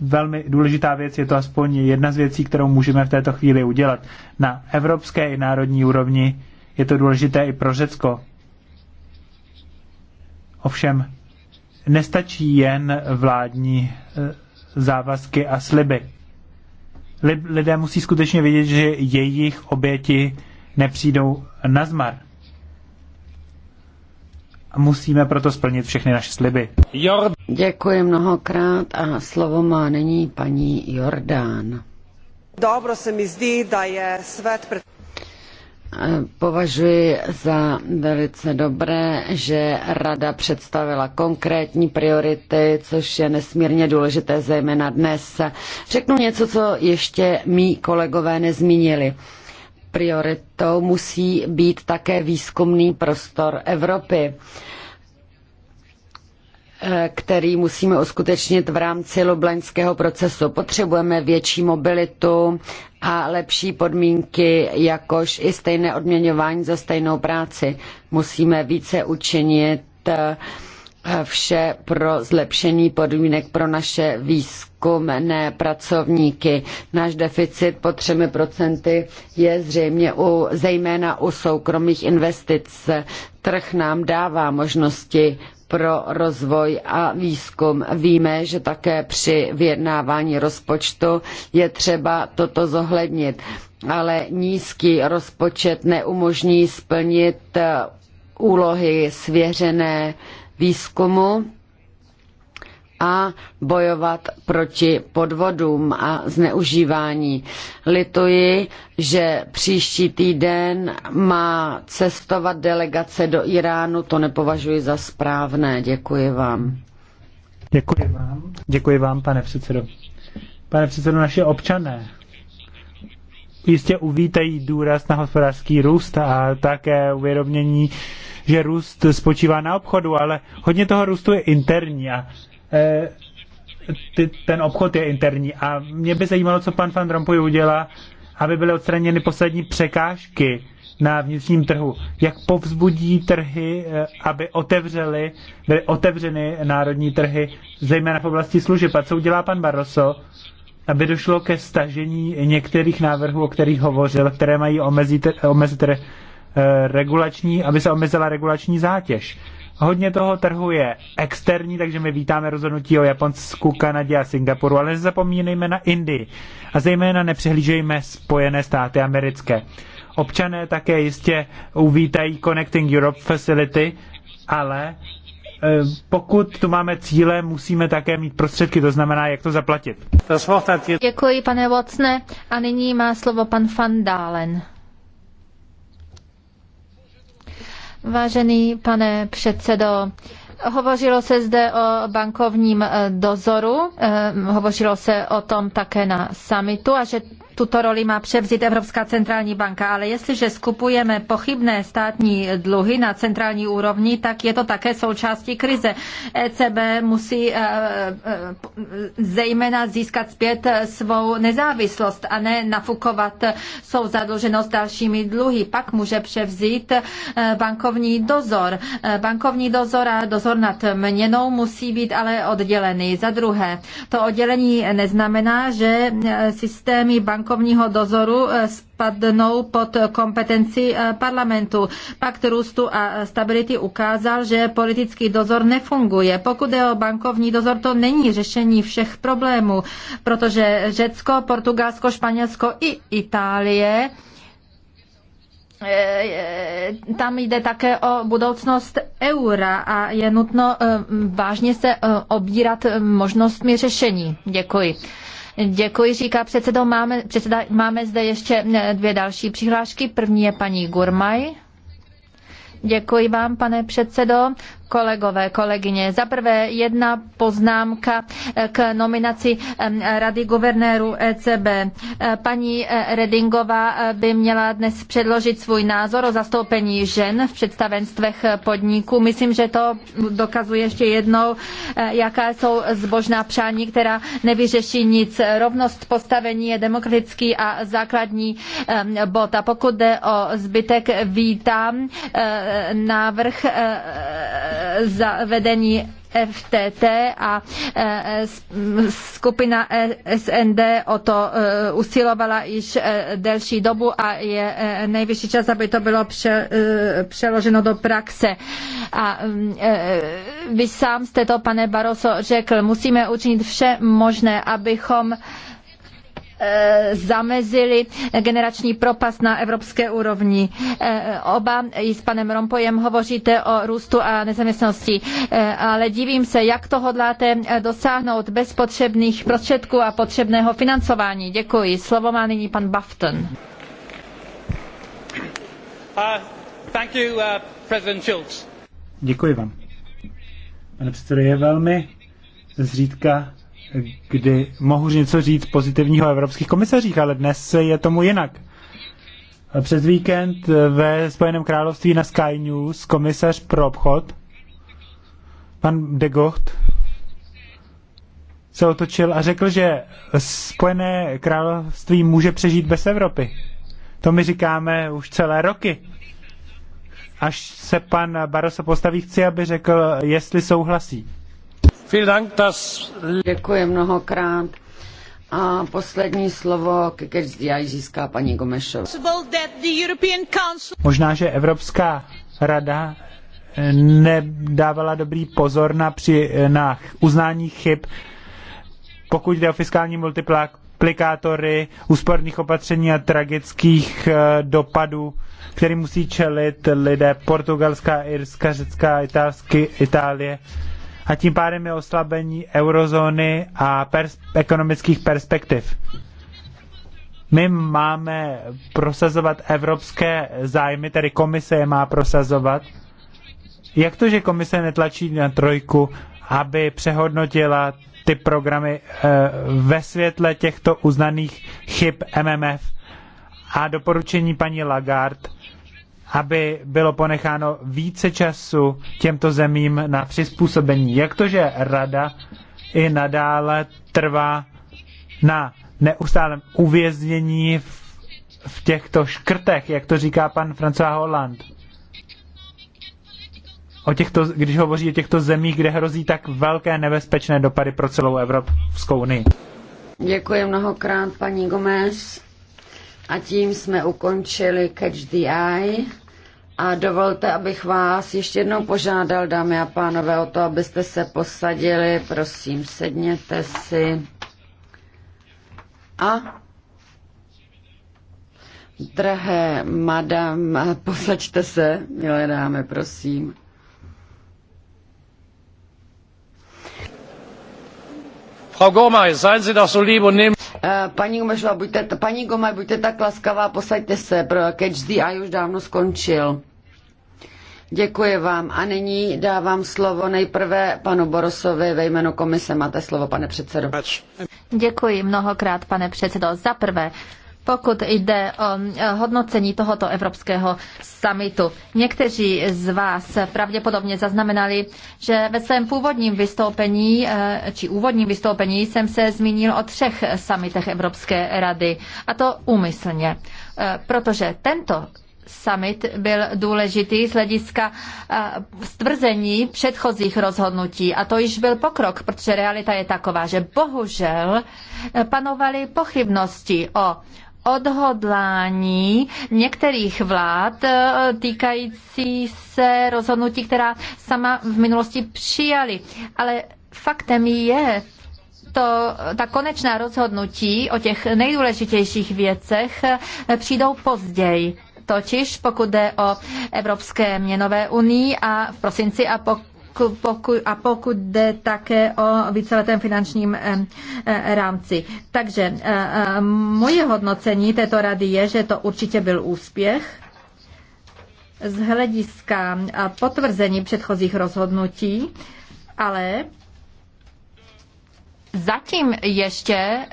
velmi důležitá věc, je to aspoň jedna z věcí, kterou můžeme v této chvíli udělat. Na evropské i národní úrovni je to důležité i pro Řecko. Ovšem, nestačí jen vládní e, závazky a sliby. Lidé musí skutečně vědět, že jejich oběti nepřijdou na zmar. Musíme proto splnit všechny naše sliby. Jord... Děkuji mnohokrát a slovo má nyní paní Jordán. Dobro se mi zdí, da je svět před eh, Považuji za velice dobré, že Rada představila konkrétní priority, což je nesmírně důležité, zejména dnes. Řeknu něco, co ještě mý kolegové nezmínili prioritou musí být také výzkumný prostor Evropy eh, který musíme uskutečnit v rámci lublaňského procesu. Potřebujeme větší mobilitu a lepší podmínky, jakož i stejné odměňování za stejnou práci. Musíme více učinit eh, vše pro zlepšení podmínek pro naše výzkumné pracovníky. Náš deficit po 3% je zřejmě u, zejména u soukromých investic. Trh nám dává možnosti pro rozvoj a výzkum. Víme, že také při vyjednávání rozpočtu je třeba toto zohlednit, ale nízký rozpočet neumožní splnit úlohy svěřené výzkumu a bojovat proti podvodům a zneužívání. Lituji, že příští týden má cestovat delegace do Iránu, to nepovažuji za správné. Děkuji vám. Děkuji vám. Děkuji vám, pane předsedo. Pane předsedo, naše občané jistě uvítají důraz na hospodářský růst a také uvědomění že růst spočívá na obchodu, ale hodně toho růstu je interní a e, ty, ten obchod je interní. A mě by zajímalo, co pan Van Rompuy udělá, aby byly odstraněny poslední překážky na vnitřním trhu. Jak povzbudí trhy, e, aby otevřely, byly otevřeny národní trhy, zejména v oblasti služeb. A co udělá pan Barroso, aby došlo ke stažení některých návrhů, o kterých hovořil, které mají omezit, omezit Eh, regulační, aby se omezila regulační zátěž. Hodně toho trhu je externí, takže my vítáme rozhodnutí o Japonsku, Kanadě a Singapuru, ale nezapomínejme na Indii a zejména nepřehlížejme Spojené státy americké. Občané také jistě uvítají Connecting Europe Facility, ale eh, pokud tu máme cíle, musíme také mít prostředky, to znamená, jak to zaplatit. Děkuji, pane Vocne. A nyní má slovo pan Van Dalen. Vážený pane předsedo, Hovořilo se zde o bankovním dozoru, eh, hovořilo se o tom také na summitu a že tuto roli má převzít Evropská centrální banka, ale jestliže skupujeme pochybné státní dluhy na centrální úrovni, tak je to také součástí krize. ECB musí eh, eh, zejména získat zpět svou nezávislost a ne nafukovat svou zadluženost dalšími dluhy. Pak může převzít eh, bankovní dozor. Bankovní dozor a dozor nad měnou musí být ale oddělený. Za druhé, to oddělení neznamená, že systémy bank bankovního dozoru eh, spadnou pod kompetenci eh, parlamentu. Pakt růstu a stability ukázal, že politický dozor nefunguje. Pokud je o bankovní dozor, to není řešení všech problémů, protože Řecko, Portugalsko, Španělsko i Itálie eh, tam jde také o budoucnost eura a je nutno vážně se obírat možnostmi řešení. Děkuji. Děkuji, říká předsedo. Máme, předseda, máme zde ještě dvě další přihlášky. První je paní Gurmaj. Děkuji vám, pane předsedo kolegové, kolegyně. Za prvé jedna poznámka k nominaci Rady guvernéru ECB. E, paní e, Redingová e, by měla dnes předložit svůj názor o zastoupení žen v představenstvech podniků. Myslím, že to dokazuje ještě jednou, jaká jsou zbožná přání, která nevyřeší nic. Rovnost postavení je demokratický a základní bod. A pokud jde o zbytek, vítám návrh zavedení FTT a e, skupina SND o to e, usilovala již e, delší dobu a je nejvyšší čas, aby to bylo přeloženo do praxe. A vy sám jste to, pane Baroso, řekl, musíme učinit vše možné, abychom Eh, zamezili generační propast na evropské úrovni. Eh, oba i s panem Rompojem hovoříte o růstu a nezaměstnanosti, eh, ale divím se, jak to hodláte dosáhnout bez potřebných prostředků a potřebného financování. Děkuji. Slovo má nyní pan Bafton. Uh, thank you, uh, President Schultz. Děkuji vám. Pane předsedo, je velmi zřídka kdy mohu něco říct pozitivního o evropských komisařích, ale dnes je tomu jinak. Přes víkend ve Spojeném království na Sky News komisař pro obchod, pan de Gocht, se otočil a řekl, že Spojené království může přežít bez Evropy. To my říkáme už celé roky. Až se pan Barroso postaví, chci, aby řekl, jestli souhlasí. Děkuji mnohokrát. A poslední slovo ke KHDI získá paní Gomešová. Možná, že Evropská rada eh, nedávala dobrý pozor na, při, eh, na uznání chyb, pokud jde o fiskální multiplikátory úsporných opatření a tragických eh, dopadů, který musí čelit lidé Portugalska, Irska, Řecka, Itálie a tím pádem je oslabení eurozóny a pers- ekonomických perspektiv. My máme prosazovat evropské zájmy, tedy komise je má prosazovat. Jak to, že komise netlačí na trojku, aby přehodnotila ty programy eh, ve světle těchto uznaných chyb MMF a doporučení paní Lagarde aby bylo ponecháno více času těmto zemím na přizpůsobení. Jak to, že rada i nadále trvá na neustálém uvěznění v, v těchto škrtech, jak to říká pan François Hollande? O těchto, když hovoří o těchto zemích, kde hrozí tak velké nebezpečné dopady pro celou Evropskou unii. Děkuji mnohokrát, paní Gomez. A tím jsme ukončili Catch the Eye. A dovolte, abych vás ještě jednou požádal, dámy a pánové, o to, abyste se posadili. Prosím, sedněte si. A drahé madam, posaďte se, milé dámy, prosím. Frau Gormay, seien Sie doch so lieb und nehmen eh, paní Gomešová, buďte, paní Gomaj, buďte tak laskavá, posaďte se, pro Catch the Eye už dávno skončil. Děkuji vám a nyní dávám slovo nejprve panu Borosovi ve jménu komise. Máte slovo, pane předsedo. Děkuji mnohokrát, pane předsedo. Za prvé, pokud jde o e, hodnocení tohoto evropského summitu. Někteří z vás pravděpodobně zaznamenali, že ve svém původním vystoupení, e, či úvodním vystoupení jsem se zmínil o třech summitech Evropské rady. A to úmyslně. E, protože tento summit byl důležitý z hlediska eh, stvrzení předchozích rozhodnutí. A to již byl pokrok, protože realita je taková, že bohužel eh, panovaly pochybnosti o odhodlání některých vlád eh, týkající se rozhodnutí, která sama v minulosti přijali. Ale faktem je, to, ta konečná rozhodnutí o těch nejdůležitějších věcech přijdou později totiž pokud jde o Evropské měnové unii a v prosinci a pokud a pokud jde také o víceletém finančním eh, eh, rámci. Takže eh, moje hodnocení této rady je, že to určitě byl úspěch. Z hlediska potvrzení předchozích rozhodnutí, ale zatím ještě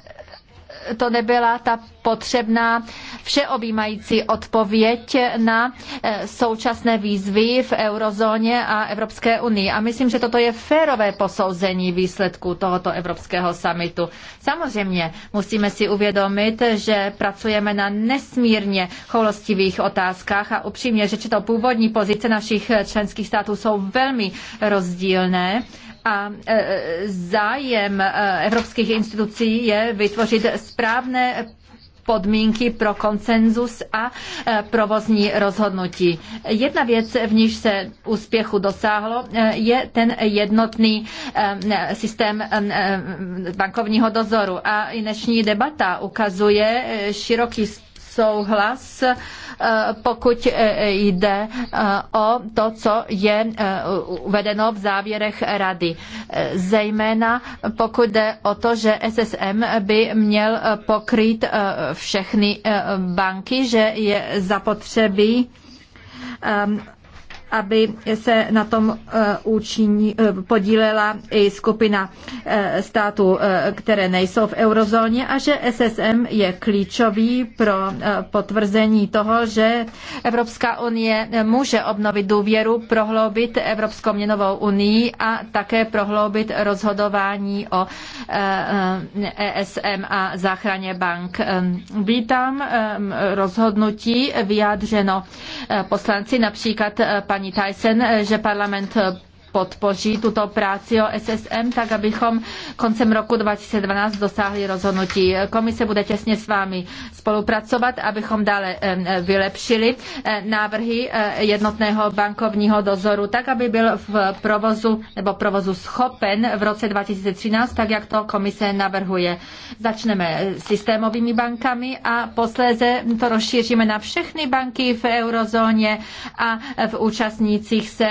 to nebyla ta potřebná všeobjímající odpověď na eh, současné výzvy v eurozóně a Evropské unii. A myslím, že toto je férové posouzení výsledků tohoto Evropského samitu. Samozřejmě musíme si uvědomit, že pracujeme na nesmírně choulostivých otázkách a upřímně řečeno původní pozice našich členských států jsou velmi rozdílné. A e, zájem e, evropských institucí je vytvořit správné podmínky pro konsenzus a e, provozní rozhodnutí. Jedna věc, v níž se úspěchu dosáhlo, je ten jednotný systém bankovního dozoru. A i dnešní debata ukazuje široký souhlas, eh, pokud eh, jde eh, o to, co je uvedeno v závěrech rady. Zejména pokud jde o to, že SSM by měl pokrýt všechny banky, že je zapotřebí aby se na tom eh, účinní, eh, podílela i skupina eh, států, které nejsou v eurozóně a že SSM je klíčový pro potvrzení toho, že Evropská unie může obnovit důvěru, prohloubit Evropskou měnovou unii a také prohloubit rozhodování o ESM e a záchraně bank. Vítám rozhodnutí vyjádřeno poslanci, například paní paní Tyson, že parlament podpoří tuto práci o SSM, tak abychom koncem roku 2012 dosáhli rozhodnutí. Komise bude těsně s vámi spolupracovat, abychom dále eh, vylepšili eh, návrhy eh, jednotného bankovního dozoru, tak aby byl v provozu nebo provozu schopen v roce 2013, tak jak to komise navrhuje. Začneme systémovými bankami a posléze to rozšíříme na všechny banky v eurozóně a v účastnících se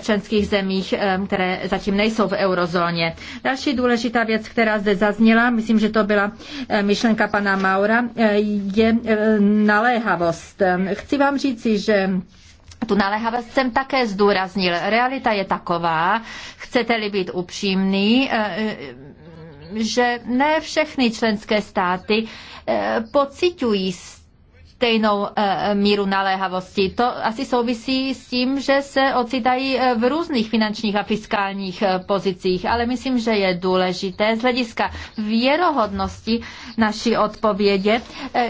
členských zemí zemích, eh, které zatím nejsou v eurozóně. Další důležitá věc, která zde zazněla, myslím, že to byla eh, myšlenka pana Maura, eh, je naléhavost. Chci vám říci, že tu naléhavost jsem také zdůraznil. Realita je taková, chcete-li být upřímný, že ne všechny členské státy pociťují stejnou eh, míru naléhavosti. To asi souvisí s tím, že se ocitají eh, v různých finančních a fiskálních eh, pozicích, ale myslím, že je důležité z hlediska věrohodnosti naší odpovědě,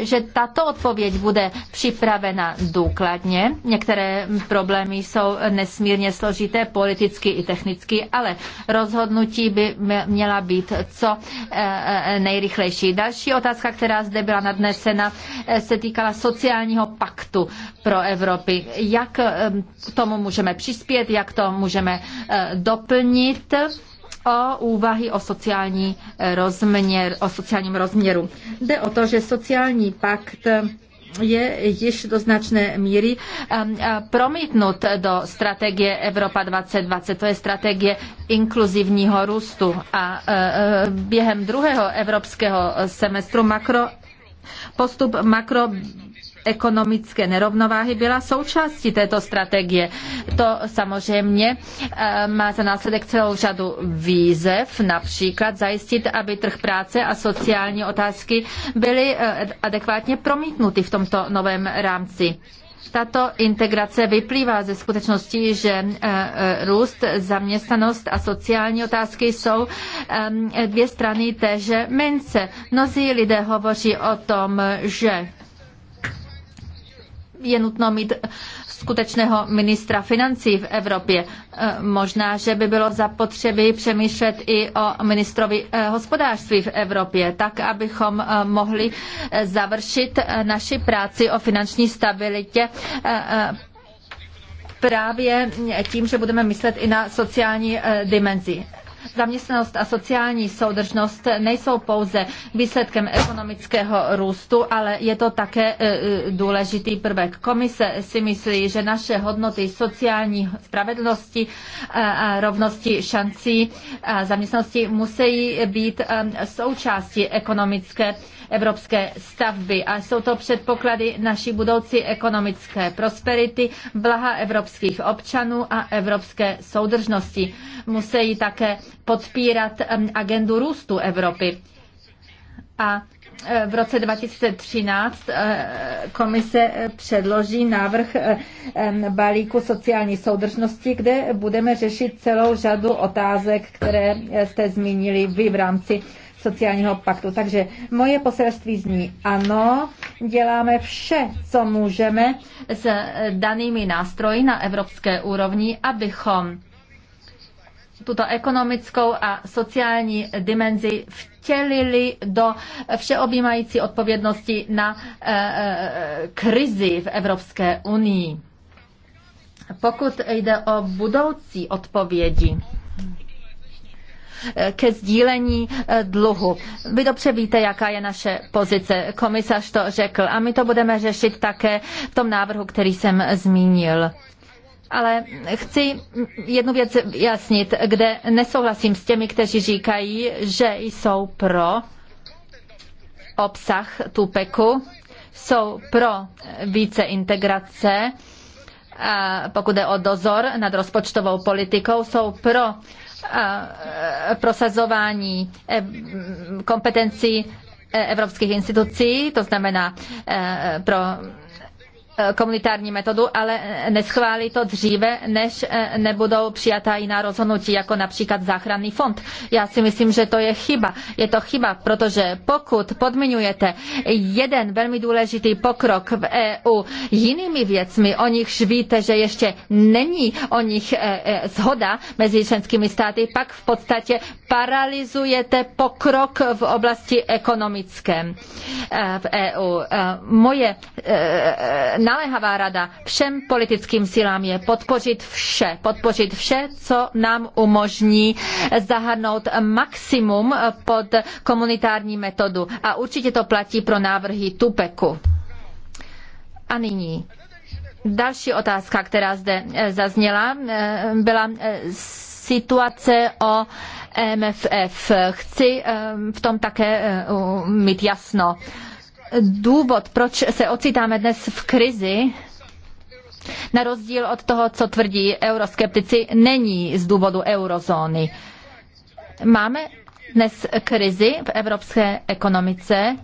že tato odpověď bude připravena důkladně. Některé problémy jsou nesmírně složité politicky i technicky, ale rozhodnutí by měla být co nejrychlejší. Další otázka, která zde byla nadnesena, se týkala sociálního paktu pro Evropy. Jak k tomu můžeme přispět, jak to můžeme eh, doplnit o úvahy o, sociální eh, rozměr, o sociálním rozměru. Jde o to, že sociální pakt eh, je již do značné míry promítnut do strategie Evropa 2020. To je strategie inkluzivního růstu a během druhého evropského semestru makro postup makro ekonomické nerovnováhy byla součástí této strategie. To samozřejmě eh, má za následek celou řadu výzev, například zajistit, aby trh práce a sociální otázky byly eh, adekvátně promítnuty v tomto novém rámci. Tato integrace vyplývá ze skutečnosti, že eh, růst, zaměstnanost a sociální otázky jsou dvě strany téže mince. Mnozí lidé hovoří o tom, že je nutno mít skutečného ministra financí v Evropě. E, možná, že by bylo zapotřebí přemýšlet i o ministrovi e, hospodářství v Evropě, tak, abychom e, mohli završit naši práci o finanční stabilitě právě tím, že budeme myslet i na sociální dimenzi zaměstnanost a sociální soudržnost nejsou pouze výsledkem ekonomického růstu, ale je to také e, e, důležitý prvek. Komise si myslí, že naše hodnoty sociální spravedlnosti a rovnosti šancí a zaměstnanosti musí být e, součástí ekonomické evropské stavby a jsou to předpoklady naší budoucí ekonomické prosperity, blaha evropských občanů a evropské soudržnosti. Musí také podpírat um, agendu růstu Evropy. A uh, v roce 2013 uh, komise uh, předloží návrh um, balíku sociální soudržnosti, kde budeme řešit celou řadu otázek, které jste zmínili vy v rámci sociálního paktu. Takže moje poselství zní ano, děláme vše, co můžeme s danými nástroji na evropské úrovni, abychom tuto ekonomickou a sociální dimenzi vtělili do všeobjímající odpovědnosti na eh, eh, krizi v Evropské unii. Pokud jde o budoucí odpovědi, Eh, ke sdílení eh, dluhu. Vy dobře víte, jaká je naše pozice. Komisař to řekl a my to budeme řešit také v tom návrhu, který jsem zmínil ale chci jednu věc jasnit, kde nesouhlasím s těmi, kteří říkají, že jsou pro obsah tupeku, jsou pro více integrace, pokud jde o dozor nad rozpočtovou politikou, jsou pro E, prosazování e, kompetencí e, evropských institucí, to znamená pro Eh, komunitární metodu, ale neschválí to dříve, než eh, nebudou přijatá jiná rozhodnutí, jako například záchranný fond. Já si myslím, že to je chyba. Je to chyba, protože pokud podmiňujete jeden velmi důležitý pokrok v EU jinými věcmi, o nichž víte, že ještě není o nich zhoda eh, mezi členskými státy, pak v podstatě paralizujete pokrok v oblasti ekonomickém v EU. Moje na naléhavá rada všem politickým silám je podpořit vše, podpořit vše, co nám umožní zahrnout maximum pod komunitární metodu. A určitě to platí pro návrhy Tupeku. A nyní další otázka, která zde eh, zazněla, eh, byla eh, situace o MFF. Chci v tom také mít jasno důvod, proč se ocitáme dnes v krizi, na rozdíl od toho, co tvrdí euroskeptici, není z důvodu eurozóny. Máme dnes krizi v evropské ekonomice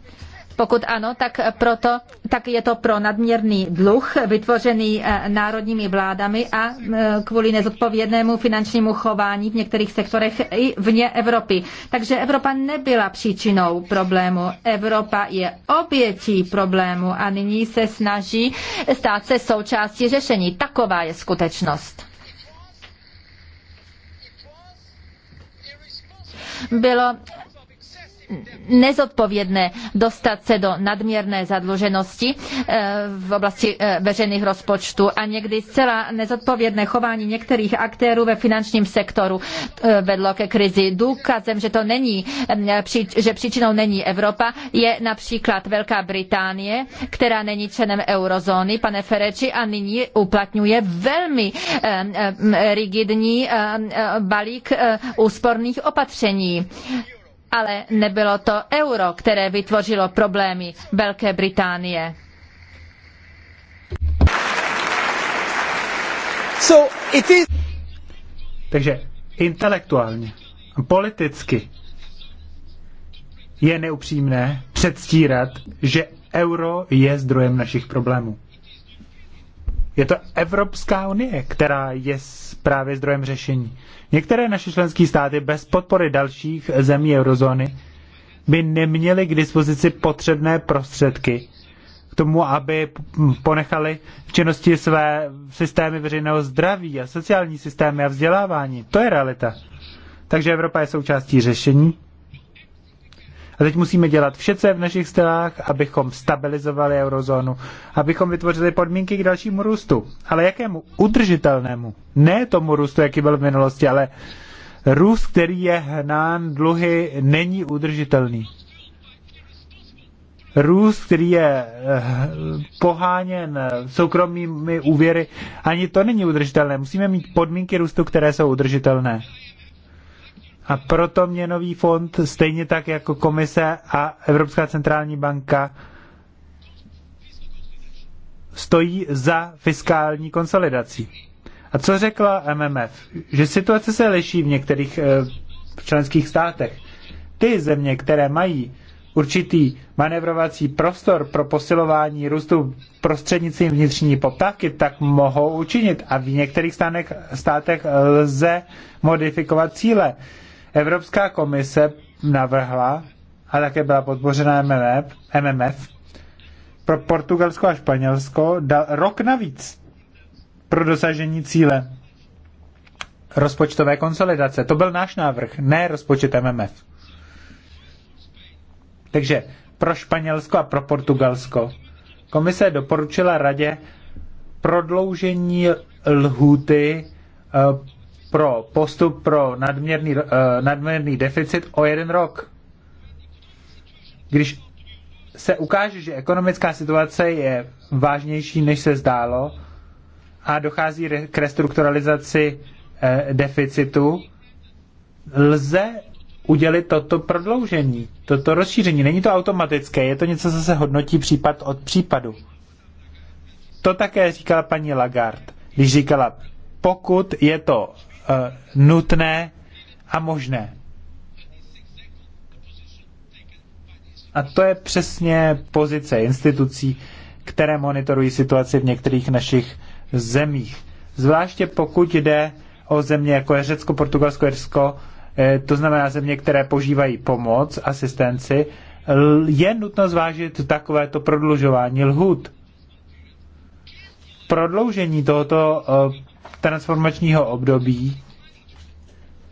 pokud ano, tak, proto, tak je to pro nadměrný dluh vytvořený eh, národními vládami a eh, kvůli nezodpovědnému finančnímu chování v některých sektorech i vně Evropy. Takže Evropa nebyla příčinou problému. Evropa je obětí problému a nyní se snaží stát se součástí řešení. Taková je skutečnost. Bylo nezodpovědné dostat se do nadměrné zadluženosti eh, v oblasti eh, veřejných rozpočtů a někdy zcela nezodpovědné chování některých aktérů ve finančním sektoru eh, vedlo ke krizi. Důkazem, že to není, že příčinou není Evropa, je například Velká Británie, která není členem eurozóny, pane Fereči, a nyní uplatňuje velmi rigidní balík úsporných opatření ale nebylo to euro, které vytvořilo problémy Velké Británie. So it is... Takže intelektuálně, politicky je neupřímné předstírat, že euro je zdrojem našich problémů. Je to Evropská unie, která je právě zdrojem řešení. Některé naše členské státy bez podpory dalších zemí eurozóny by neměly k dispozici potřebné prostředky k tomu, aby ponechali v činnosti své systémy veřejného zdraví a sociální systémy a vzdělávání. To je realita. Takže Evropa je součástí řešení a teď musíme dělat vše, co je v našich stylách, abychom stabilizovali eurozónu, abychom vytvořili podmínky k dalšímu růstu. Ale jakému udržitelnému? Ne tomu růstu, jaký byl v minulosti, ale růst, který je hnán dluhy, není udržitelný. Růst, který je eh, poháněn soukromými úvěry, ani to není udržitelné. Musíme mít podmínky růstu, které jsou udržitelné. A proto měnový fond, stejně tak jako komise a Evropská centrální banka, stojí za fiskální konsolidací. A co řekla MMF? Že situace se liší v některých eh, členských státech. Ty země, které mají určitý manevrovací prostor pro posilování růstu prostřednictvím vnitřní poptávky, tak mohou učinit. A v některých státech lze modifikovat cíle. Evropská komise navrhla, a také byla podpořena MMF, MMF pro Portugalsko a Španělsko dal rok navíc pro dosažení cíle rozpočtové konsolidace. To byl náš návrh, ne rozpočet MMF. Takže pro Španělsko a pro Portugalsko komise doporučila radě prodloužení lhuty eh, pro postup pro nadměrný, uh, nadměrný deficit o jeden rok. Když se ukáže, že ekonomická situace je vážnější, než se zdálo, a dochází k restrukturalizaci uh, deficitu, lze udělit toto prodloužení, toto rozšíření. Není to automatické, je to něco, co se hodnotí případ od případu. To také říkala paní Lagarde, když říkala, pokud je to Eh, nutné a možné. A to je přesně pozice institucí, které monitorují situaci v některých našich zemích. Zvláště pokud jde o země jako je Řecko, Portugalsko, Irsko, eh, to znamená země, které požívají pomoc, asistenci, je nutno zvážit takovéto prodlužování lhůt. Prodloužení tohoto eh, transformačního období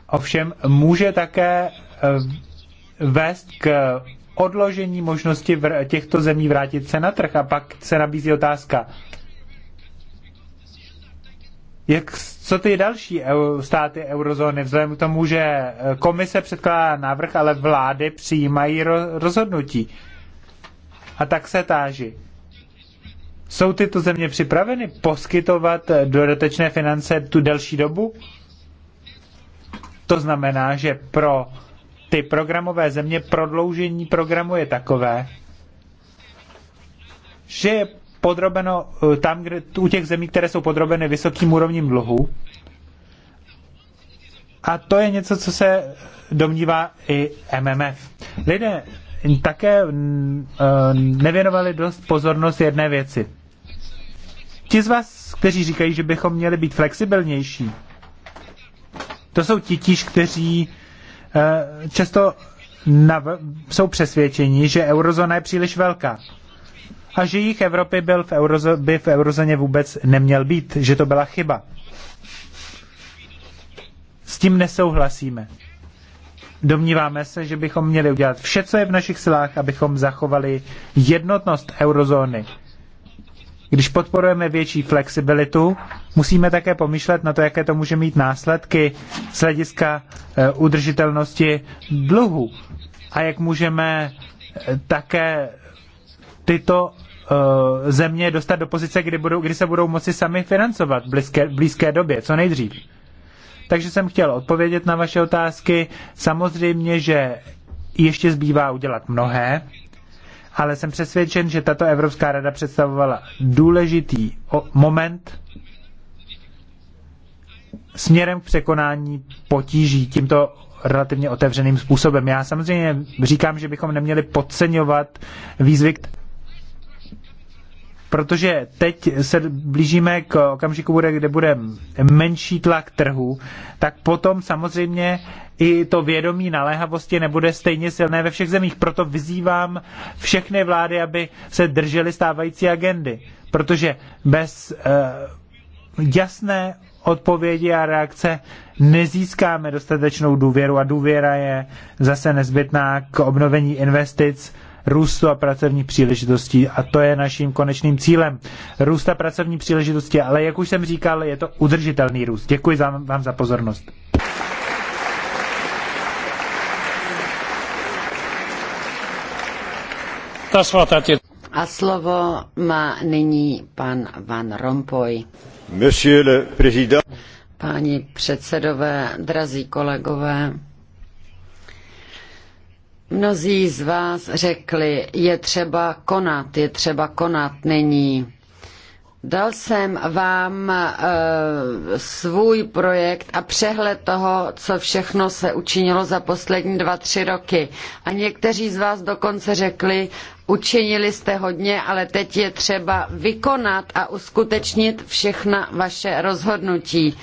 ovšem může také eh, vést k odložení možnosti těchto zemí vrátit se na trh. A pak se nabízí otázka, jak, co ty další státy eurozóny, vzhledem k tomu, že eh, komise předkládá návrh, ale vlády přijímají rozhodnutí. A tak se táží. Jsou tyto země připraveny poskytovat eh, dodatečné finance tu delší dobu? To znamená, že pro ty programové země prodloužení programu je takové, že je podrobeno eh, tam, kde, u těch zemí, které jsou podrobeny vysokým úrovním dluhu. A to je něco, co se domnívá i MMF. Lidé také eh, nevěnovali dost pozornost jedné věci. Ti z vás, kteří říkají, že bychom měli být flexibilnější, to jsou ti tíž, kteří eh, často jsou přesvědčeni, že eurozóna je příliš velká a že jich Evropy byl v eurozo- by v eurozóně vůbec neměl být, že to byla chyba. S tím nesouhlasíme. Domníváme se, že bychom měli udělat vše, co je v našich silách, abychom zachovali jednotnost eurozóny. Když podporujeme větší flexibilitu, musíme také pomýšlet na to, jaké to může mít následky z hlediska eh, udržitelnosti dluhu a jak můžeme eh, také tyto eh, země dostat do pozice, kdy, budou, kdy se budou moci sami financovat v blízké, blízké době, co nejdřív. Takže jsem chtěl odpovědět na vaše otázky. Samozřejmě, že ještě zbývá udělat mnohé, ale jsem přesvědčen, že tato Evropská rada představovala důležitý moment směrem k překonání potíží tímto relativně otevřeným způsobem. Já samozřejmě říkám, že bychom neměli podceňovat výzvy, protože teď se blížíme k okamžiku, kde bude menší tlak trhu, tak potom samozřejmě i to vědomí naléhavosti nebude stejně silné ve všech zemích. Proto vyzývám všechny vlády, aby se držely stávající agendy, protože bez uh, jasné odpovědi a reakce nezískáme dostatečnou důvěru a důvěra je zase nezbytná k obnovení investic růstu a pracovních příležitostí a to je naším konečným cílem. Růst a pracovní příležitosti, ale jak už jsem říkal, je to udržitelný růst. Děkuji vám za pozornost. A slovo má nyní pan Van Rompuy. Monsieur le président. Páni předsedové, drazí kolegové, Mnozí z vás řekli, je třeba konat, je třeba konat není. Dal jsem vám e, svůj projekt a přehled toho, co všechno se učinilo za poslední dva, tři roky. A někteří z vás dokonce řekli, učinili jste hodně, ale teď je třeba vykonat a uskutečnit všechna vaše rozhodnutí.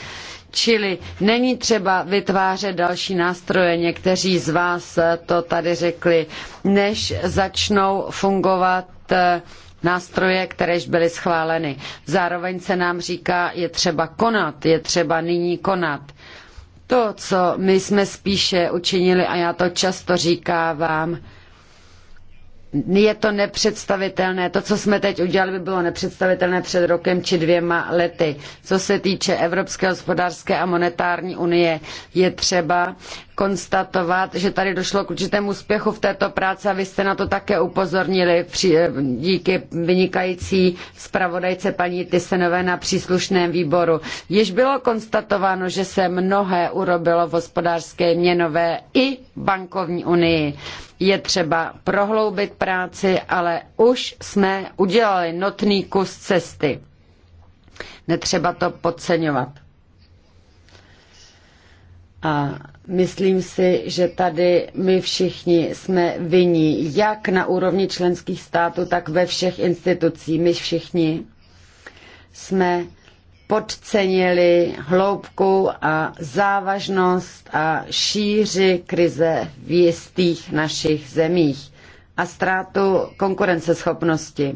Čili není třeba vytvářet další nástroje, někteří z vás to tady řekli, než začnou fungovat eh, nástroje, které již byly schváleny. Zároveň se nám říká, je třeba konat, je třeba nyní konat. To, co my jsme spíše učinili, a já to často říkávám, je to nepředstavitelné. To, co jsme teď udělali, by bylo nepředstavitelné před rokem či dvěma lety. Co se týče Evropské hospodářské a monetární unie, je třeba konstatovat, že tady došlo k určitému úspěchu v této práci a vy jste na to také upozornili při, eh, díky vynikající zpravodajce paní Tysenové na příslušném výboru. Již bylo konstatováno, že se mnohé urobilo v hospodářské měnové i bankovní unii. Je třeba prohloubit práci, ale už jsme udělali notný kus cesty. Netřeba to podceňovat. A myslím si, že tady my všichni jsme vinní, jak na úrovni členských států, tak ve všech institucích. My všichni jsme podcenili hloubku a závažnost a šíři krize v jistých našich zemích a ztrátu konkurenceschopnosti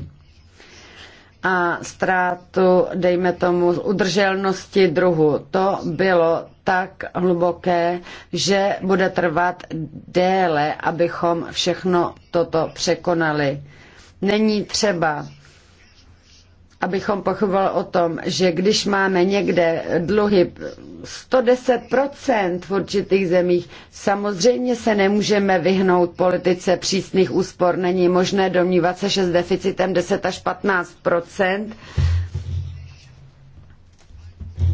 a ztrátu, dejme tomu, udrželnosti druhu. To bylo tak hluboké, že bude trvat déle, abychom všechno toto překonali. Není třeba abychom pochoval o tom, že když máme někde dluhy 110% v určitých zemích, samozřejmě se nemůžeme vyhnout politice přísných úspor. Není možné domnívat se, že s deficitem 10 až 15%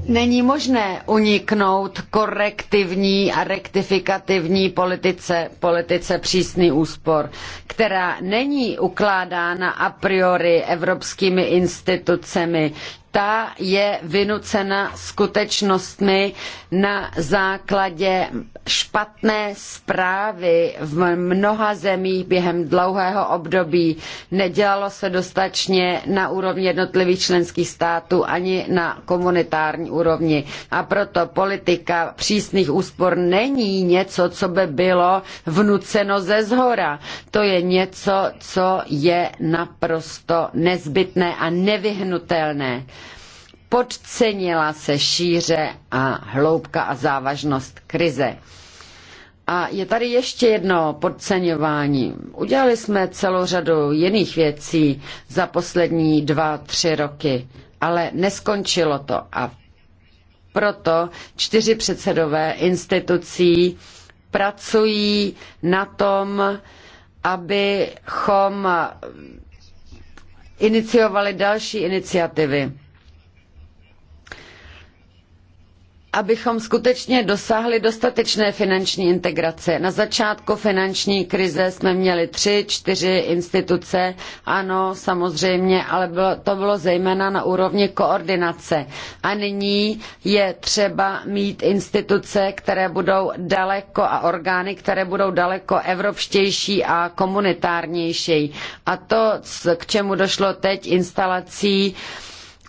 Není možné uniknout korektivní a rektifikativní politice, politice přísný úspor, která není ukládána a priori evropskými institucemi, ta je vynucena skutečnostmi na základě špatné zprávy v mnoha zemích během dlouhého období. Nedělalo se dostatečně na úrovni jednotlivých členských států ani na komunitární úrovni. A proto politika přísných úspor není něco, co by bylo vnuceno ze zhora. To je něco, co je naprosto nezbytné a nevyhnutelné podcenila se šíře a hloubka a závažnost krize. A je tady ještě jedno podceňování. Udělali jsme celou řadu jiných věcí za poslední dva, tři roky, ale neskončilo to. A proto čtyři předsedové institucí pracují na tom, abychom iniciovali další iniciativy abychom skutečně dosáhli dostatečné finanční integrace. Na začátku finanční krize jsme měli tři, čtyři instituce, ano, samozřejmě, ale bylo, to bylo zejména na úrovni koordinace. A nyní je třeba mít instituce, které budou daleko a orgány, které budou daleko evropštější a komunitárnější. A to, k čemu došlo teď instalací,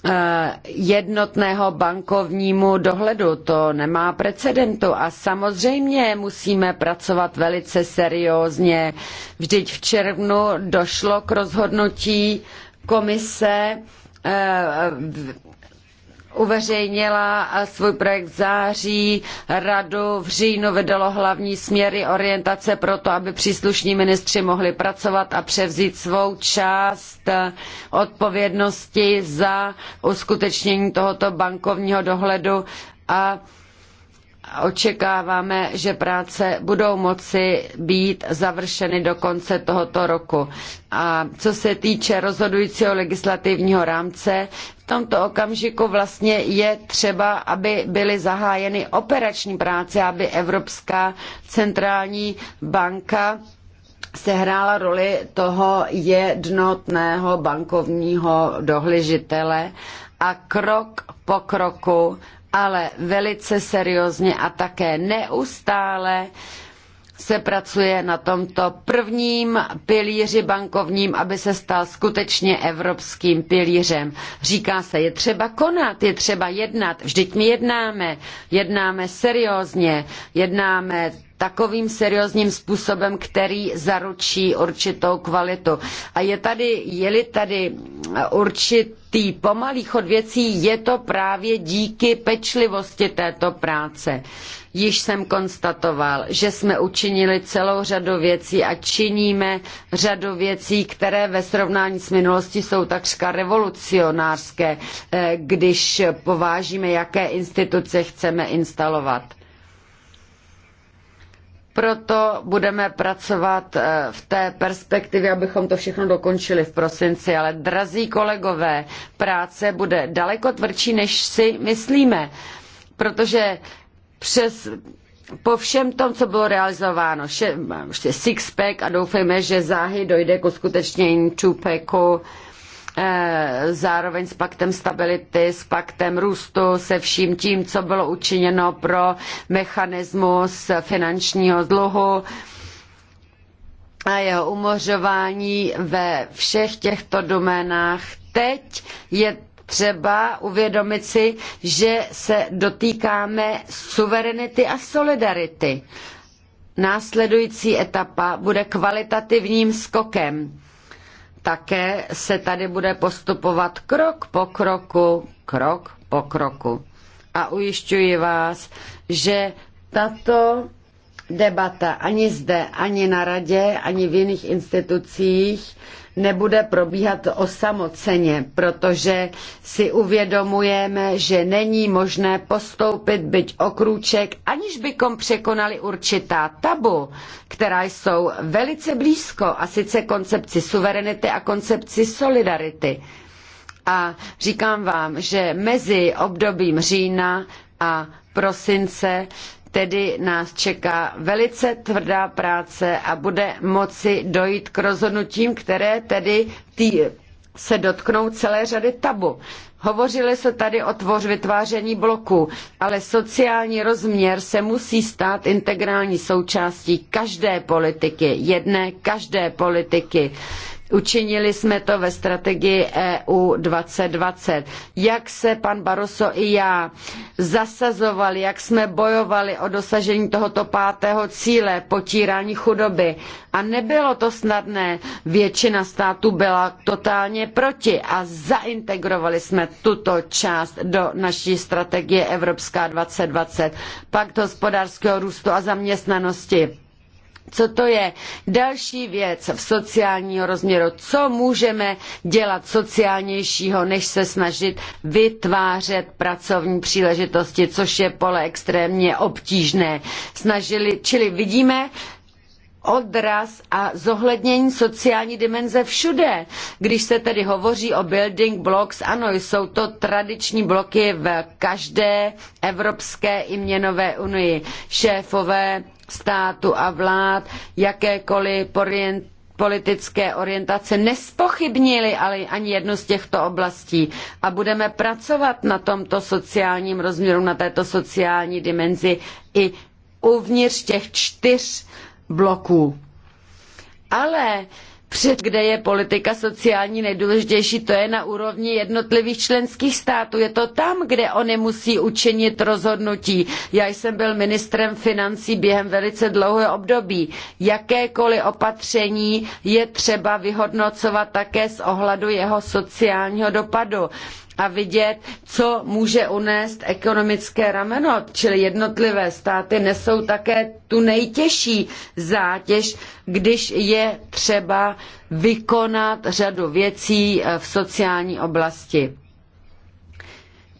Eh, jednotného bankovnímu dohledu. To nemá precedentu a samozřejmě musíme pracovat velice seriózně. Vždyť v červnu došlo k rozhodnutí komise eh, uveřejnila svůj projekt v září, radu v říjnu vydalo hlavní směry orientace pro to, aby příslušní ministři mohli pracovat a převzít svou část odpovědnosti za uskutečnění tohoto bankovního dohledu a očekáváme, že práce budou moci být završeny do konce tohoto roku. A co se týče rozhodujícího legislativního rámce, v tomto okamžiku vlastně je třeba, aby byly zahájeny operační práce, aby Evropská centrální banka sehrála roli toho jednotného bankovního dohližitele a krok po kroku ale velice seriózně a také neustále se pracuje na tomto prvním pilíři bankovním, aby se stal skutečně evropským pilířem. Říká se, je třeba konat, je třeba jednat. Vždyť my jednáme, jednáme seriózně, jednáme takovým seriózním způsobem, který zaručí určitou kvalitu. A je tady, je-li tady určitý pomalý chod věcí, je to právě díky pečlivosti této práce. Již jsem konstatoval, že jsme učinili celou řadu věcí a činíme řadu věcí, které ve srovnání s minulostí jsou takřka revolucionářské, eh, když povážíme, jaké instituce chceme instalovat. Proto budeme pracovat eh, v té perspektivě, abychom to všechno dokončili v prosinci. Ale drazí kolegové, práce bude daleko tvrdší, než si myslíme. Protože přes po všem tom, co bylo realizováno, ještě six-pack a doufejme, že záhy dojde k uskutečnění two-packu, Eh, zároveň s paktem stability, s paktem růstu, se vším tím, co bylo učiněno pro mechanismus finančního dluhu a jeho umořování ve všech těchto doménách. Teď je třeba uvědomit si, že se dotýkáme suverenity a solidarity. Následující etapa bude kvalitativním skokem také se tady bude postupovat krok po kroku, krok po kroku. A ujišťuji vás, že tato debata ani zde, ani na radě, ani v jiných institucích nebude probíhat osamoceně, protože si uvědomujeme, že není možné postoupit byť o krůček, aniž bychom překonali určitá tabu, která jsou velice blízko, a sice koncepci suverenity a koncepci solidarity. A říkám vám, že mezi obdobím října a prosince tedy nás čeká velice tvrdá práce a bude moci dojít k rozhodnutím, které tedy tý, se dotknou celé řady tabu. Hovořili se tady o tvoř vytváření bloků, ale sociální rozměr se musí stát integrální součástí každé politiky, jedné každé politiky. Učinili jsme to ve strategii EU 2020. Jak se pan Barroso i já zasazovali, jak jsme bojovali o dosažení tohoto pátého cíle potírání chudoby. A nebylo to snadné. Většina států byla totálně proti a zaintegrovali jsme tuto část do naší strategie Evropská 2020, pakt hospodářského růstu a zaměstnanosti co to je další věc v sociálního rozměru, co můžeme dělat sociálnějšího, než se snažit vytvářet pracovní příležitosti, což je pole extrémně obtížné. Snažili, čili vidíme, odraz a zohlednění sociální dimenze všude. Když se tedy hovoří o building blocks, ano, jsou to tradiční bloky v každé Evropské i měnové unii. Šéfové státu a vlád, jakékoliv politické orientace nespochybnili ale ani jednu z těchto oblastí a budeme pracovat na tomto sociálním rozměru, na této sociální dimenzi i uvnitř těch čtyř bloků. Ale před kde je politika sociální nejdůležitější, to je na úrovni jednotlivých členských států. Je to tam, kde oni musí učinit rozhodnutí. Já jsem byl ministrem financí během velice dlouhého období. Jakékoliv opatření je třeba vyhodnocovat také z ohledu jeho sociálního dopadu a vidět, co může unést ekonomické rameno, čili jednotlivé státy nesou také tu nejtěžší zátěž, když je třeba vykonat řadu věcí eh, v sociální oblasti.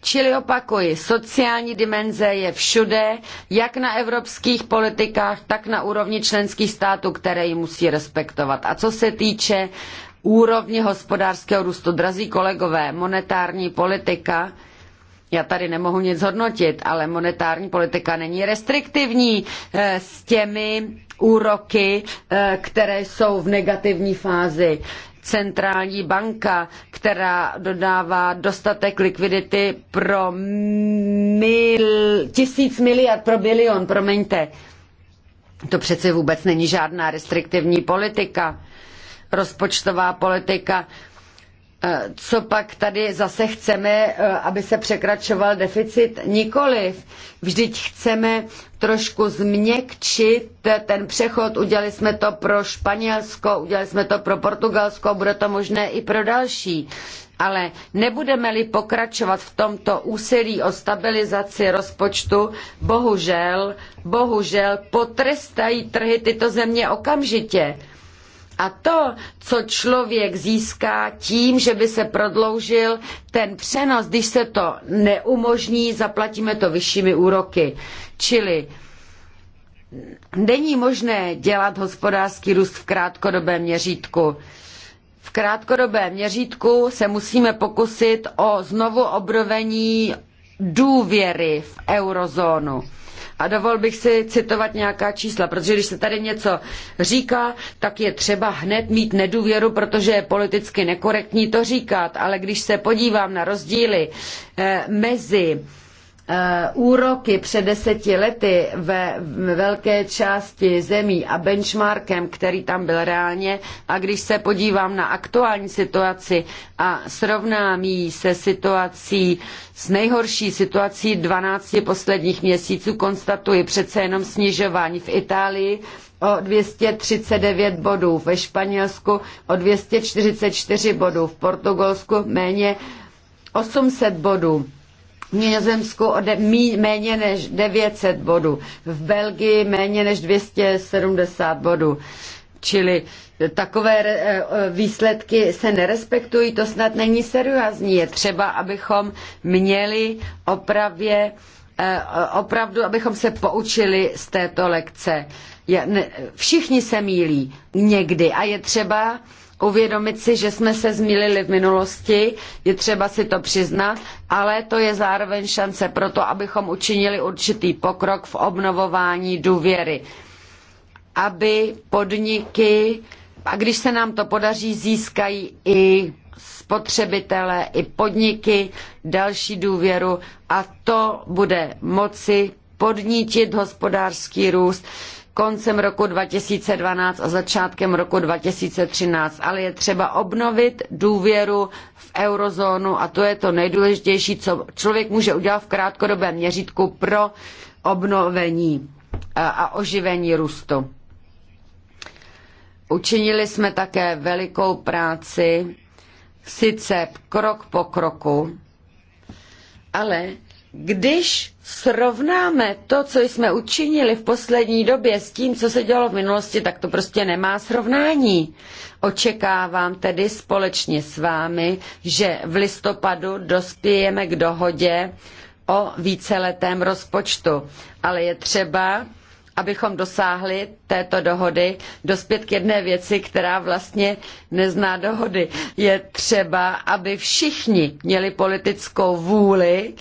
Čili opakuji, sociální dimenze je všude, jak na evropských politikách, tak na úrovni členských států, které ji musí respektovat. A co se týče úrovni hospodářského růstu. Drazí kolegové, monetární politika já tady nemohu nic hodnotit, ale monetární politika není restriktivní eh, s těmi úroky, eh, které jsou v negativní fázi. Centrální banka, která dodává dostatek likvidity pro mil, tisíc miliard, pro bilion, promiňte. To přece vůbec není žádná restriktivní politika rozpočtová politika. Eh, co pak tady zase chceme, eh, aby se překračoval deficit? Nikoliv. Vždyť chceme trošku změkčit ten přechod. Udělali jsme to pro Španělsko, udělali jsme to pro Portugalsko, bude to možné i pro další. Ale nebudeme-li pokračovat v tomto úsilí o stabilizaci rozpočtu, bohužel, bohužel potrestají trhy tyto země okamžitě a to, co člověk získá tím, že by se prodloužil ten přenos, když se to neumožní, zaplatíme to vyššími úroky. Čili není možné dělat hospodářský růst v krátkodobém měřítku. V krátkodobém měřítku se musíme pokusit o znovu obrovení důvěry v eurozónu. A dovol bych si citovat nějaká čísla, protože když se tady něco říká, tak je třeba hned mít nedůvěru, protože je politicky nekorektní to říkat. Ale když se podívám na rozdíly eh, mezi Eh, úroky před deseti lety ve velké části zemí a benchmarkem, který tam byl reálně, a když se podívám na aktuální situaci a srovnám ji se situací s nejhorší situací 12 posledních měsíců, konstatuji přece jenom snižování v Itálii o 239 bodů, ve Španělsku o 244 bodů, v Portugalsku méně 800 bodů Nizozemsku de, mí, méně než 900 bodů, v Belgii méně než 270 bodů. Čili takové eh, eh, výsledky se nerespektují, to snad není seriózní. Je třeba, abychom měli opravě, eh, opravdu, abychom se poučili z této lekce. Všichni se mílí někdy a je třeba uvědomit si, že jsme se zmýlili v minulosti, je třeba si to přiznat, ale to je zároveň šance pro to, abychom učinili určitý pokrok v obnovování důvěry. Aby podniky, a když se nám to podaří, získají i spotřebitele, i podniky další důvěru a to bude moci podnítit hospodářský růst koncem roku 2012 a začátkem roku 2013, ale je třeba obnovit důvěru v eurozónu a to je to nejdůležitější, co člověk může udělat v krátkodobém měřítku pro obnovení eh, a oživení růstu. Učinili jsme také velikou práci, sice krok po kroku, ale když srovnáme to, co jsme učinili v poslední době s tím, co se dělo v minulosti, tak to prostě nemá srovnání. Očekávám tedy společně s vámi, že v listopadu dospějeme k dohodě o víceletém rozpočtu. Ale je třeba, abychom dosáhli této dohody, dospět k jedné věci, která vlastně nezná dohody. Je třeba, aby všichni měli politickou vůli,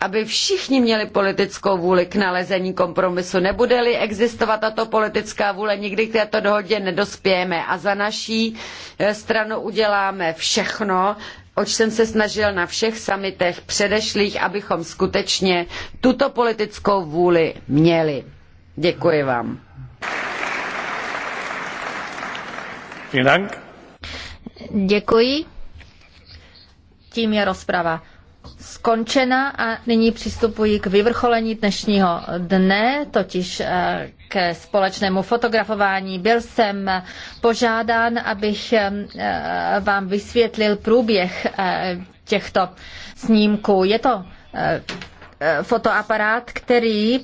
aby všichni měli politickou vůli k nalezení kompromisu. Nebude-li existovat tato politická vůle, nikdy k této dohodě nedospějeme a za naší eh, stranu uděláme všechno, oč jsem se snažil na všech samitech předešlých, abychom skutečně tuto politickou vůli měli. Děkuji vám. Děkuji. Tím je rozprava skončena a nyní přistupuji k vyvrcholení dnešního dne, totiž eh, ke společnému fotografování. Byl jsem požádán, abych eh, vám vysvětlil průběh eh, těchto snímků. Je to fotoaparát, který